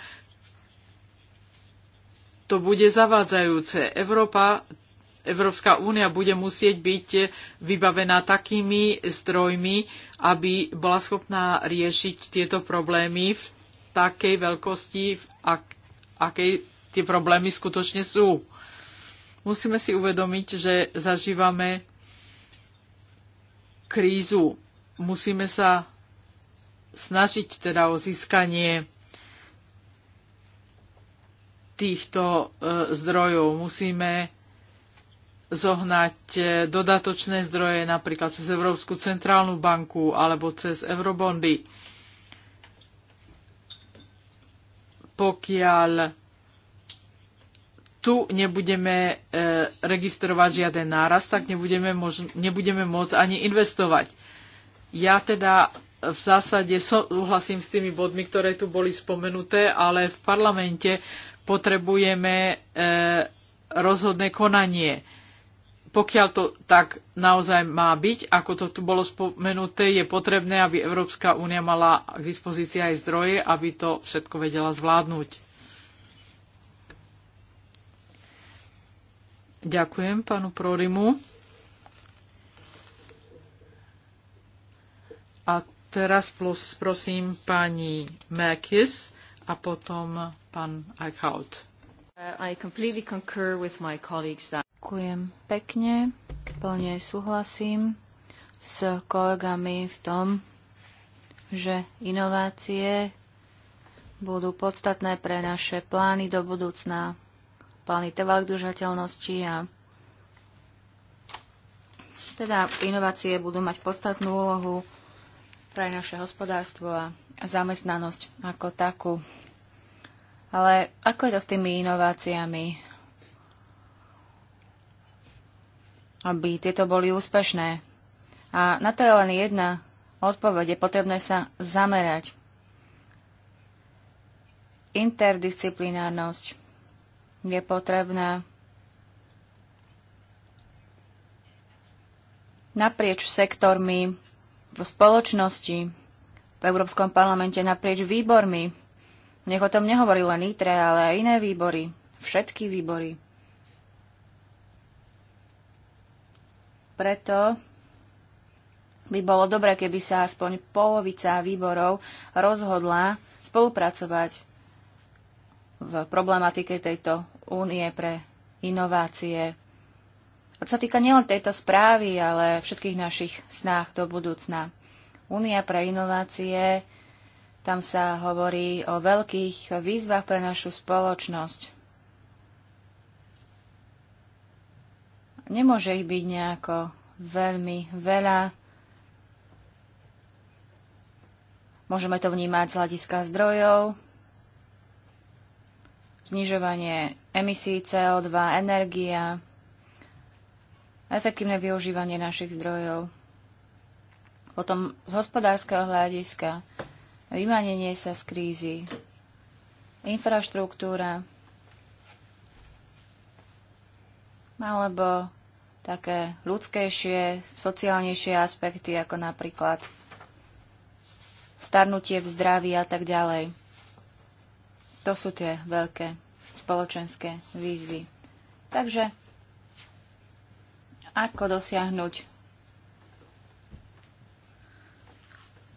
to bude zavádzajúce. Európa, Európska únia bude musieť byť vybavená takými zdrojmi, aby bola schopná riešiť tieto problémy v takej veľkosti, v ak, akej tie problémy skutočne sú. Musíme si uvedomiť, že zažívame krízu. Musíme sa snažiť teda o získanie týchto e, zdrojov. Musíme zohnať e, dodatočné zdroje napríklad cez Európsku centrálnu banku alebo cez eurobondy pokiaľ tu nebudeme e, registrovať žiaden náraz, tak nebudeme, mož- nebudeme môcť ani investovať. Ja teda v zásade súhlasím s tými bodmi, ktoré tu boli spomenuté, ale v parlamente potrebujeme e, rozhodné konanie pokiaľ to tak naozaj má byť, ako to tu bolo spomenuté, je potrebné, aby Európska únia mala k dispozícii aj zdroje, aby to všetko vedela zvládnuť. Ďakujem pánu Prorimu. A teraz prosím pani Merkis a potom pán Eichhout.
Uh, I completely concur with my colleagues that Ďakujem pekne. Plne súhlasím s kolegami v tom, že inovácie budú podstatné pre naše plány do budúcna, plány trvalých držateľnosti a teda inovácie budú mať podstatnú úlohu pre naše hospodárstvo a zamestnanosť ako takú. Ale ako je to s tými inováciami? aby tieto boli úspešné. A na to je len jedna odpoveď. Je potrebné sa zamerať. Interdisciplinárnosť je potrebná naprieč sektormi v spoločnosti, v Európskom parlamente, naprieč výbormi. Nech o tom nehovorí len ITRE, ale aj iné výbory, všetky výbory. Preto by bolo dobré, keby sa aspoň polovica výborov rozhodla spolupracovať v problematike tejto únie pre inovácie. to sa týka nielen tejto správy, ale všetkých našich snách do budúcna. Únia pre inovácie, tam sa hovorí o veľkých výzvach pre našu spoločnosť. Nemôže ich byť nejako veľmi veľa. Môžeme to vnímať z hľadiska zdrojov, znižovanie emisí CO2, energia, efektívne využívanie našich zdrojov. Potom z hospodárskeho hľadiska vymanenie sa z krízy, infraštruktúra, alebo také ľudskejšie, sociálnejšie aspekty, ako napríklad starnutie v zdraví a tak ďalej. To sú tie veľké spoločenské výzvy. Takže ako dosiahnuť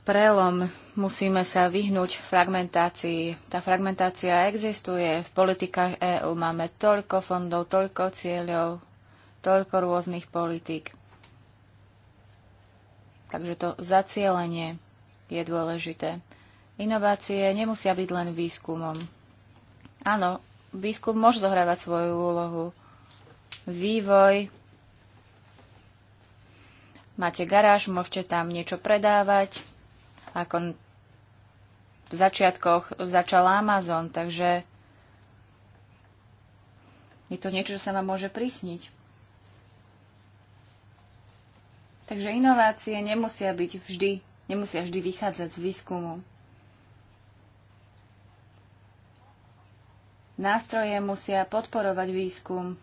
prelom musíme sa vyhnúť fragmentácii. Tá fragmentácia existuje. V politikách EÚ máme toľko fondov, toľko cieľov, toľko rôznych politík. Takže to zacielenie je dôležité. Inovácie nemusia byť len výskumom. Áno, výskum môže zohrávať svoju úlohu. Vývoj. Máte garáž, môžete tam niečo predávať, ako v začiatkoch začal Amazon, takže je to niečo, čo sa vám môže prísniť. Takže inovácie nemusia byť vždy, nemusia vždy vychádzať z výskumu. Nástroje musia podporovať výskum,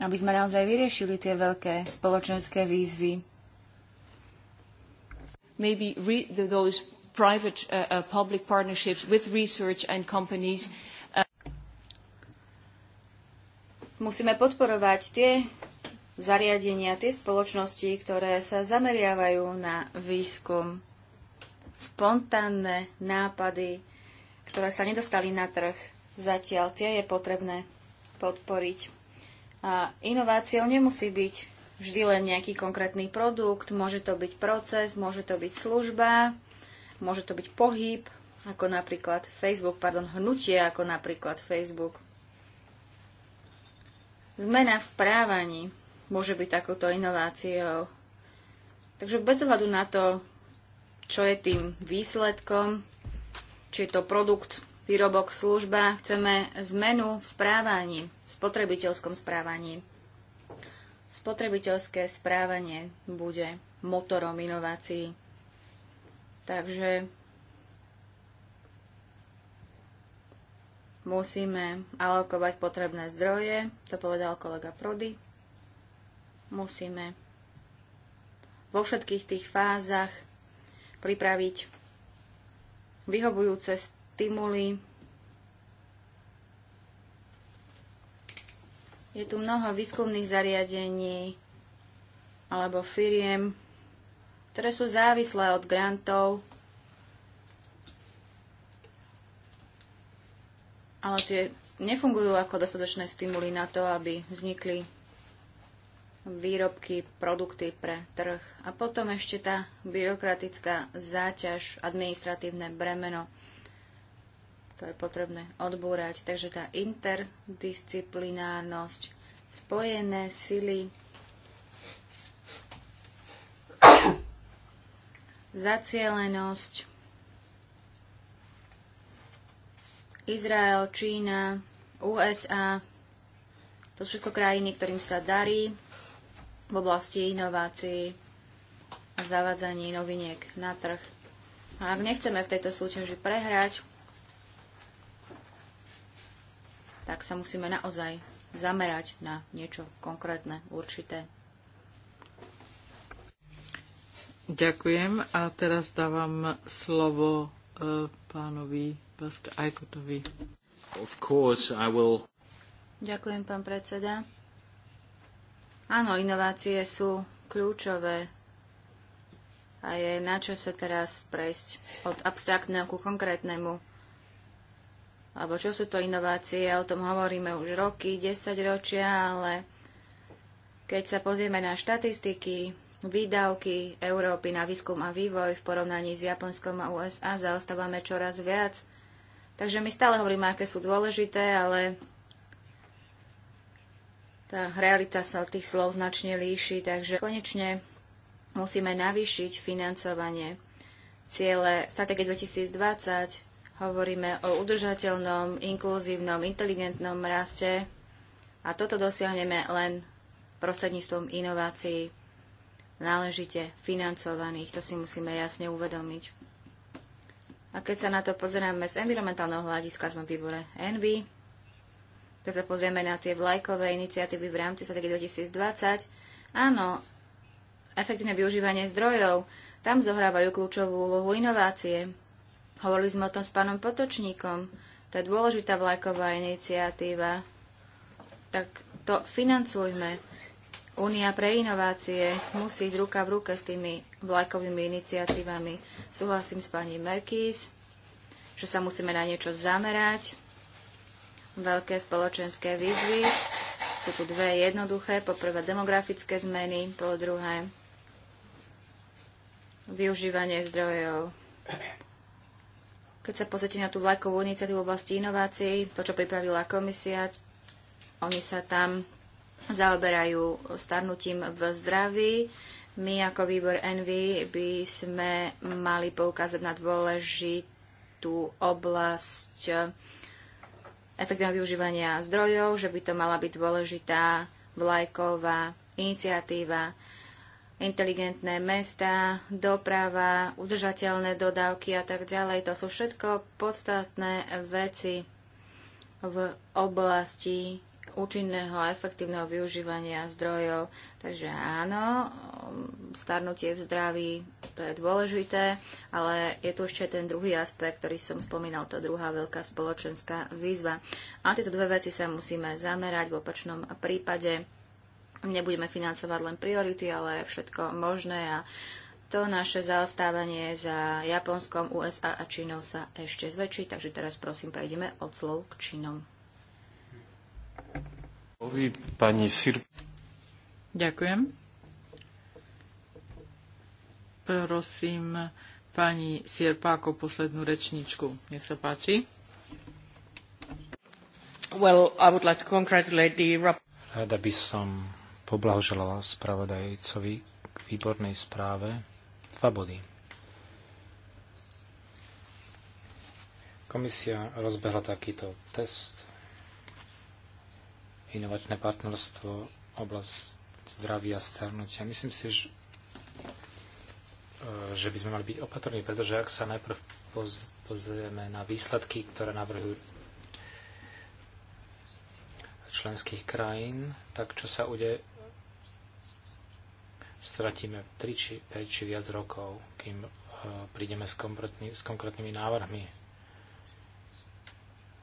aby sme naozaj vyriešili tie veľké spoločenské výzvy maybe re those private uh, uh, public partnerships with research and companies. Uh, Musíme podporovať tie zariadenia, tie spoločnosti, ktoré sa zameriavajú na výskum, spontánne nápady, ktoré sa nedostali na trh zatiaľ, tie je potrebné podporiť. A inováciou nemusí byť vždy len nejaký konkrétny produkt, môže to byť proces, môže to byť služba, môže to byť pohyb, ako napríklad Facebook, pardon, hnutie, ako napríklad Facebook. Zmena v správaní môže byť takouto inováciou. Takže bez ohľadu na to, čo je tým výsledkom, či je to produkt, výrobok, služba, chceme zmenu v správaní, v spotrebiteľskom správaní spotrebiteľské správanie bude motorom inovácií. Takže musíme alokovať potrebné zdroje, to povedal kolega Prody. Musíme vo všetkých tých fázach pripraviť vyhovujúce stimuly Je tu mnoho výskumných zariadení alebo firiem, ktoré sú závislé od grantov, ale tie nefungujú ako dostatočné stimuly na to, aby vznikli výrobky, produkty pre trh. A potom ešte tá byrokratická záťaž, administratívne bremeno to je potrebné odbúrať. Takže tá interdisciplinárnosť, spojené sily, zacielenosť, Izrael, Čína, USA, to všetko krajiny, ktorým sa darí v oblasti inovácií a zavádzaní noviniek na trh. A ak nechceme v tejto súťaži prehrať, tak sa musíme naozaj zamerať na niečo konkrétne, určité.
Ďakujem a teraz dávam slovo uh, pánovi Baska Ajkotovi.
Of course I will...
Ďakujem, pán predseda. Áno, inovácie sú kľúčové a je na čo sa teraz prejsť od abstraktného ku konkrétnemu alebo čo sú to inovácie, o tom hovoríme už roky, 10 ročia, ale keď sa pozrieme na štatistiky, výdavky Európy na výskum a vývoj v porovnaní s Japonskom a USA zaostávame čoraz viac. Takže my stále hovoríme, aké sú dôležité, ale tá realita sa od tých slov značne líši, takže konečne musíme navýšiť financovanie. Ciele stratégie 2020 Hovoríme o udržateľnom, inkluzívnom, inteligentnom raste a toto dosiahneme len prostredníctvom inovácií náležite financovaných. To si musíme jasne uvedomiť. A keď sa na to pozeráme z environmentálneho hľadiska, sme v výbore Envy, keď sa pozrieme na tie vlajkové iniciatívy v rámci strategie 2020, áno, efektívne využívanie zdrojov, tam zohrávajú kľúčovú úlohu inovácie. Hovorili sme o tom s pánom Potočníkom. To je dôležitá vlajková iniciatíva. Tak to financujme. Únia pre inovácie musí ísť ruka v ruke s tými vlajkovými iniciatívami. Súhlasím s pani Merkis, že sa musíme na niečo zamerať. Veľké spoločenské výzvy. Sú tu dve jednoduché. poprvé demografické zmeny, po druhé využívanie zdrojov keď sa pozrite na tú vlajkovú iniciatívu v oblasti inovácií, to, čo pripravila komisia, oni sa tam zaoberajú starnutím v zdraví. My ako výbor NV by sme mali poukázať na dôležitú oblasť efektívneho využívania zdrojov, že by to mala byť dôležitá vlajková iniciatíva inteligentné mesta, doprava, udržateľné dodávky a tak ďalej. To sú všetko podstatné veci v oblasti účinného a efektívneho využívania zdrojov. Takže áno, starnutie v zdraví, to je dôležité, ale je tu ešte ten druhý aspekt, ktorý som spomínal, to druhá veľká spoločenská výzva. A tieto dve veci sa musíme zamerať, v opačnom prípade nebudeme financovať len priority, ale všetko možné a to naše zaostávanie za Japonskom, USA a Čínou sa ešte zväčší, takže teraz prosím prejdeme od slov k činom.
Pani Sir...
Ďakujem. Prosím pani Sierpáko, poslednú rečníčku. Nech sa páči. Well, I would like to congratulate the...
Rada by som poblahoželal spravodajcovi k výbornej správe dva body. Komisia rozbehla takýto test. Inovačné partnerstvo, oblasť zdravia a starnutia. Myslím si, že, e, že by sme mali byť opatrní, pretože ak sa najprv pozrieme na výsledky, ktoré navrhujú členských krajín, tak čo sa ude, stratíme 3 či 5 či viac rokov, kým e, prídeme s, konkrétny, s konkrétnymi návrhmi,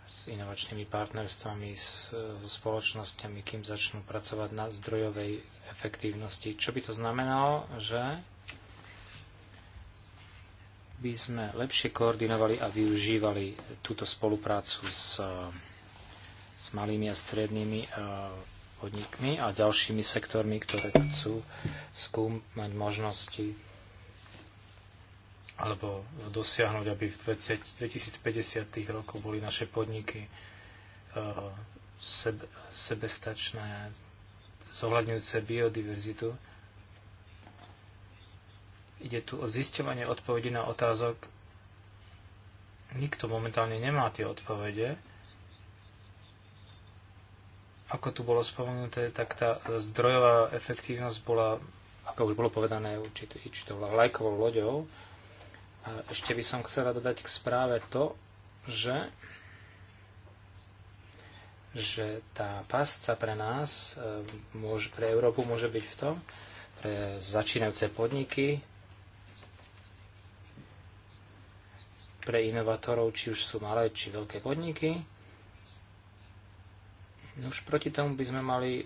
s inovačnými partnerstvami, s e, spoločnosťami, kým začnú pracovať na zdrojovej efektívnosti. Čo by to znamenalo, že by sme lepšie koordinovali a využívali túto spoluprácu s, e, s malými a strednými podnikmi a ďalšími sektormi, ktoré chcú skúmať možnosti alebo dosiahnuť, aby v 20, 2050 rokov boli naše podniky e, sebe, sebestačné, zohľadňujúce biodiverzitu. Ide tu o zisťovanie odpovedí na otázok. Nikto momentálne nemá tie odpovede ako tu bolo spomenuté, tak tá zdrojová efektívnosť bola, ako už bolo povedané, určite, bola vlajkovou loďou. A ešte by som chcela dodať k správe to, že že tá pásca pre nás, e, môže, pre Európu môže byť v tom, pre začínajúce podniky, pre inovátorov, či už sú malé, či veľké podniky, už proti tomu by sme mali e,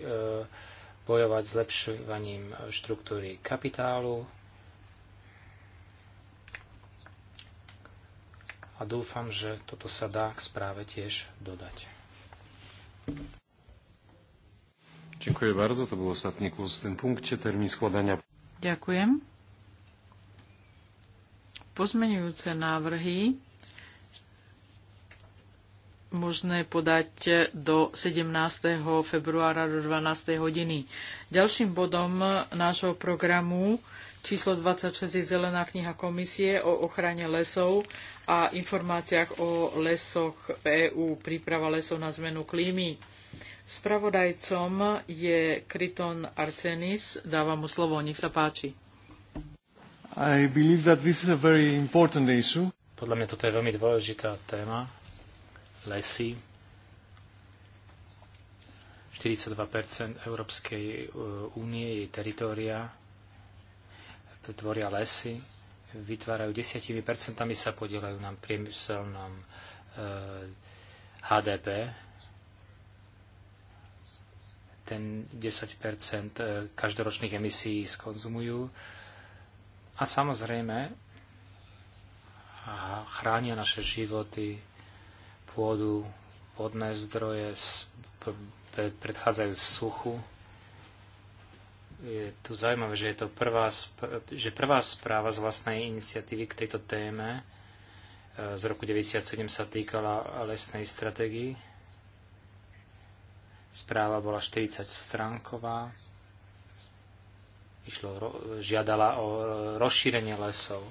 bojovať zlepšovaním štruktúry kapitálu a dúfam, že toto sa dá k správe
tiež dodať.
Ďakujem bardzo. To bol ostatný głos v tom punkte, termín składania.
Ďakujem. Pozmenujúce návrhy možné podať do 17. februára do 12. hodiny. Ďalším bodom nášho programu číslo 26 je Zelená kniha komisie o ochrane lesov a informáciách o lesoch EÚ, príprava lesov na zmenu klímy. Spravodajcom je Kryton Arsenis. Dávam mu slovo, nech sa páči.
Podľa mňa toto je veľmi dôležitá téma, lesy. 42 Európskej e, únie, jej teritória tvoria lesy, vytvárajú 10 percentami sa podielajú na priemyselnom e, HDP. Ten 10 e, každoročných emisí skonzumujú. A samozrejme, chránia naše životy, pôdu, vodné zdroje predchádzajú suchu. Je tu zaujímavé, že, je to prvá, že prvá správa z vlastnej iniciatívy k tejto téme e, z roku 1997 sa týkala lesnej stratégii. Správa bola 40 stránková. Išlo, žiadala o e, rozšírenie lesov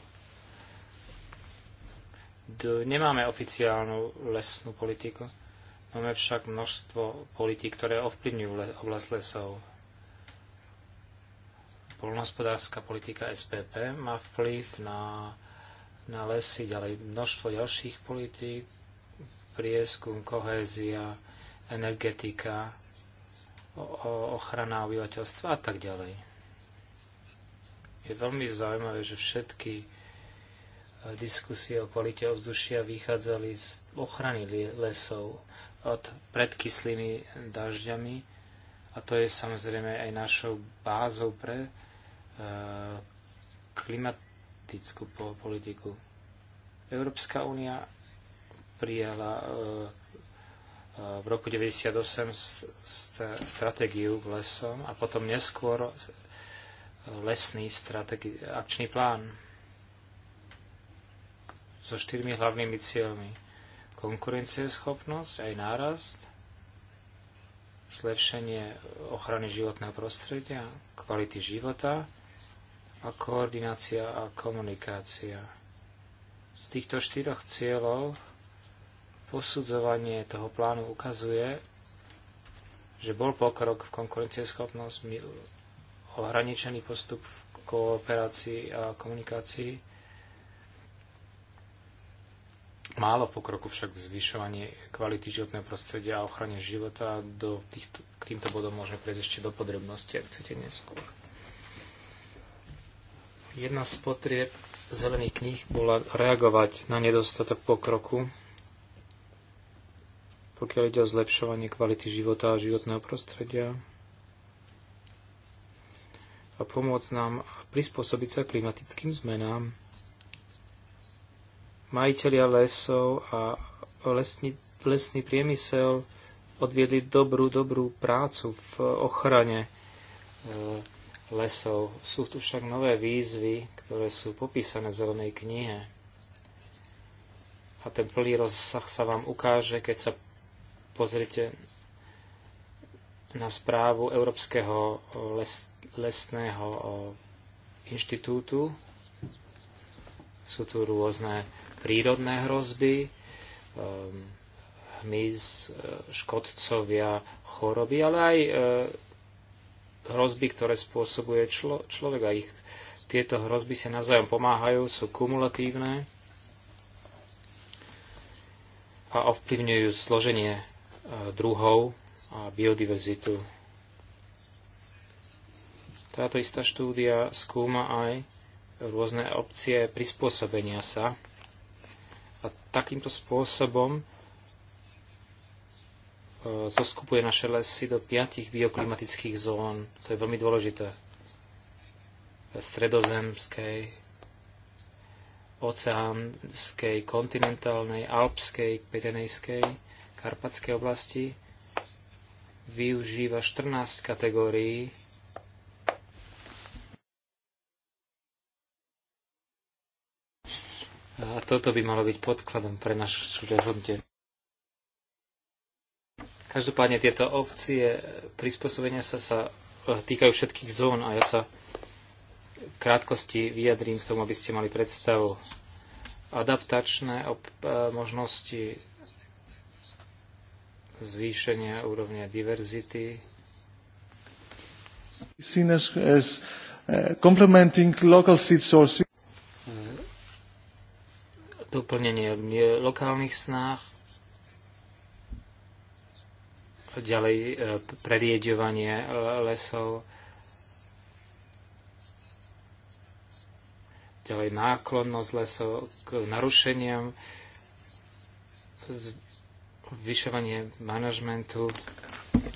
nemáme oficiálnu lesnú politiku, máme však množstvo politík, ktoré ovplyvňujú le- oblasť lesov. Polnohospodárska politika SPP má vplyv na, na lesy, ďalej množstvo ďalších politík, prieskum, kohézia, energetika, ochrana obyvateľstva a tak ďalej. Je veľmi zaujímavé, že všetky diskusie o kvalite ovzdušia vychádzali z ochrany lesov od predkyslými dažďami a to je samozrejme aj našou bázou pre e, klimatickú politiku. Európska únia prijala e, e, v roku 1998 stratégiu k lesom a potom neskôr lesný akčný plán so štyrmi hlavnými cieľmi. Konkurencieschopnosť, aj nárast, zlepšenie ochrany životného prostredia, kvality života a koordinácia a komunikácia. Z týchto štyroch cieľov posudzovanie toho plánu ukazuje, že bol pokrok v konkurencieschopnosti, ohraničený postup v kooperácii a komunikácii, Málo pokroku však v zvyšovaní kvality životného prostredia a ochrane života. Do týchto, k týmto bodom môžeme prejsť ešte do podrobnosti, ak chcete neskôr. Jedna z potrieb zelených kníh bola reagovať na nedostatok pokroku, pokiaľ ide o zlepšovanie kvality života a životného prostredia a pomôcť nám prispôsobiť sa klimatickým zmenám. Majiteľia lesov a lesní, lesný priemysel odviedli dobrú, dobrú prácu v ochrane e, lesov. Sú tu však nové výzvy, ktoré sú popísané v zelenej knihe. A ten plný rozsah sa vám ukáže, keď sa pozrite na správu Európskeho e, les, lesného e, inštitútu. Sú tu rôzne prírodné hrozby, ehm, hmyz, e, škodcovia, choroby, ale aj e, hrozby, ktoré spôsobuje člo, človek a ich tieto hrozby si navzájom pomáhajú, sú kumulatívne a ovplyvňujú zloženie e, druhov a biodiverzitu. Táto istá štúdia skúma aj rôzne opcie prispôsobenia sa a takýmto spôsobom e, zoskupuje naše lesy do piatich bioklimatických zón. To je veľmi dôležité. Stredozemskej, oceánskej, kontinentálnej, alpskej, pedenejskej, karpatskej oblasti využíva 14 kategórií toto by malo byť podkladom pre našu rozhodnutie. Každopádne tieto opcie prispôsobenia sa, sa e, týkajú všetkých zón a ja sa v krátkosti vyjadrím k tomu, aby ste mali predstavu. Adaptačné e, možnosti zvýšenia úrovne diverzity.
Seen as, as uh, complementing local seed sources
doplnenie lokálnych snách, ďalej e, prerieďovanie e, lesov, ďalej náklonnosť lesov k narušeniam, zvyšovanie manažmentu.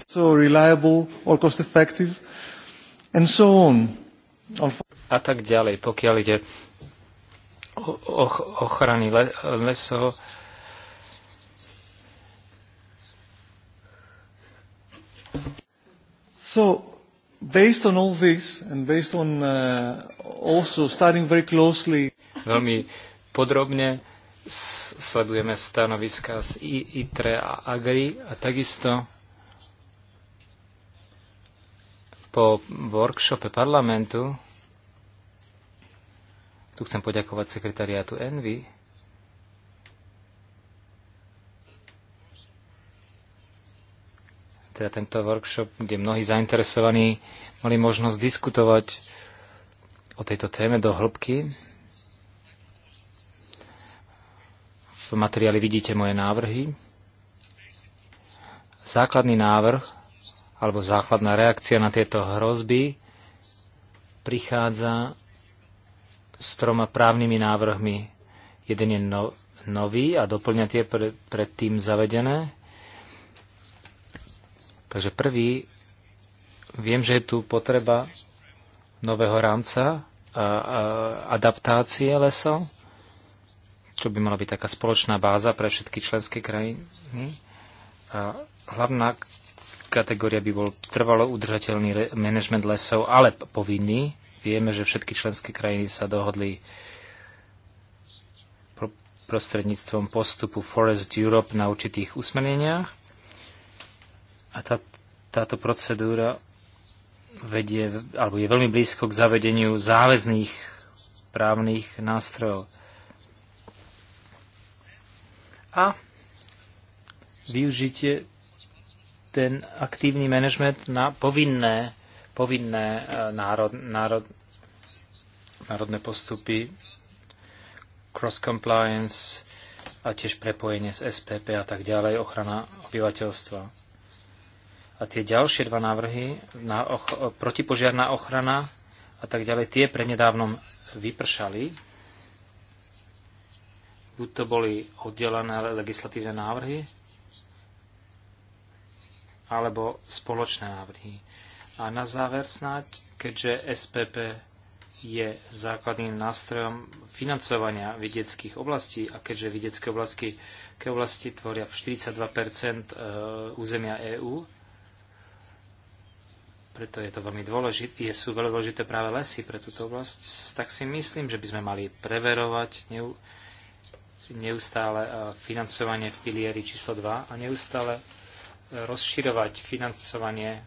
So reliable or cost effective
and so on.
A tak ďalej, pokiaľ ide ochrany lesov.
So, based on all this and based on uh, also studying very closely
veľmi podrobne sledujeme stanoviska z ITRE a AGRI a takisto po workshope parlamentu tu chcem poďakovať sekretariátu Envy. Teda tento workshop, kde mnohí zainteresovaní mali možnosť diskutovať o tejto téme do hĺbky. V materiáli vidíte moje návrhy. Základný návrh alebo základná reakcia na tieto hrozby prichádza s troma právnymi návrhmi. Jeden je no, nový a doplňa tie pre, predtým zavedené. Takže prvý, viem, že je tu potreba nového rámca a, a adaptácie lesov, čo by mala byť taká spoločná báza pre všetky členské krajiny. A hlavná kategória by bol trvalo udržateľný manažment lesov, ale povinný. Vieme, že všetky členské krajiny sa dohodli prostredníctvom postupu Forest Europe na určitých usmerneniach. A tá, táto procedúra vedie, alebo je veľmi blízko k zavedeniu záväzných právnych nástrojov. A využite ten aktívny manažment na povinné povinné e, národ, národ, národné postupy, cross-compliance a tiež prepojenie s SPP a tak ďalej, ochrana obyvateľstva. A tie ďalšie dva návrhy, na och- protipožiarná ochrana a tak ďalej, tie prednedávnom vypršali. Buď to boli oddelené legislatívne návrhy, alebo spoločné návrhy a na záver snáď, keďže SPP je základným nástrojom financovania vidieckých oblastí a keďže vidiecké oblasti, ke oblasti tvoria 42 e, územia EÚ, preto je to veľmi dôležité, sú veľmi dôležité práve lesy pre túto oblasť, tak si myslím, že by sme mali preverovať neustále e, financovanie v pilieri číslo 2 a neustále rozširovať financovanie,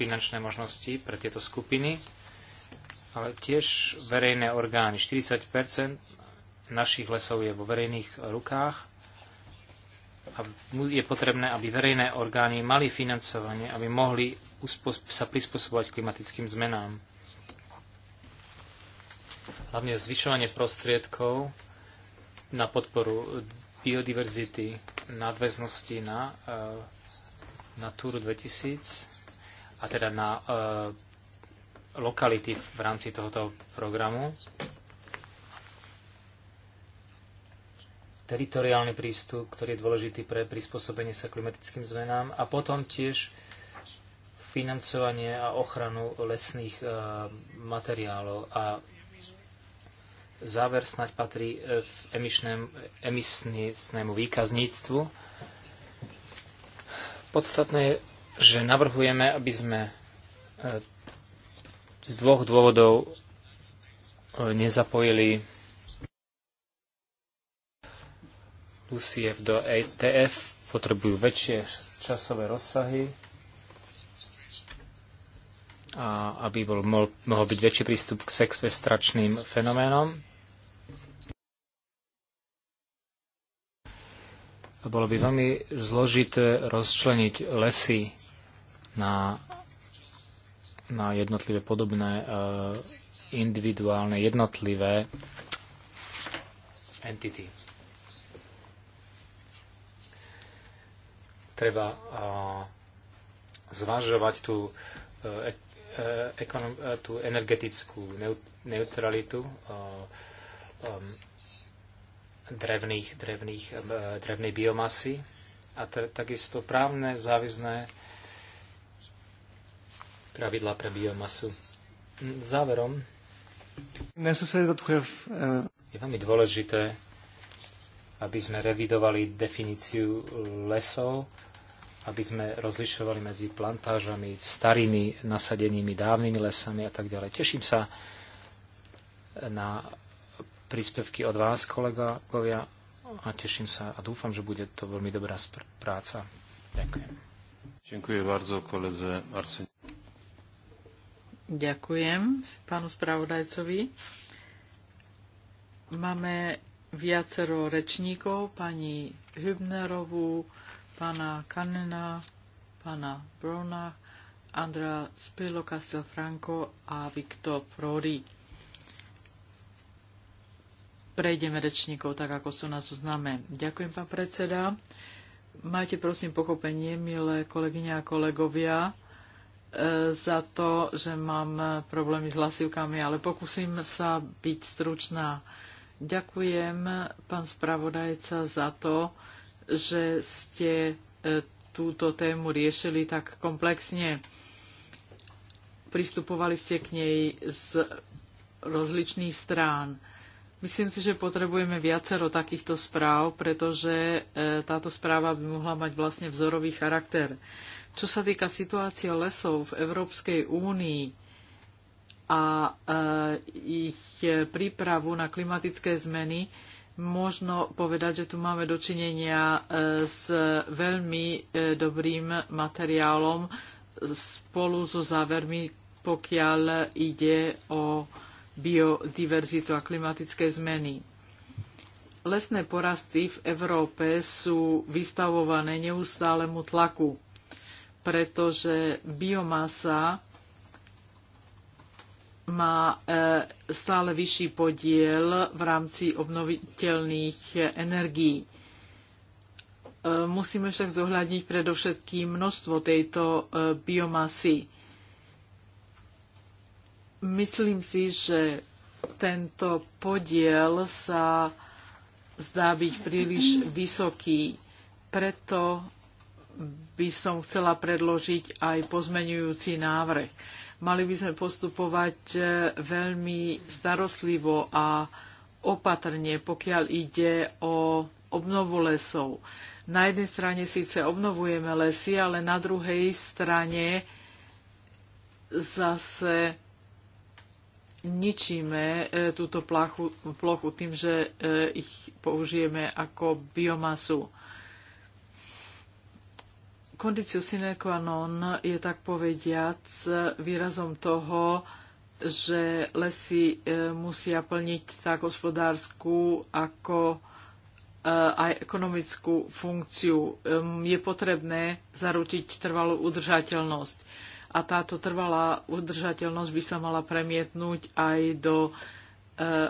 finančné možnosti pre tieto skupiny, ale tiež verejné orgány. 40 našich lesov je vo verejných rukách a je potrebné, aby verejné orgány mali financovanie, aby mohli sa prispôsobovať klimatickým zmenám. Hlavne zvyšovanie prostriedkov na podporu biodiverzity, nadväznosti na e, na Tour 2000 a teda na e, lokality v rámci tohoto programu. Teritoriálny prístup, ktorý je dôležitý pre prispôsobenie sa klimatickým zmenám a potom tiež financovanie a ochranu lesných e, materiálov a záver snáď patrí e, v emisnému výkazníctvu Podstatné je, že navrhujeme, aby sme e, z dvoch dôvodov e, nezapojili UCF do ETF, potrebujú väčšie časové rozsahy a aby bol, mohol byť väčší prístup k sexfestračným fenoménom. Bolo by veľmi zložité rozčleniť lesy na, na jednotlivé podobné e, individuálne, jednotlivé entity. Treba zvažovať tú, e, e, tú energetickú neutralitu drevných, drevných, eh, drevnej biomasy a takisto právne závisné pravidla pre biomasu. Hm, záverom eh, je veľmi dôležité, aby sme revidovali definíciu lesov, aby sme rozlišovali medzi plantážami, starými nasadenými, dávnymi lesami a tak ďalej. Teším sa na príspevky od vás, kolegovia, a teším sa a dúfam, že bude to veľmi dobrá práca. Ďakujem. Ďakujem bardzo koledze Arsene.
Ďakujem pánu spravodajcovi. Máme viacero rečníkov, pani Hübnerovú, pána Kanena, pána Brona, Andra Spilo Castelfranco a Viktor Prorík prejdeme rečníkov tak, ako sú nás známe. Ďakujem, pán predseda. Majte prosím pochopenie, milé kolegyne a kolegovia, e, za to, že mám problémy s hlasivkami, ale pokúsim sa byť stručná. Ďakujem, pán spravodajca, za to, že ste e, túto tému riešili tak komplexne. Pristupovali ste k nej z rozličných strán. Myslím si, že potrebujeme viacero takýchto správ, pretože e, táto správa by mohla mať vlastne vzorový charakter. Čo sa týka situácie lesov v Európskej únii a e, ich prípravu na klimatické zmeny, možno povedať, že tu máme dočinenia e, s veľmi dobrým materiálom spolu so závermi, pokiaľ ide o biodiverzitu a klimatické zmeny. Lesné porasty v Európe sú vystavované neustálemu tlaku, pretože biomasa má e, stále vyšší podiel v rámci obnoviteľných energií. E, musíme však zohľadniť predovšetkým množstvo tejto e, biomasy. Myslím si, že tento podiel sa zdá byť príliš vysoký. Preto by som chcela predložiť aj pozmenujúci návrh. Mali by sme postupovať e, veľmi starostlivo a opatrne, pokiaľ ide o obnovu lesov. Na jednej strane síce obnovujeme lesy, ale na druhej strane zase ničíme e, túto plachu, plochu tým, že e, ich použijeme ako biomasu. Kondíciu sine qua non je tak povediac výrazom toho, že lesy e, musia plniť tak hospodárskú ako aj ekonomickú funkciu. Je potrebné zaručiť trvalú udržateľnosť a táto trvalá udržateľnosť by sa mala premietnúť aj do e,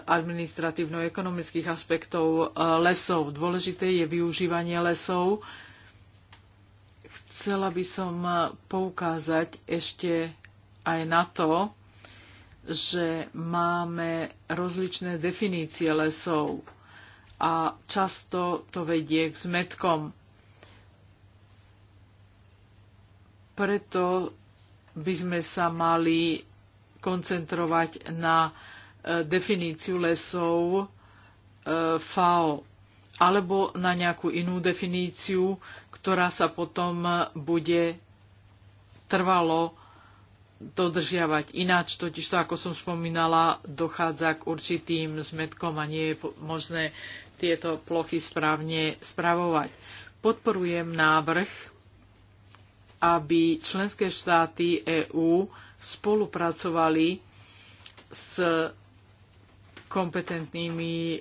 administratívno-ekonomických aspektov e, lesov. Dôležité je využívanie lesov. Chcela by som poukázať ešte aj na to, že máme rozličné definície lesov a často to vedie k zmetkom. Preto by sme sa mali koncentrovať na e, definíciu lesov e, FAO alebo na nejakú inú definíciu, ktorá sa potom bude trvalo dodržiavať. Ináč totiž to, ako som spomínala, dochádza k určitým zmetkom a nie je možné tieto plochy správne spravovať. Podporujem návrh aby členské štáty EÚ spolupracovali s kompetentnými e,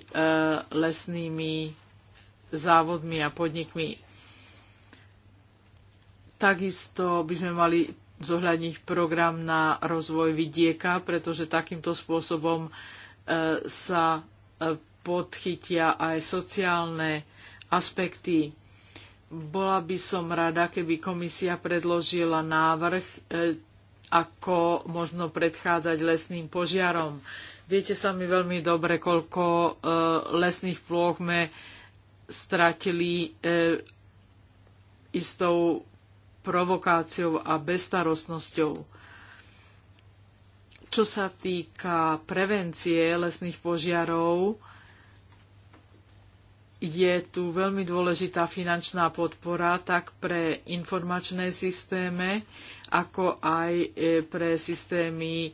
lesnými závodmi a podnikmi. Takisto by sme mali zohľadniť program na rozvoj vidieka, pretože takýmto spôsobom e, sa e, podchytia aj sociálne aspekty bola by som rada, keby komisia predložila návrh, e, ako možno predchádzať lesným požiarom. Viete sami veľmi dobre, koľko e, lesných plôch sme stratili e, istou provokáciou a bestarostnosťou. Čo sa týka prevencie lesných požiarov, je tu veľmi dôležitá finančná podpora tak pre informačné systémy, ako aj e, pre systémy e,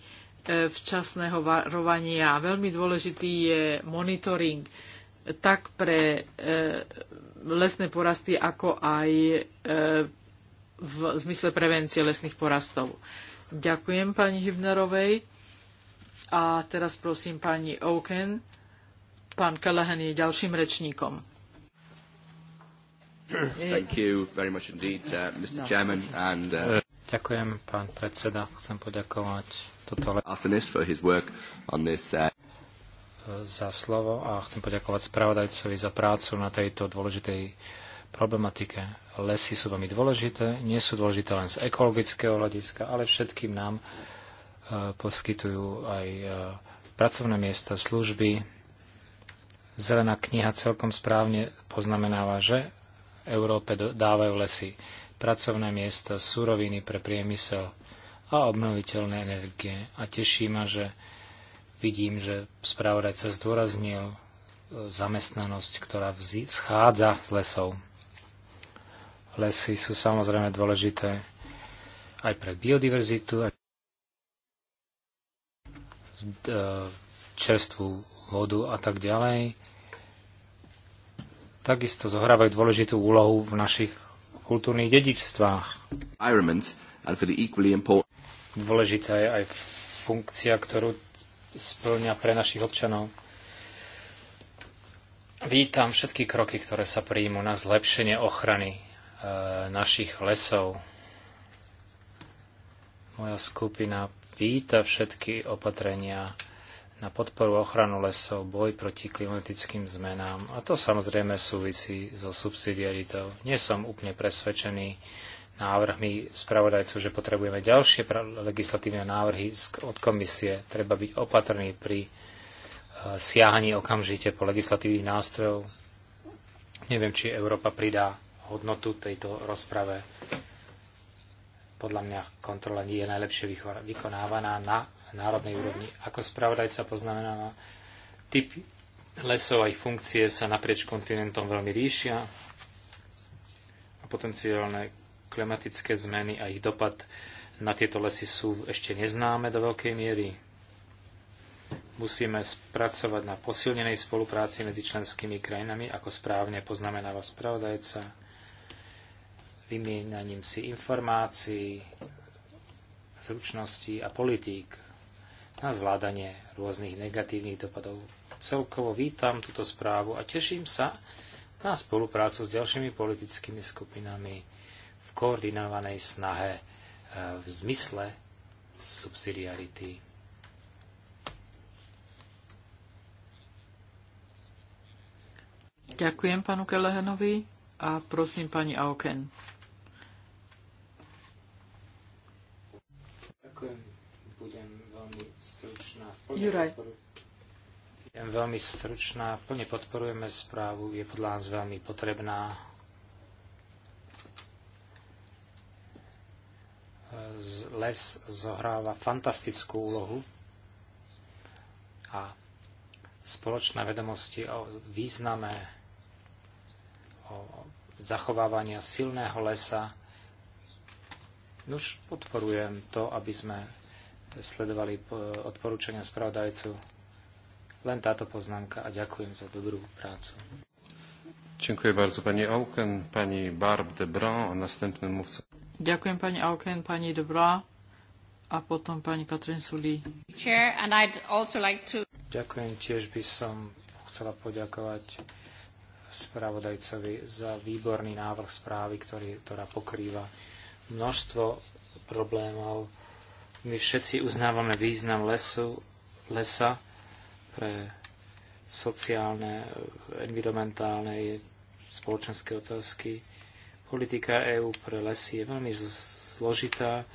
včasného varovania. Veľmi dôležitý je monitoring e, tak pre lesné porasty, ako aj v zmysle prevencie lesných porastov. Ďakujem pani Hübnerovej. A teraz prosím pani Oken Pán Callahan je ďalším rečníkom. [CLEARS THROAT]
Indeed,
uh, no. Chairman, and, uh... Ďakujem, pán predseda. Chcem poďakovať toto uh, za slovo a chcem poďakovať spravodajcovi za prácu na tejto dôležitej problematike. Lesy sú veľmi dôležité, nie sú dôležité len z ekologického hľadiska, ale všetkým nám uh, poskytujú aj uh, pracovné miesta, služby, Zelená kniha celkom správne poznamenáva, že Európe dávajú lesy, pracovné miesta, suroviny pre priemysel a obnoviteľné energie. A teší ma, že vidím, že správodajca zdôraznil e, zamestnanosť, ktorá schádza z lesov. Lesy sú samozrejme dôležité aj pre biodiverzitu, aj e, čerstvú vodu a tak ďalej, takisto zohrávajú dôležitú úlohu v našich kultúrnych dedičstvách. Dôležitá je aj funkcia, ktorú splňa pre našich občanov. Vítam všetky kroky, ktoré sa príjmu na zlepšenie ochrany e, našich lesov. Moja skupina víta všetky opatrenia, na podporu ochranu lesov, boj proti klimatickým zmenám. A to samozrejme súvisí so subsidiaritou. Nie som úplne presvedčený návrhmi spravodajcu, že potrebujeme ďalšie legislatívne návrhy od komisie. Treba byť opatrný pri e, siahaní okamžite po legislatívnych nástrojov. Neviem, či Európa pridá hodnotu tejto rozprave. Podľa mňa kontrola nie je najlepšie vykonávaná na národnej úrovni. Ako spravodajca poznamenáva, typ lesov a ich funkcie sa naprieč kontinentom veľmi líšia a potenciálne klimatické zmeny a ich dopad na tieto lesy sú ešte neznáme do veľkej miery. Musíme spracovať na posilnenej spolupráci medzi členskými krajinami, ako správne poznamenáva spravodajca, vymieňaním si informácií, zručností a politík na zvládanie rôznych negatívnych dopadov. Celkovo vítam túto správu a teším sa na spoluprácu s ďalšími politickými skupinami v koordinovanej snahe e, v zmysle subsidiarity.
Ďakujem panu Kelehenovi a prosím pani Auken.
Ďakujem. Juraj. Jem veľmi stručná, plne podporujeme správu, je podľa nás veľmi potrebná. Les zohráva fantastickú úlohu a spoločné vedomosti o význame o zachovávania silného lesa. už podporujem to, aby sme sledovali odporúčania spravodajcu. Len táto poznámka a ďakujem za dobrú prácu. Ďakujem bardzo pani Auken, pani Barb de Bra a następnym mówcą.
Ďakujem pani Auken, pani de Bra a potom pani Katrin Sully. Chair, and I'd also like to...
Ďakujem, tiež by som chcela poďakovať spravodajcovi za výborný návrh správy, ktorý, ktorá pokrýva množstvo problémov, my všetci uznávame význam lesu, lesa pre sociálne, environmentálne, spoločenské otázky. Politika EÚ pre lesy je veľmi zložitá.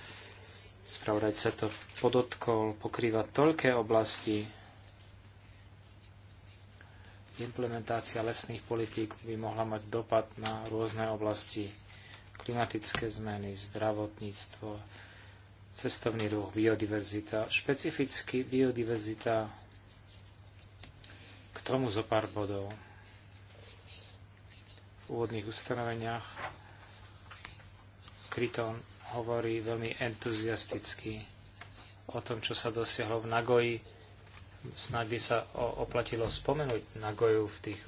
Spravodaj sa to podotkol, pokrýva toľké oblasti, implementácia lesných politík by mohla mať dopad na rôzne oblasti. Klimatické zmeny, zdravotníctvo, cestovný ruch, biodiverzita, špecificky biodiverzita, k tomu zo pár bodov. V úvodných ustanoveniach Kryton hovorí veľmi entuziasticky o tom, čo sa dosiahlo v Nagoji. Snáď by sa oplatilo spomenúť Nagoju v tých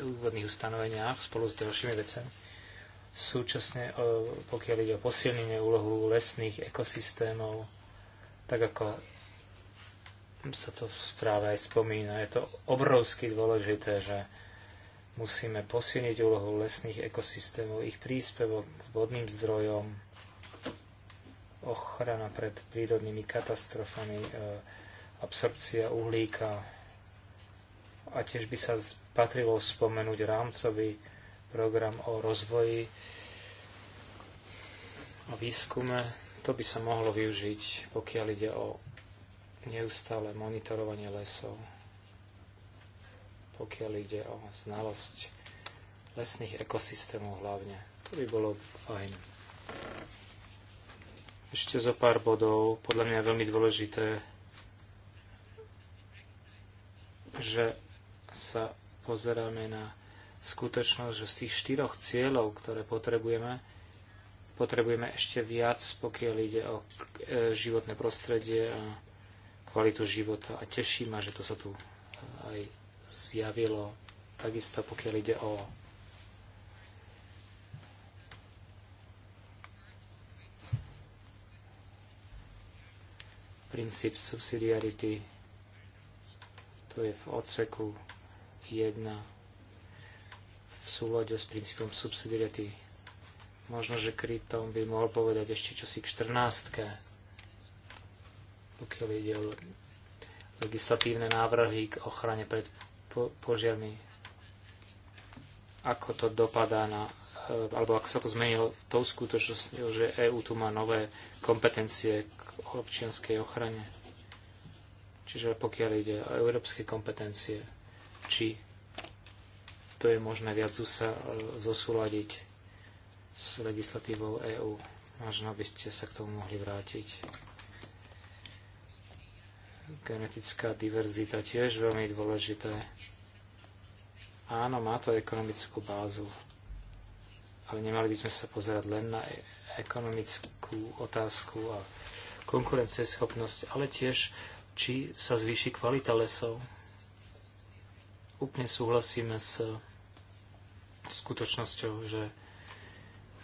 úvodných ustanoveniach spolu s ďalšími vecami. Súčasne, e, pokiaľ ide o posilnenie úlohu lesných ekosystémov, tak ako sa to v správe aj spomína, je to obrovsky dôležité, že musíme posilniť úlohu lesných ekosystémov, ich príspevok k vodným zdrojom, ochrana pred prírodnými katastrofami, e, absorpcia uhlíka. A tiež by sa patrilo spomenúť rámcový program o rozvoji, o výskume. To by sa mohlo využiť, pokiaľ ide o neustále monitorovanie lesov, pokiaľ ide o znalosť lesných ekosystémov hlavne. To by bolo fajn. Ešte zo pár bodov. Podľa mňa je veľmi dôležité, že sa pozeráme na skutočnosť, že z tých štyroch cieľov, ktoré potrebujeme, potrebujeme ešte viac, pokiaľ ide o e, životné prostredie a kvalitu života. A teší ma, že to sa tu e, aj zjavilo. Takisto pokiaľ ide o princíp subsidiarity, to je v odseku 1 súlade s princípom subsidiarity. Možno, že Krytom by mohol povedať ešte čosi k 14. Pokiaľ ide o legislatívne návrhy k ochrane pred po- požiarmi, ako to dopadá na e, alebo ako sa to zmenilo v tou skutočnosťou, že EÚ tu má nové kompetencie k občianskej ochrane. Čiže pokiaľ ide o európske kompetencie, či to je možné viac sa e, zosúľadiť s legislatívou EÚ. Možno by ste sa k tomu mohli vrátiť. Genetická diverzita tiež veľmi dôležité. Áno, má to ekonomickú bázu, ale nemali by sme sa pozerať len na e- ekonomickú otázku a konkurencieschopnosť, ale tiež, či sa zvýši kvalita lesov. Úplne súhlasíme s skutočnosťou, že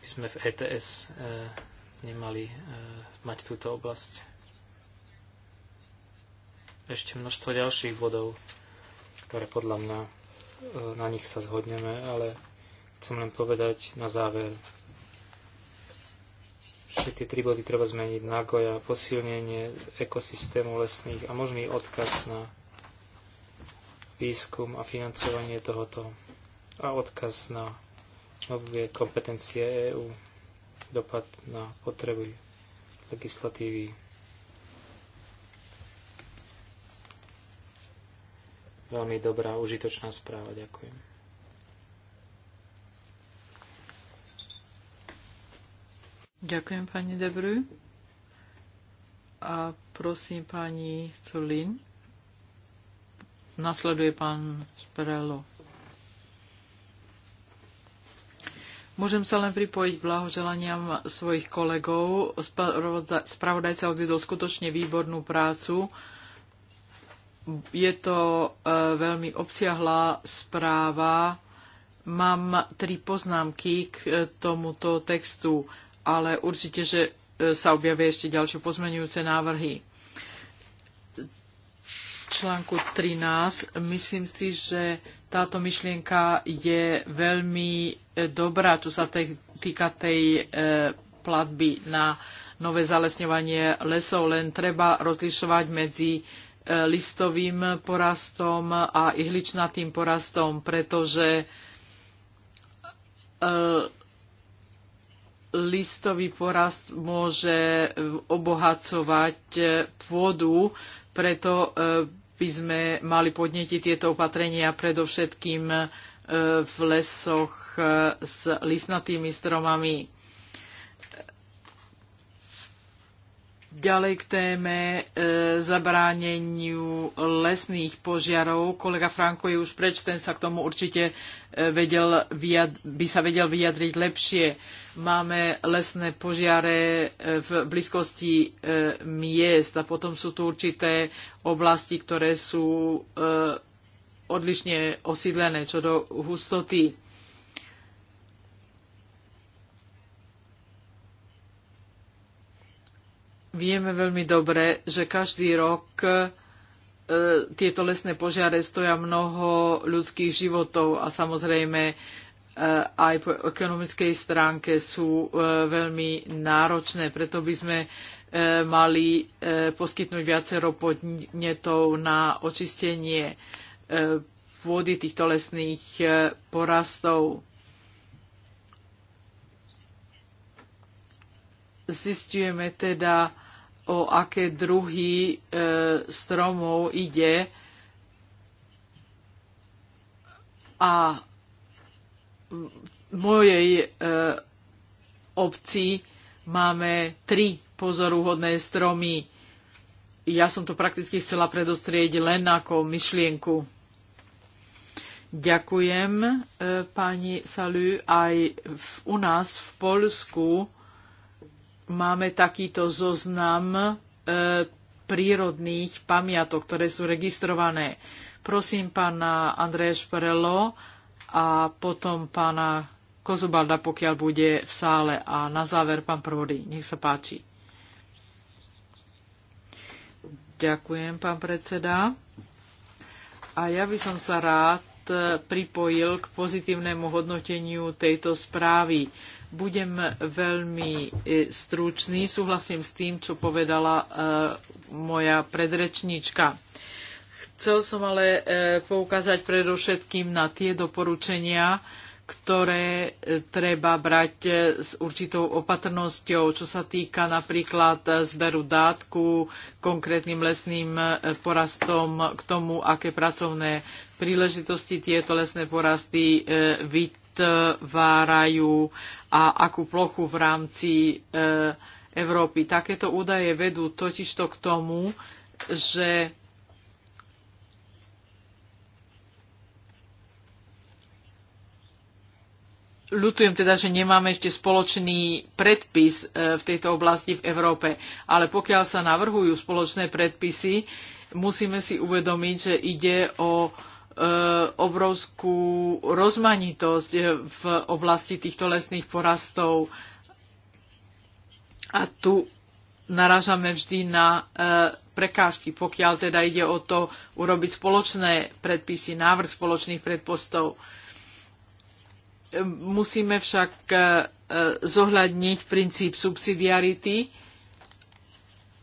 by sme v ETS e, nemali e, mať túto oblasť. Ešte množstvo ďalších bodov, ktoré podľa mňa e, na nich sa zhodneme, ale chcem len povedať na záver, že tie tri body treba zmeniť. Nagoja, posilnenie ekosystému lesných a možný odkaz na výskum a financovanie tohoto a odkaz na nové kompetencie EÚ, dopad na potreby legislatívy. Veľmi dobrá, užitočná správa,
ďakujem. Ďakujem pani Debrú. A prosím pani Solín. Nasleduje pán Sperelo. Môžem sa len pripojiť blahoželaniam svojich kolegov. Spravodajca odvedol skutočne výbornú prácu. Je to e, veľmi obsiahlá správa. Mám tri poznámky k e, tomuto textu, ale určite, že e, sa objavia ešte ďalšie pozmenujúce návrhy. článku 13 myslím si, že táto myšlienka je veľmi e, dobrá, čo sa te, týka tej e, platby na nové zalesňovanie lesov, len treba rozlišovať medzi e, listovým porastom a ihličnatým porastom, pretože listový porast môže obohacovať pôdu, preto by sme mali podnetiť tieto opatrenia predovšetkým e, v lesoch e, s lisnatými stromami. Ďalej k téme e, zabráneniu lesných požiarov. Kolega Franko je už preč, ten sa k tomu určite e, vedel by sa vedel vyjadriť lepšie. Máme lesné požiare e, v blízkosti e, miest a potom sú tu určité oblasti, ktoré sú e, odlišne osídlené čo do hustoty Vieme veľmi dobre, že každý rok e, tieto lesné požiare stoja mnoho ľudských životov a samozrejme e, aj po ekonomickej stránke sú e, veľmi náročné. Preto by sme mali poskytnúť viacero podnetov na očistenie pôdy týchto lesných porastov. Zistujeme teda, o aké druhy e, stromov ide a v mojej e, obci máme tri pozoruhodné stromy. Ja som to prakticky chcela predostrieť len ako myšlienku. Ďakujem e, pani Salu aj v, u nás v Polsku máme takýto zoznam e, prírodných pamiatok, ktoré sú registrované. Prosím pána Andreja Šperelo a potom pána Kozubalda, pokiaľ bude v sále. A na záver pán Prvody, Nech sa páči. Ďakujem, pán predseda. A ja by som sa rád pripojil k pozitívnemu hodnoteniu tejto správy. Budem veľmi e, stručný. Súhlasím s tým, čo povedala e, moja predrečníčka. Chcel som ale e, poukázať predovšetkým na tie doporučenia, ktoré treba brať s určitou opatrnosťou, čo sa týka napríklad zberu dátku konkrétnym lesným porastom k tomu, aké pracovné príležitosti tieto lesné porasty vytvárajú a akú plochu v rámci e, Európy. Takéto údaje vedú totižto k tomu, že Ľutujem teda, že nemáme ešte spoločný predpis e, v tejto oblasti v Európe, ale pokiaľ sa navrhujú spoločné predpisy, musíme si uvedomiť, že ide o E, obrovskú rozmanitosť v oblasti týchto lesných porastov. A tu narážame vždy na e, prekážky, pokiaľ teda ide o to urobiť spoločné predpisy, návrh spoločných predpostov. Musíme však e, zohľadniť princíp subsidiarity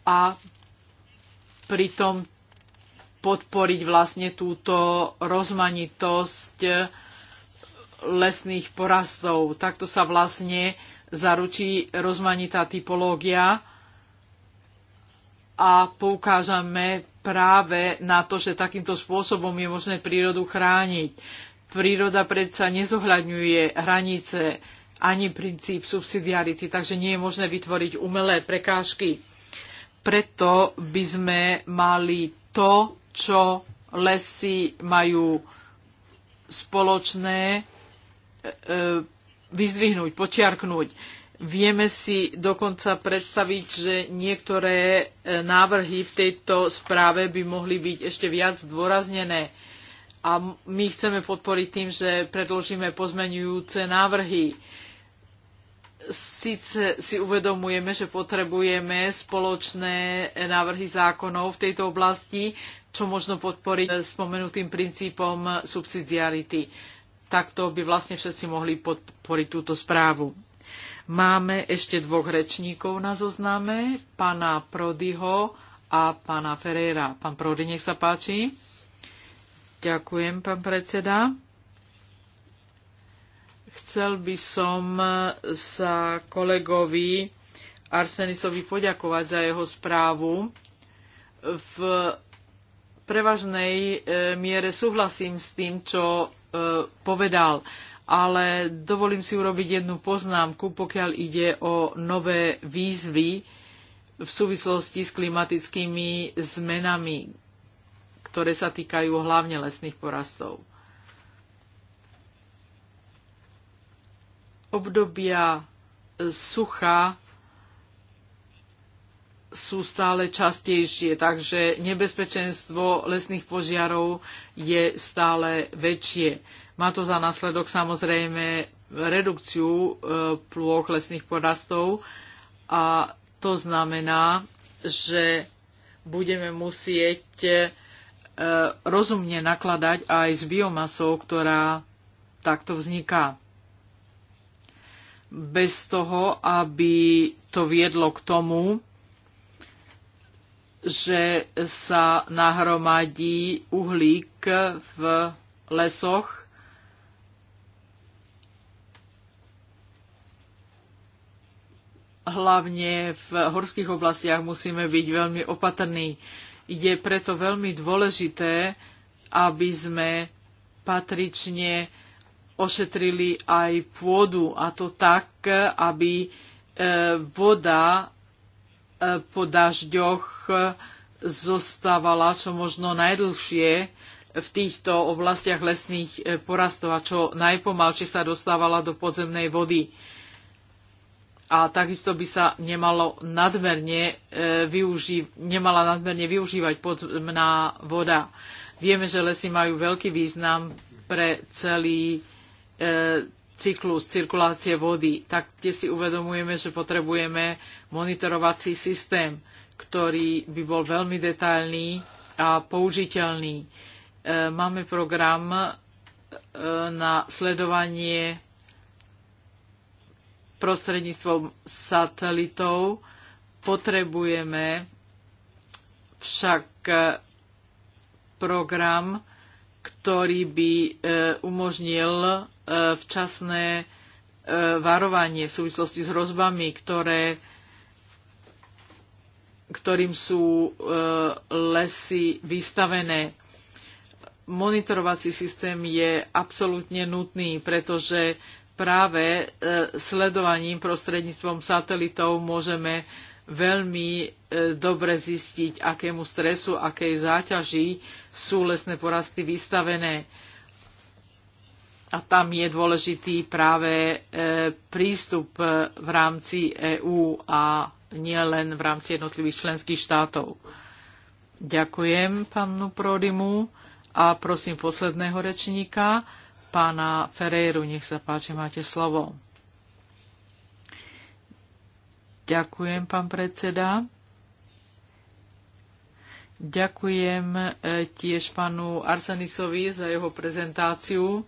a pritom podporiť vlastne túto rozmanitosť lesných porastov. Takto sa vlastne zaručí rozmanitá typológia a poukážame práve na to, že takýmto spôsobom je možné prírodu chrániť. Príroda predsa nezohľadňuje hranice ani princíp subsidiarity, takže nie je možné vytvoriť umelé prekážky. Preto by sme mali to čo lesy majú spoločné e, e, vyzdvihnúť, počiarknúť. Vieme si dokonca predstaviť, že niektoré e, návrhy v tejto správe by mohli byť ešte viac zdôraznené. A my chceme podporiť tým, že predložíme pozmenujúce návrhy. Sice si uvedomujeme, že potrebujeme spoločné návrhy zákonov v tejto oblasti, čo možno podporiť spomenutým princípom subsidiarity. Takto by vlastne všetci mohli podporiť túto správu. Máme ešte dvoch rečníkov na zozname, pána Prodyho a pána Ferreira. Pán Prody, nech sa páči. Ďakujem, pán predseda. Chcel by som sa kolegovi Arsenisovi poďakovať za jeho správu. V prevažnej e, miere súhlasím s tým, čo e, povedal, ale dovolím si urobiť jednu poznámku, pokiaľ ide o nové výzvy v súvislosti s klimatickými zmenami, ktoré sa týkajú hlavne lesných porastov. Obdobia sucha sú stále častejšie, takže nebezpečenstvo lesných požiarov je stále väčšie. Má to za následok samozrejme redukciu e, plôch lesných porastov a to znamená, že budeme musieť e, rozumne nakladať aj s biomasou, ktorá takto vzniká bez toho, aby to viedlo k tomu, že sa nahromadí uhlík v lesoch hlavne v horských oblastiach musíme byť veľmi opatrní. Je preto veľmi dôležité, aby sme patrične ošetrili aj pôdu a to tak, aby e, voda e, po dažďoch e, zostávala čo možno najdlhšie v týchto oblastiach lesných porastov a čo najpomalšie sa dostávala do podzemnej vody. A takisto by sa nemalo nadmerne využi- nemala nadmerne využívať podzemná voda. Vieme, že lesy majú veľký význam pre celý E, cyklus cirkulácie vody, tak kde si uvedomujeme, že potrebujeme monitorovací systém, ktorý by bol veľmi detailný a použiteľný. E, máme program e, na sledovanie prostredníctvom satelitov. Potrebujeme však program, ktorý by umožnil Eh, včasné eh, varovanie v súvislosti s hrozbami, ktoré, ktorým sú eh, lesy vystavené. Monitorovací systém je absolútne nutný, pretože práve sledovaním prostredníctvom satelitov môžeme veľmi dobre zistiť, akému stresu, akej záťaži sú lesné porasty vystavené a tam je dôležitý práve e, prístup e, v rámci EÚ a nielen v rámci jednotlivých členských štátov. Ďakujem pánu Prodimu a prosím posledného rečníka, pána Ferreiru, nech sa páči, máte slovo. Ďakujem, pán predseda. Ďakujem e, tiež pánu Arsenisovi za jeho prezentáciu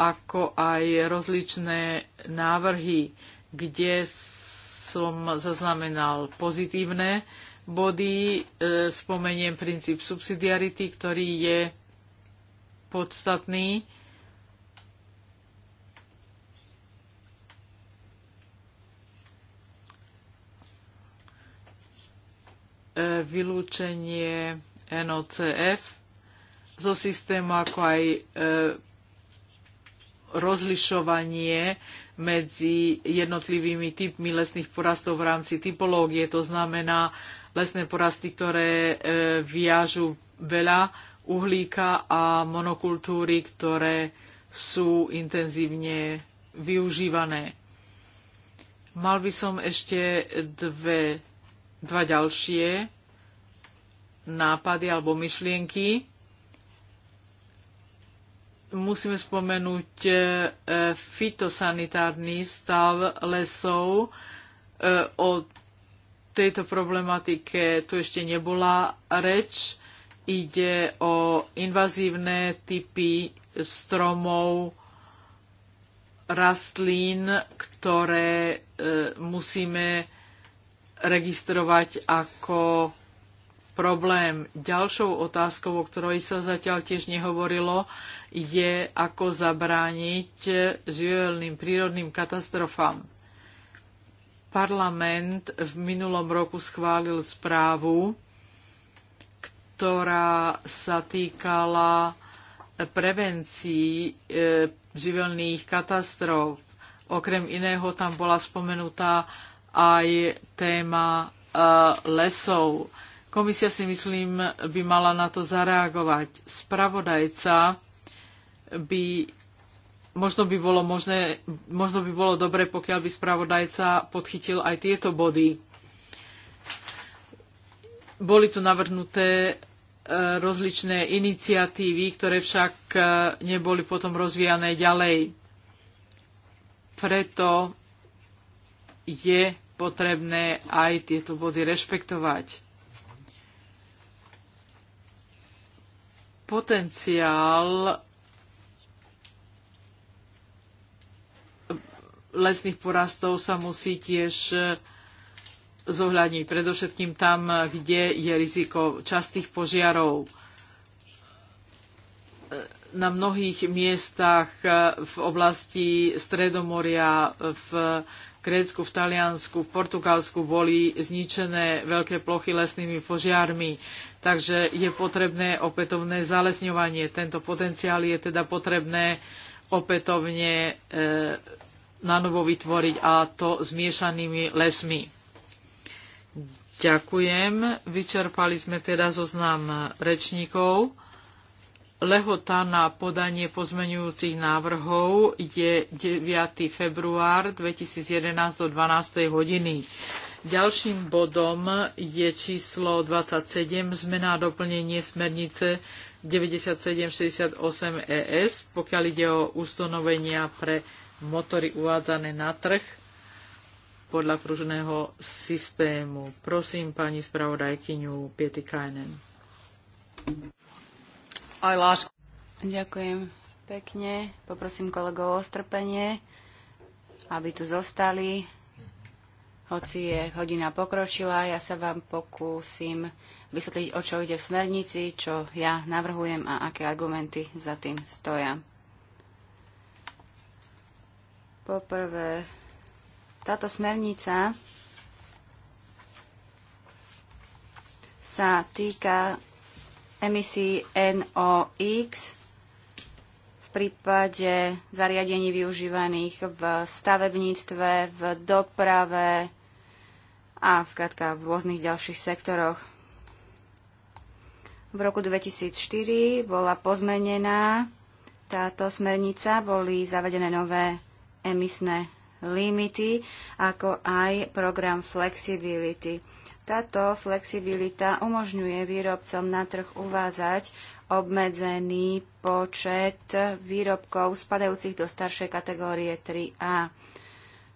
ako aj rozličné návrhy, kde som zaznamenal pozitívne body. E, spomeniem princíp subsidiarity, ktorý je podstatný. E, vylúčenie NOCF zo systému, ako aj e, rozlišovanie medzi jednotlivými typmi lesných porastov v rámci typológie. To znamená lesné porasty, ktoré e, viažu veľa uhlíka a monokultúry, ktoré sú intenzívne využívané. Mal by som ešte dve, dva ďalšie nápady alebo myšlienky musíme spomenúť e, e, fitosanitárny stav lesov. E, o tejto problematike tu ešte nebola reč. Ide o invazívne typy stromov, rastlín, ktoré musíme registrovať ako problém. Ďalšou otázkou, o ktorej sa zatiaľ tiež nehovorilo, je, ako zabrániť živelným prírodným katastrofám. Parlament v minulom roku schválil správu, ktorá sa týkala prevencií e, živelných katastrof. Okrem iného tam bola spomenutá aj téma e, lesov. Komisia si myslím, by mala na to zareagovať. Spravodajca by možno by bolo možné, možno by bolo dobre, pokiaľ by spravodajca podchytil aj tieto body. Boli tu navrhnuté e, rozličné iniciatívy, ktoré však e, neboli potom rozvíjané ďalej. Preto je potrebné aj tieto body rešpektovať. potenciál lesných porastov sa musí tiež e, zohľadniť, predovšetkým tam, kde je riziko častých požiarov. E, na mnohých miestach e, v oblasti Stredomoria, v Grécku, v Taliansku, v Portugalsku boli zničené veľké plochy lesnými požiarmi. Takže je potrebné opätovné zalesňovanie. Tento potenciál je teda potrebné opätovne e, nanovo vytvoriť a to s miešanými lesmi. Ďakujem. Vyčerpali sme teda zoznam rečníkov. Lehota na podanie pozmenujúcich návrhov je 9. február 2011 do 12. hodiny. Ďalším bodom je číslo 27, zmena a doplnenie smernice 9768 ES, pokiaľ ide o ustanovenia pre motory uvádzané na trh podľa pružného systému. Prosím pani spravodajkyňu Piety Kajnen.
Ďakujem pekne. Poprosím kolegov o strpenie, aby tu zostali hoci je hodina pokročila, ja sa vám pokúsim vysvetliť, o čo ide v smernici, čo ja navrhujem a aké argumenty za tým stoja. Poprvé, táto smernica sa týka emisí NOx v prípade zariadení využívaných v stavebníctve, v doprave, a v skratka v rôznych ďalších sektoroch. V roku 2004 bola pozmenená táto smernica, boli zavedené nové emisné limity, ako aj program flexibility. Táto flexibilita umožňuje výrobcom na trh uvádzať obmedzený počet výrobkov spadajúcich do staršej kategórie 3A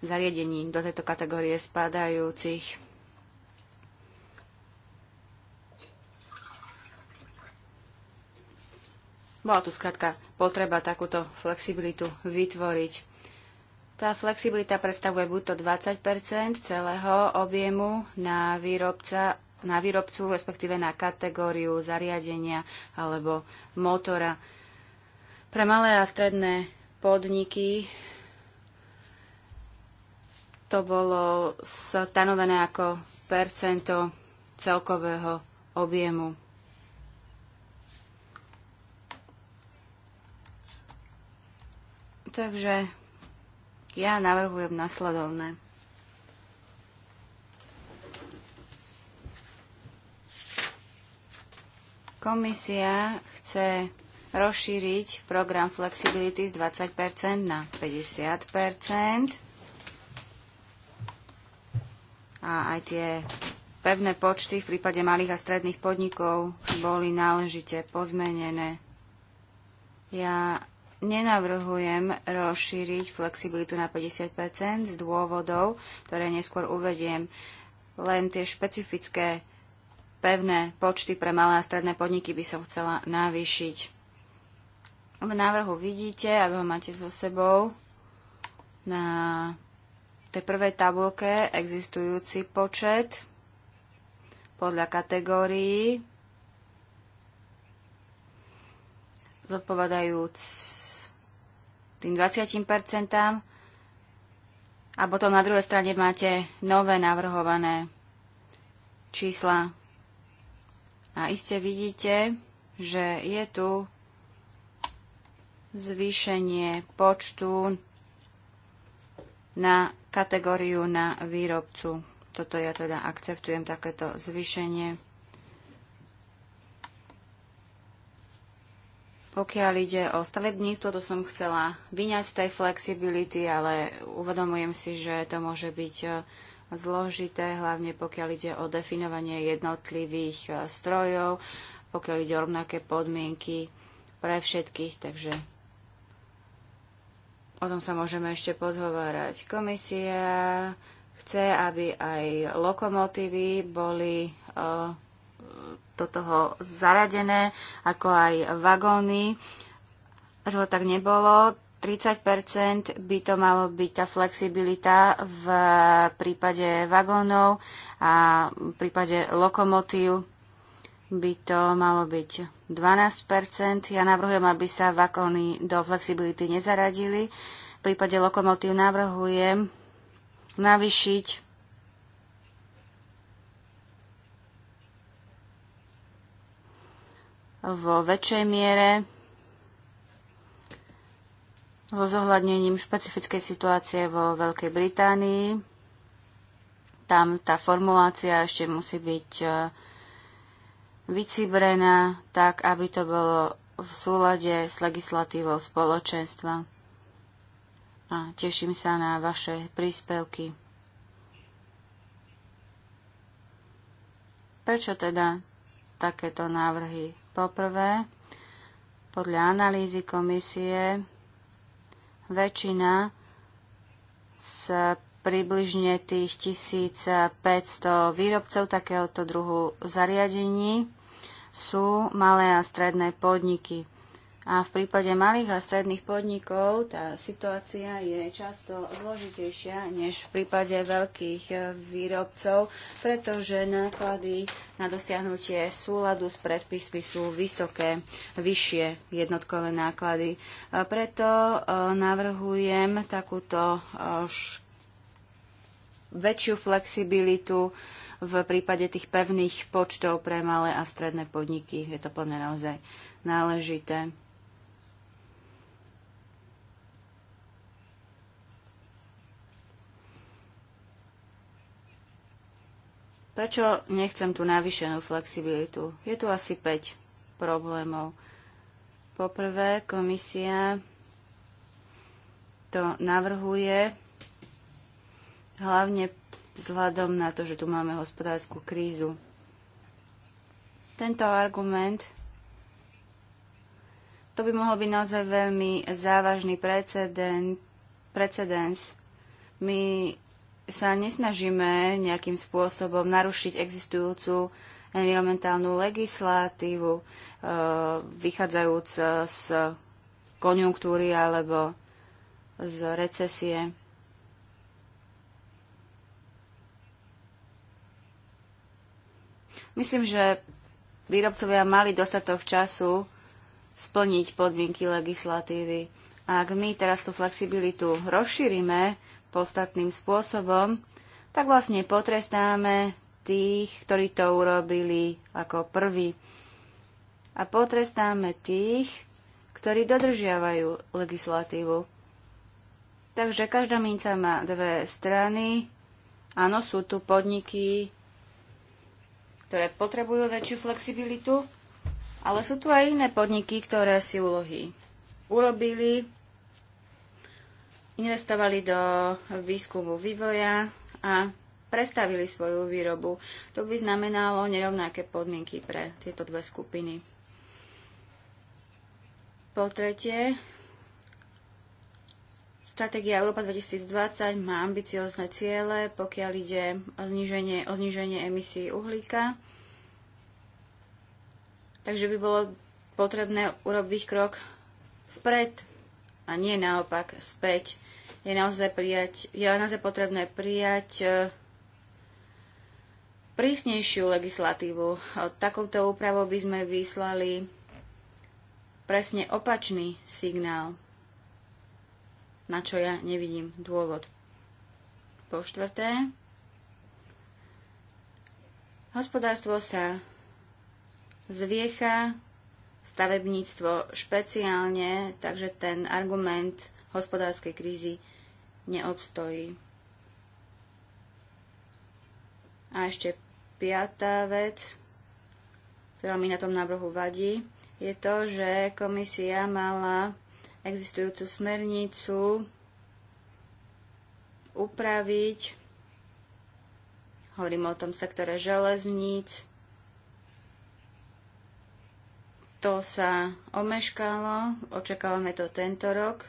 zariadení do tejto kategórie spadajúcich. Bola tu skrátka potreba takúto flexibilitu vytvoriť. Tá flexibilita predstavuje buď to 20 celého objemu na výrobca na výrobcu, respektíve na kategóriu zariadenia alebo motora. Pre malé a stredné podniky to bolo stanovené ako percento celkového objemu. Takže ja navrhujem nasledovné. Komisia chce rozšíriť program flexibility z 20% na 50% a aj tie pevné počty v prípade malých a stredných podnikov boli náležite pozmenené. Ja nenavrhujem rozšíriť flexibilitu na 50 z dôvodov, ktoré neskôr uvediem. Len tie špecifické pevné počty pre malé a stredné podniky by som chcela navýšiť. V návrhu vidíte, ak ho máte so sebou, na tej prvej tabulke existujúci počet podľa kategórií zodpovedajúc tým 20 a potom na druhej strane máte nové navrhované čísla. A iste vidíte, že je tu zvýšenie počtu na kategóriu na výrobcu. Toto ja teda akceptujem, takéto zvýšenie. Pokiaľ ide o stavebníctvo, to som chcela vyňať z tej flexibility, ale uvedomujem si, že to môže byť e, zložité, hlavne pokiaľ ide o definovanie jednotlivých e, strojov, pokiaľ ide o rovnaké podmienky pre všetkých, takže O tom sa môžeme ešte podhovárať. Komisia chce, aby aj lokomotívy boli e, do toho zaradené, ako aj vagóny. Až to tak nebolo, 30 by to malo byť tá flexibilita v prípade vagónov a v prípade lokomotív by to malo byť 12 Ja navrhujem, aby sa vakóny do flexibility nezaradili. V prípade lokomotív navrhujem navyšiť vo väčšej miere so zohľadnením špecifickej situácie vo Veľkej Británii. Tam tá formulácia ešte musí byť eh, vycibrená tak, aby to bolo v súlade s legislatívou spoločenstva. A teším sa na vaše príspevky. Prečo teda takéto návrhy? Poprvé, podľa analýzy komisie väčšina z približne tých 1500 výrobcov takéhoto druhu zariadení sú malé a stredné podniky. A v prípade malých a stredných podnikov tá situácia je často zložitejšia než v prípade veľkých výrobcov, pretože náklady na dosiahnutie súladu s predpismi sú vysoké, vyššie jednotkové náklady. A preto e, navrhujem takúto e, väčšiu flexibilitu v prípade tých pevných počtov pre malé a stredné podniky. Je to plne naozaj náležité. Prečo nechcem tú navýšenú flexibilitu? Je tu asi 5 problémov. Poprvé, komisia to navrhuje hlavne vzhľadom na to, že tu máme hospodárskú krízu. Tento argument to by mohol byť naozaj veľmi závažný preceden, precedens. My sa nesnažíme nejakým spôsobom narušiť existujúcu environmentálnu legislatívu, e, vychádzajúc z konjunktúry alebo z recesie. Myslím, že výrobcovia mali dostatok času splniť podmienky legislatívy. A ak my teraz tú flexibilitu rozšírime podstatným spôsobom, tak vlastne potrestáme tých, ktorí to urobili ako prví. A potrestáme tých, ktorí dodržiavajú legislatívu. Takže každá minca má dve strany. Áno, sú tu podniky, ktoré potrebujú väčšiu flexibilitu, ale sú tu aj iné podniky, ktoré si úlohy urobili, investovali do výskumu vývoja a prestavili svoju výrobu. To by znamenalo nerovnaké podmienky pre tieto dve skupiny. Po tretie, Stratégia Európa 2020 má ambiciozne ciele, pokiaľ ide o zniženie, o zniženie emisí uhlíka. Takže by bolo potrebné urobiť krok vpred a nie naopak späť. Je naozaj, prijať, je naozaj potrebné prijať e, prísnejšiu legislatívu. Takouto úpravou by sme vyslali presne opačný signál na čo ja nevidím dôvod. Po štvrté, hospodárstvo sa zviecha, stavebníctvo špeciálne, takže ten argument hospodárskej krízy neobstojí. A ešte piatá vec, ktorá mi na tom návrhu vadí, je to, že komisia mala existujúcu smernicu upraviť. Hovorím o tom sektore železníc. To sa omeškalo, očakávame to tento rok.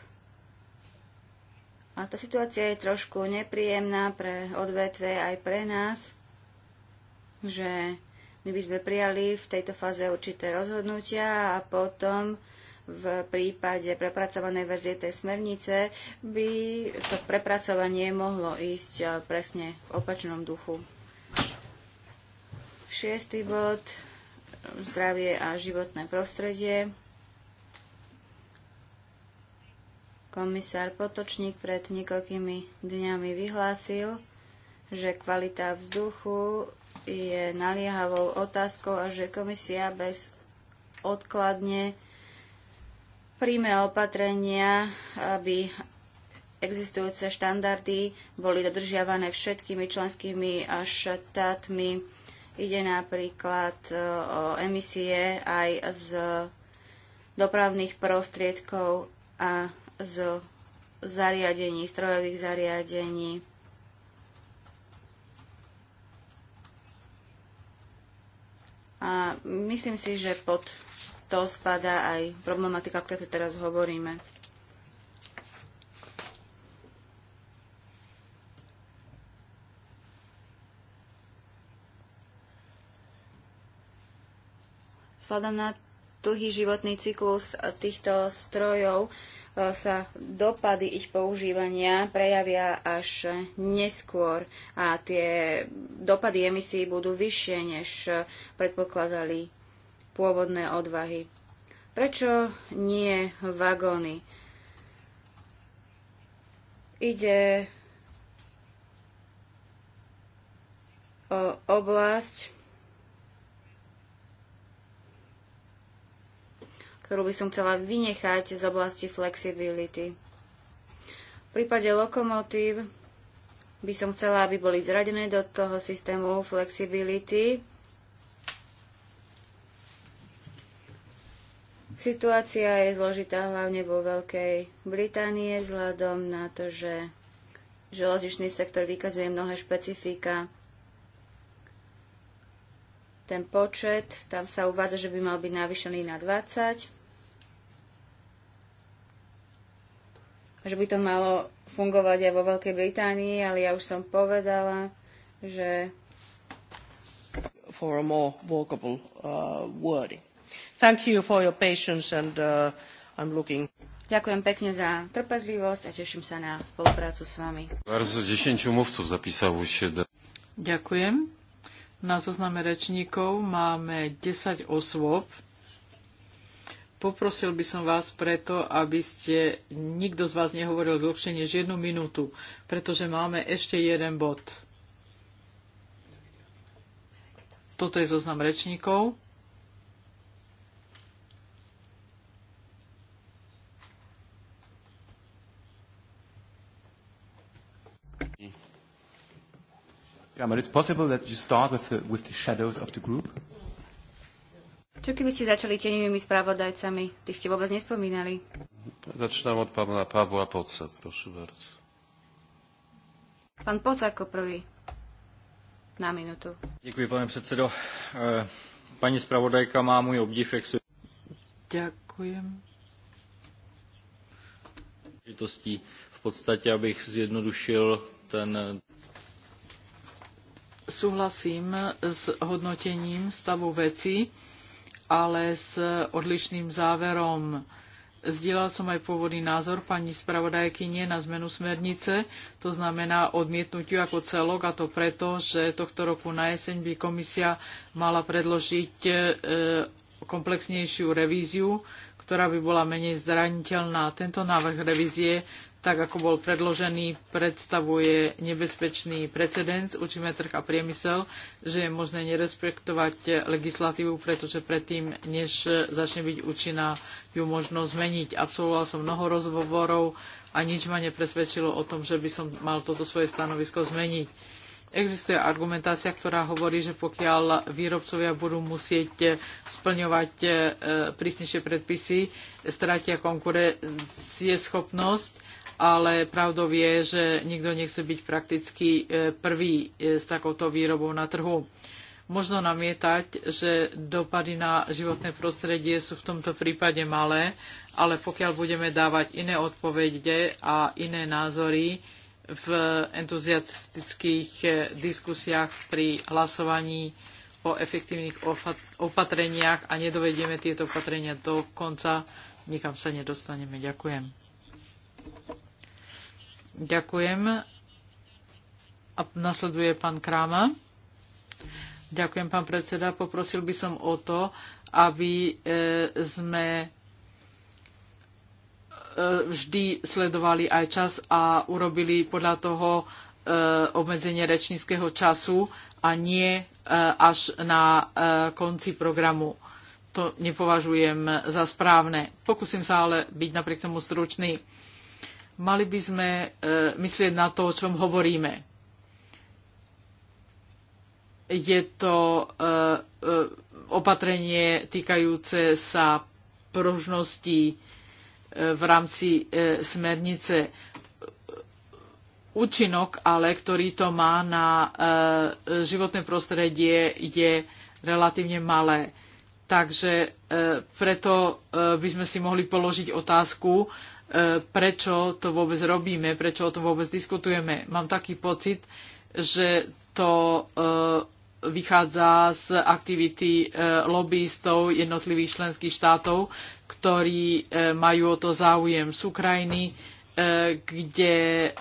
A tá situácia je trošku nepríjemná pre odvetve aj pre nás, že my by sme prijali v tejto fáze určité rozhodnutia a potom v prípade prepracovanej verzie tej smernice by to prepracovanie mohlo ísť eh, presne v opačnom duchu. Šiestý bod, zdravie a životné prostredie. Komisár Potočník pred niekoľkými dňami vyhlásil, že kvalita vzduchu je naliehavou otázkou a že komisia bez odkladne príjme opatrenia, aby existujúce štandardy boli dodržiavané všetkými členskými štátmi. Ide napríklad e, o emisie aj z dopravných prostriedkov a z zariadení, strojových zariadení. A myslím si, že pod to spadá aj problematika, o ktorej teraz hovoríme. Sladom na dlhý životný cyklus týchto strojov e, sa dopady ich používania prejavia až neskôr a tie dopady emisí budú vyššie, než predpokladali pôvodné odvahy. Prečo nie vagóny? Ide o oblasť, ktorú by som chcela vynechať z oblasti flexibility. V prípade lokomotív by som chcela, aby boli zradené do toho systému flexibility, Situácia je zložitá hlavne vo Veľkej Británie vzhľadom na to, že železničný sektor vykazuje mnohé špecifika. Ten počet, tam sa uvádza, že by mal byť navýšený na 20. Že by to malo fungovať aj vo Veľkej Británii, ale ja už som povedala, že
for a more walkable uh, wording.
Thank you for your patience and uh, I'm looking. Ďakujem pekne za trpezlivosť a teším sa na spoluprácu s vami.
Bardzo 10 do...
Ďakujem. Na zozname rečníkov máme 10 osôb. Poprosil by som vás preto, aby ste nikto z vás nehovoril dlhšie než jednu minútu, pretože máme ešte jeden bod. Toto je zoznam rečníkov.
Yeah, but it's possible that you start with the, with the shadows of the group?
Čo keby ste začali tenivými spravodajcami? Tých ste vôbec nespomínali.
Začnám od pána Pavla Poca, prosím vás.
Pán Poc ako prvý. Na minutu.
Ďakujem, pane predsedo. Eh, Pani spravodajka má môj obdiv, jak si...
Ďakujem.
V podstate, abych zjednodušil ten súhlasím s hodnotením stavu veci, ale s odlišným záverom. Zdieľal som aj pôvodný názor pani spravodajkynie na zmenu smernice, to znamená odmietnutiu ako celok a to preto, že tohto roku na jeseň by komisia mala predložiť e, komplexnejšiu revíziu, ktorá by bola menej zraniteľná. Tento návrh revízie tak ako bol predložený, predstavuje nebezpečný precedens, učíme trh a priemysel, že je možné nerespektovať legislatívu, pretože predtým, než začne byť účinná, ju možno zmeniť. Absolvoval som mnoho rozhovorov a nič ma nepresvedčilo o tom, že by som mal toto svoje stanovisko zmeniť. Existuje argumentácia, ktorá hovorí, že pokiaľ výrobcovia budú musieť splňovať e, prísnejšie predpisy, stratia konkurencieschopnosť ale pravdou je, že nikto nechce byť prakticky e, prvý e, s takouto výrobou na trhu. Možno namietať, že dopady na životné prostredie sú v tomto prípade malé, ale pokiaľ budeme dávať iné odpovede a iné názory v entuziastických e, diskusiách pri hlasovaní o efektívnych opatreniach a nedovedieme tieto opatrenia do konca, nikam sa nedostaneme. Ďakujem. Ďakujem. A nasleduje pán Kráma. Ďakujem, pán predseda. Poprosil by som o to, aby e, sme e, vždy sledovali aj čas a urobili podľa toho e, obmedzenie rečníckého času a nie až na konci programu. To nepovažujem za správne. Pokúsim sa ale byť napriek tomu stručný. Mali by sme e, myslieť na to, o čom hovoríme. Je to e, e, opatrenie týkajúce sa pružnosti e, v rámci e, smernice účinok, ale ktorý to má na e, životné prostredie, je relatívne malé. Takže preto by sme si mohli položiť otázku, E, prečo to vôbec robíme, prečo o tom vôbec diskutujeme. Mám taký pocit, že to e, vychádza z aktivity e, lobbyistov jednotlivých členských štátov, ktorí majú o to záujem. Sú krajiny, kde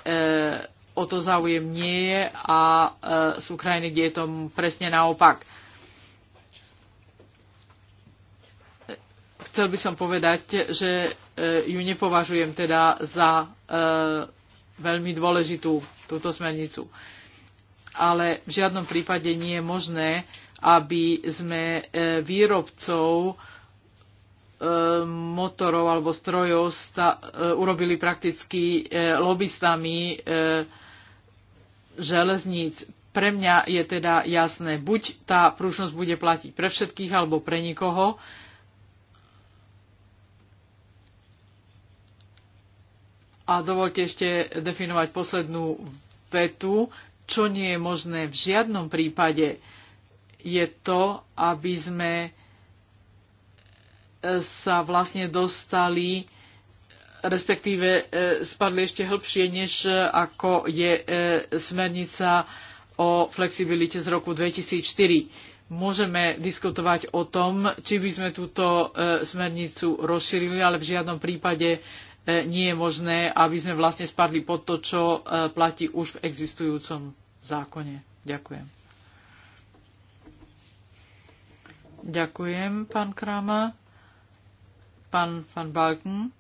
o to záujem nie je a sú krajiny, kde je to presne naopak. chcel by som povedať, že e, ju nepovažujem teda za e, veľmi dôležitú túto smernicu. Ale v žiadnom prípade nie je možné, aby sme e, výrobcov motorov alebo strojov sta- urobili prakticky lobbystami železníc. Pre mňa je teda jasné, buď tá pružnosť bude platiť pre všetkých alebo pre nikoho, A dovolte ešte definovať poslednú vetu, čo nie je možné v žiadnom prípade, je to, aby sme e, sa vlastne dostali, respektíve e, spadli ešte hĺbšie, než e, ako je smernica o flexibilite z roku 2004 môžeme diskutovať o tom, či by sme túto smernicu rozšírili, ale v žiadnom prípade E, nie je možné, aby sme vlastne spadli pod to, čo e, platí už v existujúcom zákone. Ďakujem. Ďakujem, pán Krama, pán van Balken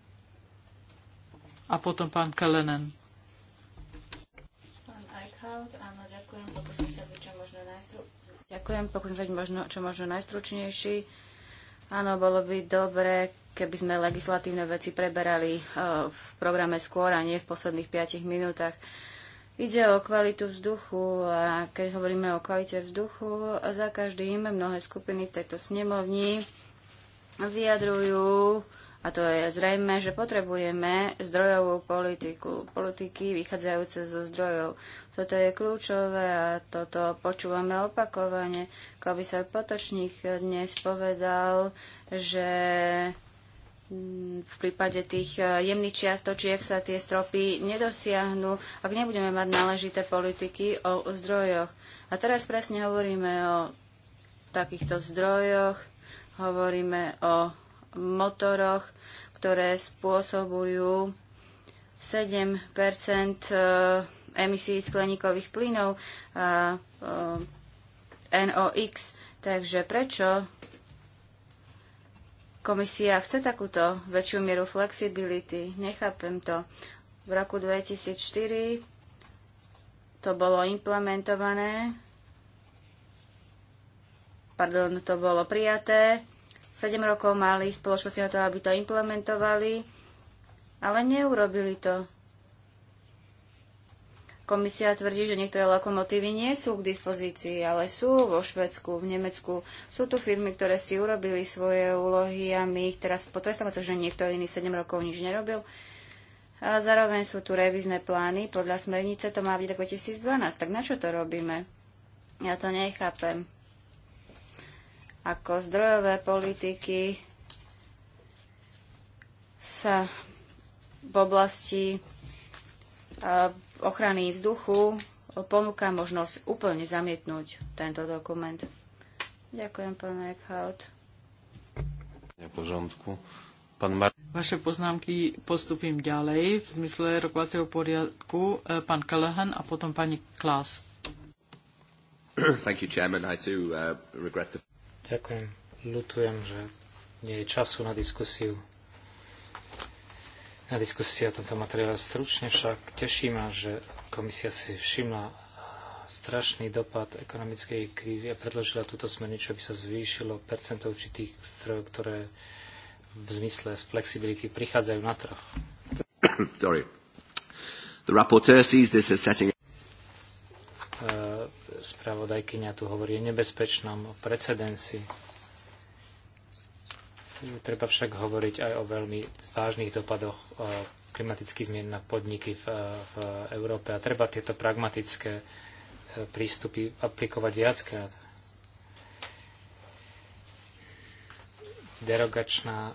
a potom
pán Kalenen. Pán Eichhout, áno, ďakujem, pokúsim sa byť čo možno najstručnejší. Ďakujem, pokúsim sa byť možno, čo možno najstručnejší. Áno, bolo by dobre, keby sme legislatívne veci preberali eh, v programe skôr a nie v posledných 5 minútach. Ide o kvalitu vzduchu a keď hovoríme o kvalite vzduchu, za každým mnohé skupiny v tejto snemovni vyjadrujú, a to je zrejme, že potrebujeme zdrojovú politiku, politiky vychádzajúce zo zdrojov. Toto je kľúčové a toto počúvame opakovane. sa Potočník dnes povedal, že Mm, v prípade tých e, jemných čiastočiek sa tie stropy nedosiahnu, ak nebudeme mať náležité politiky o zdrojoch. A teraz presne hovoríme o takýchto zdrojoch, hovoríme o motoroch, ktoré spôsobujú 7 e, emisí skleníkových plynov a e, NOx. Takže prečo Komisia chce takúto väčšiu mieru flexibility. Nechápem to. V roku 2004 to bolo implementované, pardon, to bolo prijaté. 7 rokov mali spoločnosti na to, aby to implementovali, ale neurobili to. Komisia tvrdí, že niektoré lokomotívy nie sú k dispozícii, ale sú vo Švedsku, v Nemecku. Sú tu firmy, ktoré si urobili svoje úlohy a my ich teraz potrestáme, pretože niekto iný 7 rokov nič nerobil. A zároveň sú tu revízne plány. Podľa smernice to má byť do 2012. Tak na čo to robíme? Ja to nechápem. Ako zdrojové politiky sa v oblasti ochrany vzduchu ponúka možnosť úplne zamietnúť tento dokument. Ďakujem, pán Eckhout.
Pán Mar- Vaše poznámky postupím ďalej v zmysle rokovacieho poriadku. Eh, pán Callahan a potom pani Klaas.
Thank you, Chairman. I too, uh, regret the...
Ďakujem.
Lutujem, že nie je času na diskusiu na diskusiu o tomto materiále. Stručne však teší ma, že komisia si všimla strašný dopad ekonomickej krízy a predložila túto smernicu, aby sa zvýšilo percento určitých strojov, ktoré v zmysle flexibility prichádzajú na trh.
[COUGHS] Sorry. The rapporteur sees this as setting
spravodajkynia tu hovorí o nebezpečnom precedenci Treba však hovoriť aj o veľmi vážnych dopadoch klimatických zmien na podniky v, v Európe a treba tieto pragmatické e, prístupy aplikovať viackrát. Derogačná e,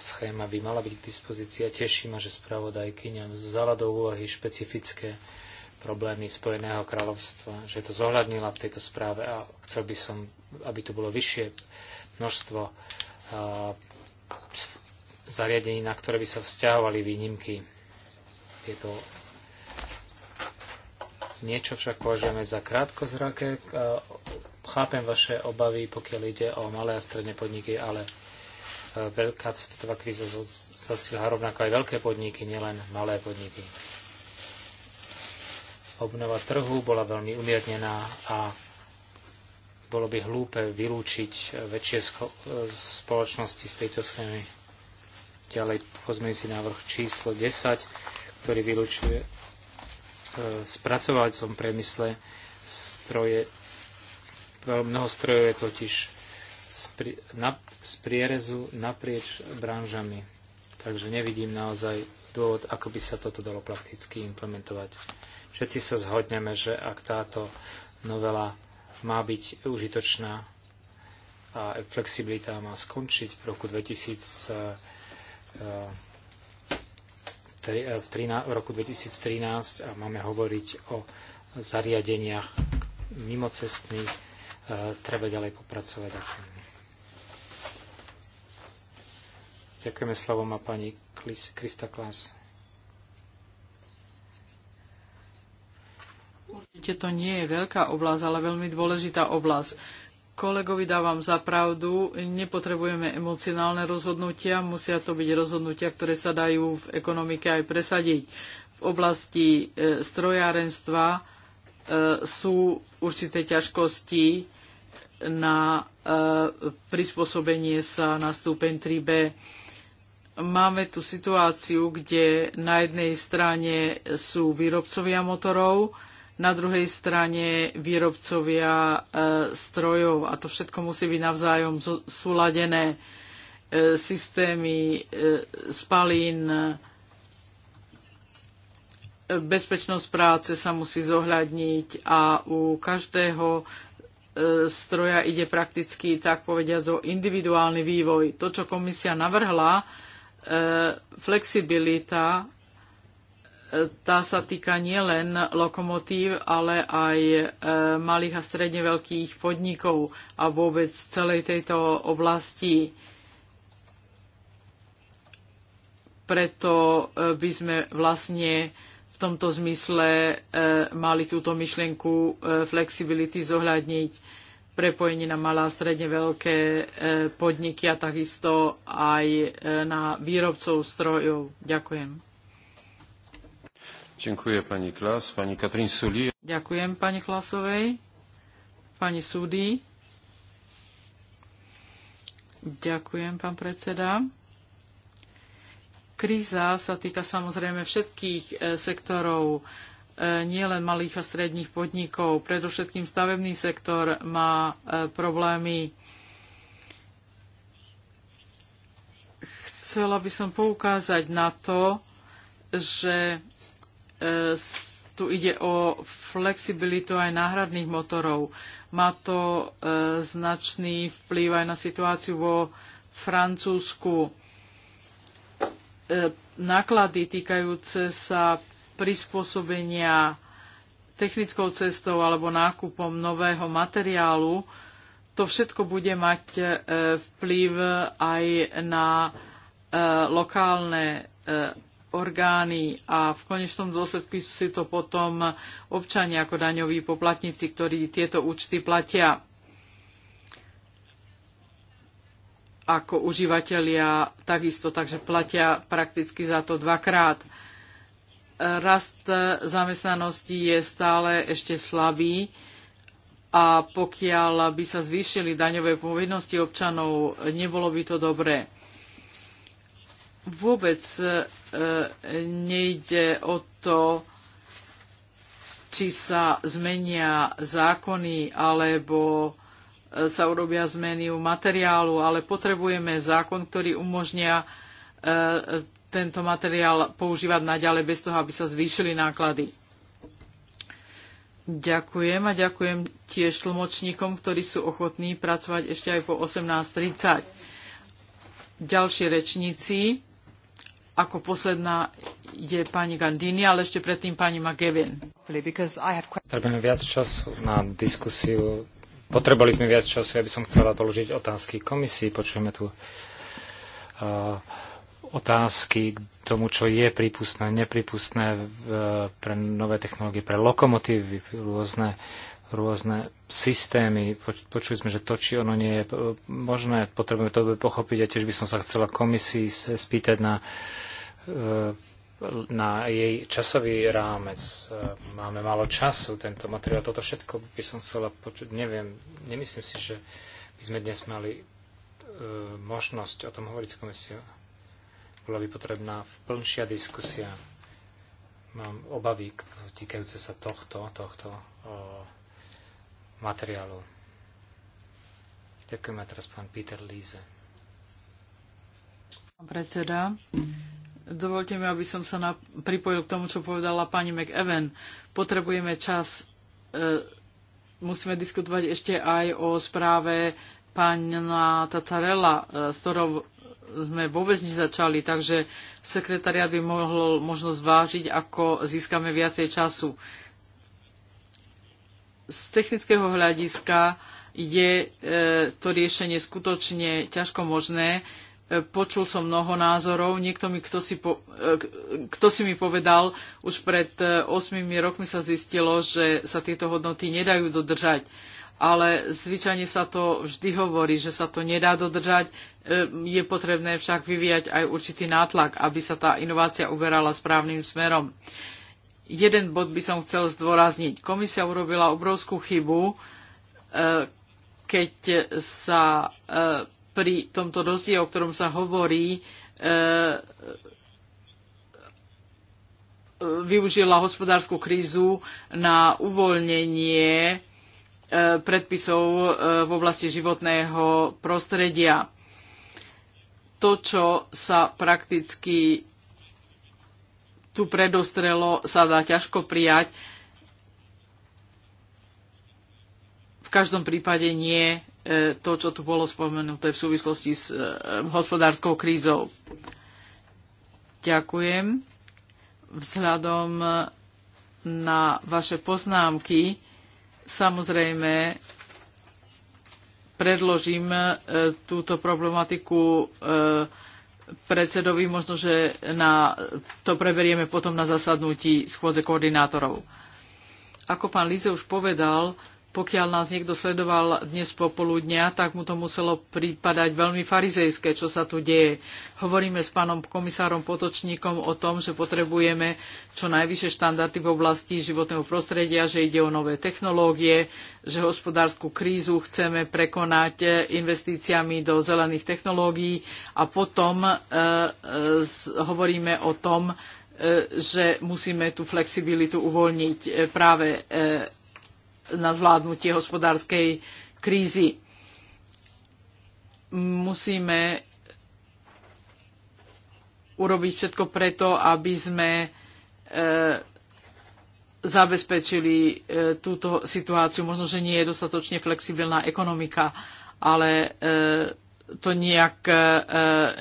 schéma by mala byť k dispozícii a teší ma, že spravodajkyňa vzala do úvahy špecifické problémy Spojeného kráľovstva, že to zohľadnila v tejto správe a chcel by som, aby tu bolo vyššie množstvo zariadení, na ktoré by sa vzťahovali výnimky. Je to niečo však považujeme za krátkozraké. Chápem vaše obavy, pokiaľ ide o malé a stredné podniky, ale e, veľká svetová kríza zasiela rovnako aj veľké podniky, nielen malé podniky. Obnova trhu bola veľmi umiernená a bolo by hlúpe vylúčiť väčšie spoločnosti z tejto schémy. Ďalej si návrh číslo 10, ktorý vylúčuje e, spracovateľom priemysle stroje. Mnoho strojov je totiž z, pri, na, z prierezu naprieč branžami. Takže nevidím naozaj dôvod, ako by sa toto dalo prakticky implementovať. Všetci sa zhodneme, že ak táto novela má byť užitočná a flexibilita má skončiť v roku e, e, e, v roku 2013 a máme hovoriť o zariadeniach mimocestných. Treba ďalej popracovať. Ďakujeme slovo má pani Krista Klas.
Určite to nie je veľká oblasť, ale veľmi dôležitá oblasť. Kolegovi dávam za pravdu, nepotrebujeme emocionálne rozhodnutia, musia to byť rozhodnutia, ktoré sa dajú v ekonomike aj presadiť. V oblasti e, strojárenstva e, sú určité ťažkosti na e, prispôsobenie sa na stupeň 3B máme tu situáciu, kde na jednej strane sú výrobcovia motorov na druhej strane výrobcovia e, strojov a to všetko musí byť navzájom súladené e, systémy e, spalín, bezpečnosť práce sa musí zohľadniť a u každého stroja ide prakticky, tak povediať, o individuálny vývoj. To, čo komisia navrhla, flexibilita tá sa týka nielen lokomotív, ale aj e, malých a stredne veľkých podnikov a vôbec celej tejto oblasti. Preto e, by sme vlastne v tomto zmysle e, mali túto myšlienku flexibility zohľadniť prepojenie na malé a stredne veľké podniky a takisto aj na výrobcov strojov. Ďakujem.
Ďakujem pani Klas, pani Katrin Suli.
Ďakujem pani Klasovej, pani Súdy. Ďakujem, pán predseda. Kríza sa týka samozrejme všetkých e, sektorov, e, nielen malých a stredných podnikov. Predovšetkým stavebný sektor má e, problémy. Chcela by som poukázať na to, že E, tu ide o flexibilitu aj náhradných motorov. Má to e, značný vplyv aj na situáciu vo Francúzsku. E, náklady týkajúce sa prispôsobenia technickou cestou alebo nákupom nového materiálu, to všetko bude mať vplyv aj na lokálne orgány a v konečnom dôsledku sú si to potom občania ako daňoví poplatníci, ktorí tieto účty platia ako užívateľia takisto, takže platia prakticky za to dvakrát. Rast zamestnanosti je stále ešte slabý a pokiaľ by sa zvýšili daňové povinnosti občanov, nebolo by to dobré vôbec e, nejde o to, či sa zmenia zákony alebo e, sa urobia zmeny u materiálu, ale potrebujeme zákon, ktorý umožnia e, tento materiál používať naďalej bez toho, aby sa zvýšili náklady. Ďakujem a ďakujem tiež tlmočníkom, ktorí sú ochotní pracovať ešte aj po 18.30. Ďalší rečníci. Ako posledná je pani Gandini, ale ešte predtým pani McGavin. Potrebujeme
viac času na diskusiu. Potrebovali sme viac času, ja by som chcela položiť otázky komisii. Počujeme tu uh, otázky k tomu, čo je prípustné, nepripustné v, eh, pre nové technológie, pre lokomotívy, rôzne uh, rôzne systémy. Počuli sme, že to, či ono nie je e, možné, potrebujeme to pochopiť a tiež by som sa chcela komisii spýtať na, e, na jej časový rámec. E, máme málo času, tento materiál, toto všetko by som chcela počuť. Neviem, nemyslím si, že by sme dnes mali možnosť o tom hovoriť s komisiou. Bola by potrebná plnšia diskusia. Mám obavy týkajúce sa tohto, tohto materiálov. Ďakujem a teraz pán Peter Líze.
Pán predseda, dovolte mi, aby som sa na, pripojil k tomu, čo povedala pani McEwen. Potrebujeme čas, e, musíme diskutovať ešte aj o správe pána Tatarela, e, s ktorou sme vôbec nezačali, takže sekretariat by mohol možno zvážiť, ako získame viacej času. E, z technického hľadiska je e, to riešenie skutočne ťažko možné. E, počul som mnoho názorov. Niekto mi, kto si, po, e, kto si mi povedal, už pred 8 rokmi sa zistilo, že sa tieto hodnoty nedajú dodržať. Ale zvyčajne sa to vždy hovorí, že sa to nedá dodržať. Je potrebné však vyvíjať aj určitý nátlak, aby sa tá inovácia uberala správnym smerom jeden bod by som chcel zdôrazniť. Komisia urobila obrovskú chybu, e, keď sa e, pri tomto dosie, o ktorom sa hovorí, e, využila hospodárskú krízu na uvoľnenie predpisov v oblasti životného prostredia. To, čo sa prakticky tu predostrelo sa dá ťažko prijať. V každom prípade nie e, to, čo tu bolo spomenuté v súvislosti s e, hospodárskou krízou. Ďakujem. Vzhľadom na vaše poznámky, samozrejme, predložím e, túto problematiku predsedovi, možno, že na, to preberieme potom na zasadnutí schôdze koordinátorov. Ako pán Líze už povedal, pokiaľ nás niekto sledoval dnes popoludnia, tak mu to muselo prípadať veľmi farizejské, čo sa tu deje. Hovoríme s pánom komisárom Potočníkom o tom, že potrebujeme čo najvyššie štandardy v oblasti životného prostredia, že ide o nové technológie, že hospodárskú krízu chceme prekonať eh, investíciami do zelených technológií a potom e, e, hovoríme o tom, že musíme tú flexibilitu uvoľniť práve na zvládnutie hospodárskej krízy. Musíme urobiť všetko preto, aby sme e, zabezpečili e, túto situáciu. Možno, že nie je dostatočne flexibilná ekonomika, ale e, to nejak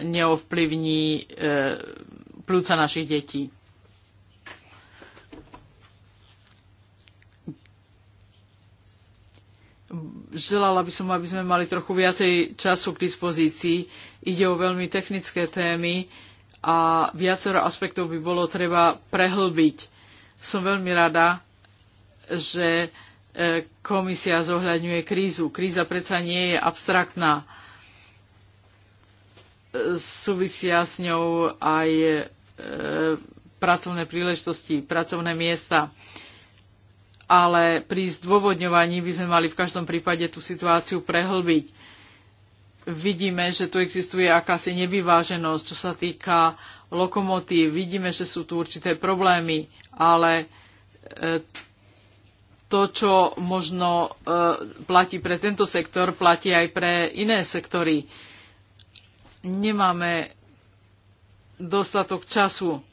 neovplyvní plúca našich detí. Želala by som, aby sme mali trochu viacej času k dispozícii. Ide o veľmi technické témy a viacero aspektov by bolo treba prehlbiť. Som veľmi rada, že e, komisia zohľadňuje krízu. Kríza predsa nie je abstraktná. E, súvisia s ňou aj e, pracovné príležitosti, pracovné miesta ale pri zdôvodňovaní by sme mali v každom prípade tú situáciu prehlbiť. Vidíme, že tu existuje akási nevyváženosť, čo sa týka lokomotív. Vidíme, že sú tu určité problémy, ale e, to, čo možno e, platí pre tento sektor, platí aj pre iné sektory. Nemáme dostatok času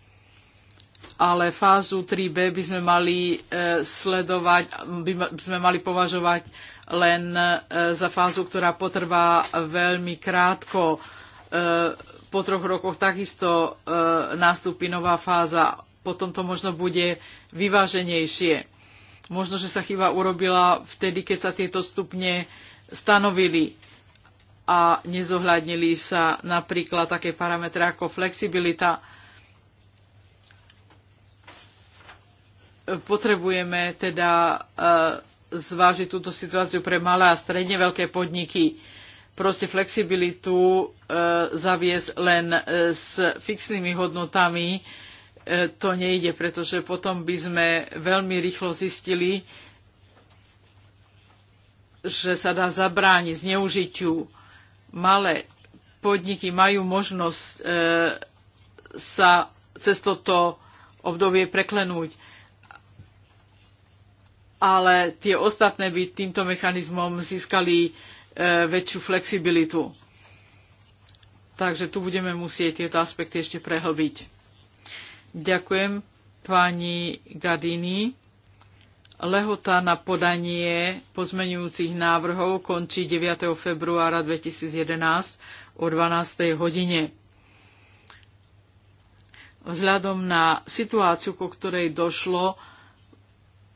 ale fázu 3B by sme mali e, sledovať, by sme mali považovať len e, za fázu, ktorá potrvá veľmi krátko. E, po troch rokoch takisto nastúpi nová fáza. Potom to možno bude vyváženejšie. Možno, že sa chyba urobila vtedy, keď sa tieto stupne stanovili a nezohľadnili sa napríklad také parametre ako flexibilita potrebujeme teda e, zvážiť túto situáciu pre malé a stredne veľké podniky. Proste flexibilitu e, zaviesť len e, s fixnými hodnotami to nejde, pretože potom by sme veľmi rýchlo zistili, že sa dá zabrániť zneužitiu. Malé podniky majú možnosť sa cez toto obdobie preklenúť ale tie ostatné by týmto mechanizmom získali e, väčšiu flexibilitu. Takže tu budeme musieť tieto aspekty ešte prehlbiť. Ďakujem pani Gadini. Lehota na podanie pozmenujúcich návrhov končí 9. februára 2011 o 12. hodine. Vzhľadom na situáciu, ku ktorej došlo,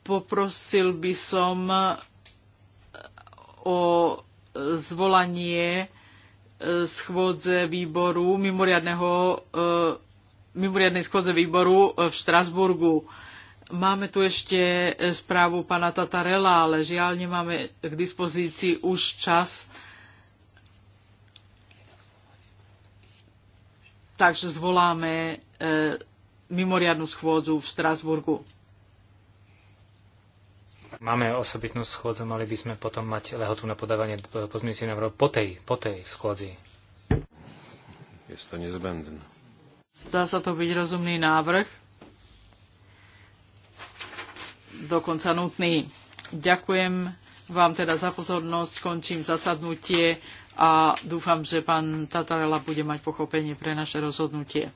Poprosil by som e, o zvolanie e, schôdze výboru, mimoriadného, e, mimoriadnej schôdze výboru v Štrasburgu. Máme tu ešte správu pana Tatarela, ale žiaľ nemáme k dispozícii už čas. Takže zvoláme mimoriadnu schôdzu v Štrasburgu
máme osobitnú schôdzu, mali by sme potom mať lehotu na podávanie pozmienci návrhu po tej, po tej schôdzi. Je to nezbendné.
Zdá sa to byť rozumný návrh. Dokonca nutný. Ďakujem vám teda za pozornosť, končím zasadnutie a dúfam, že pán Tatarela bude mať pochopenie pre naše rozhodnutie.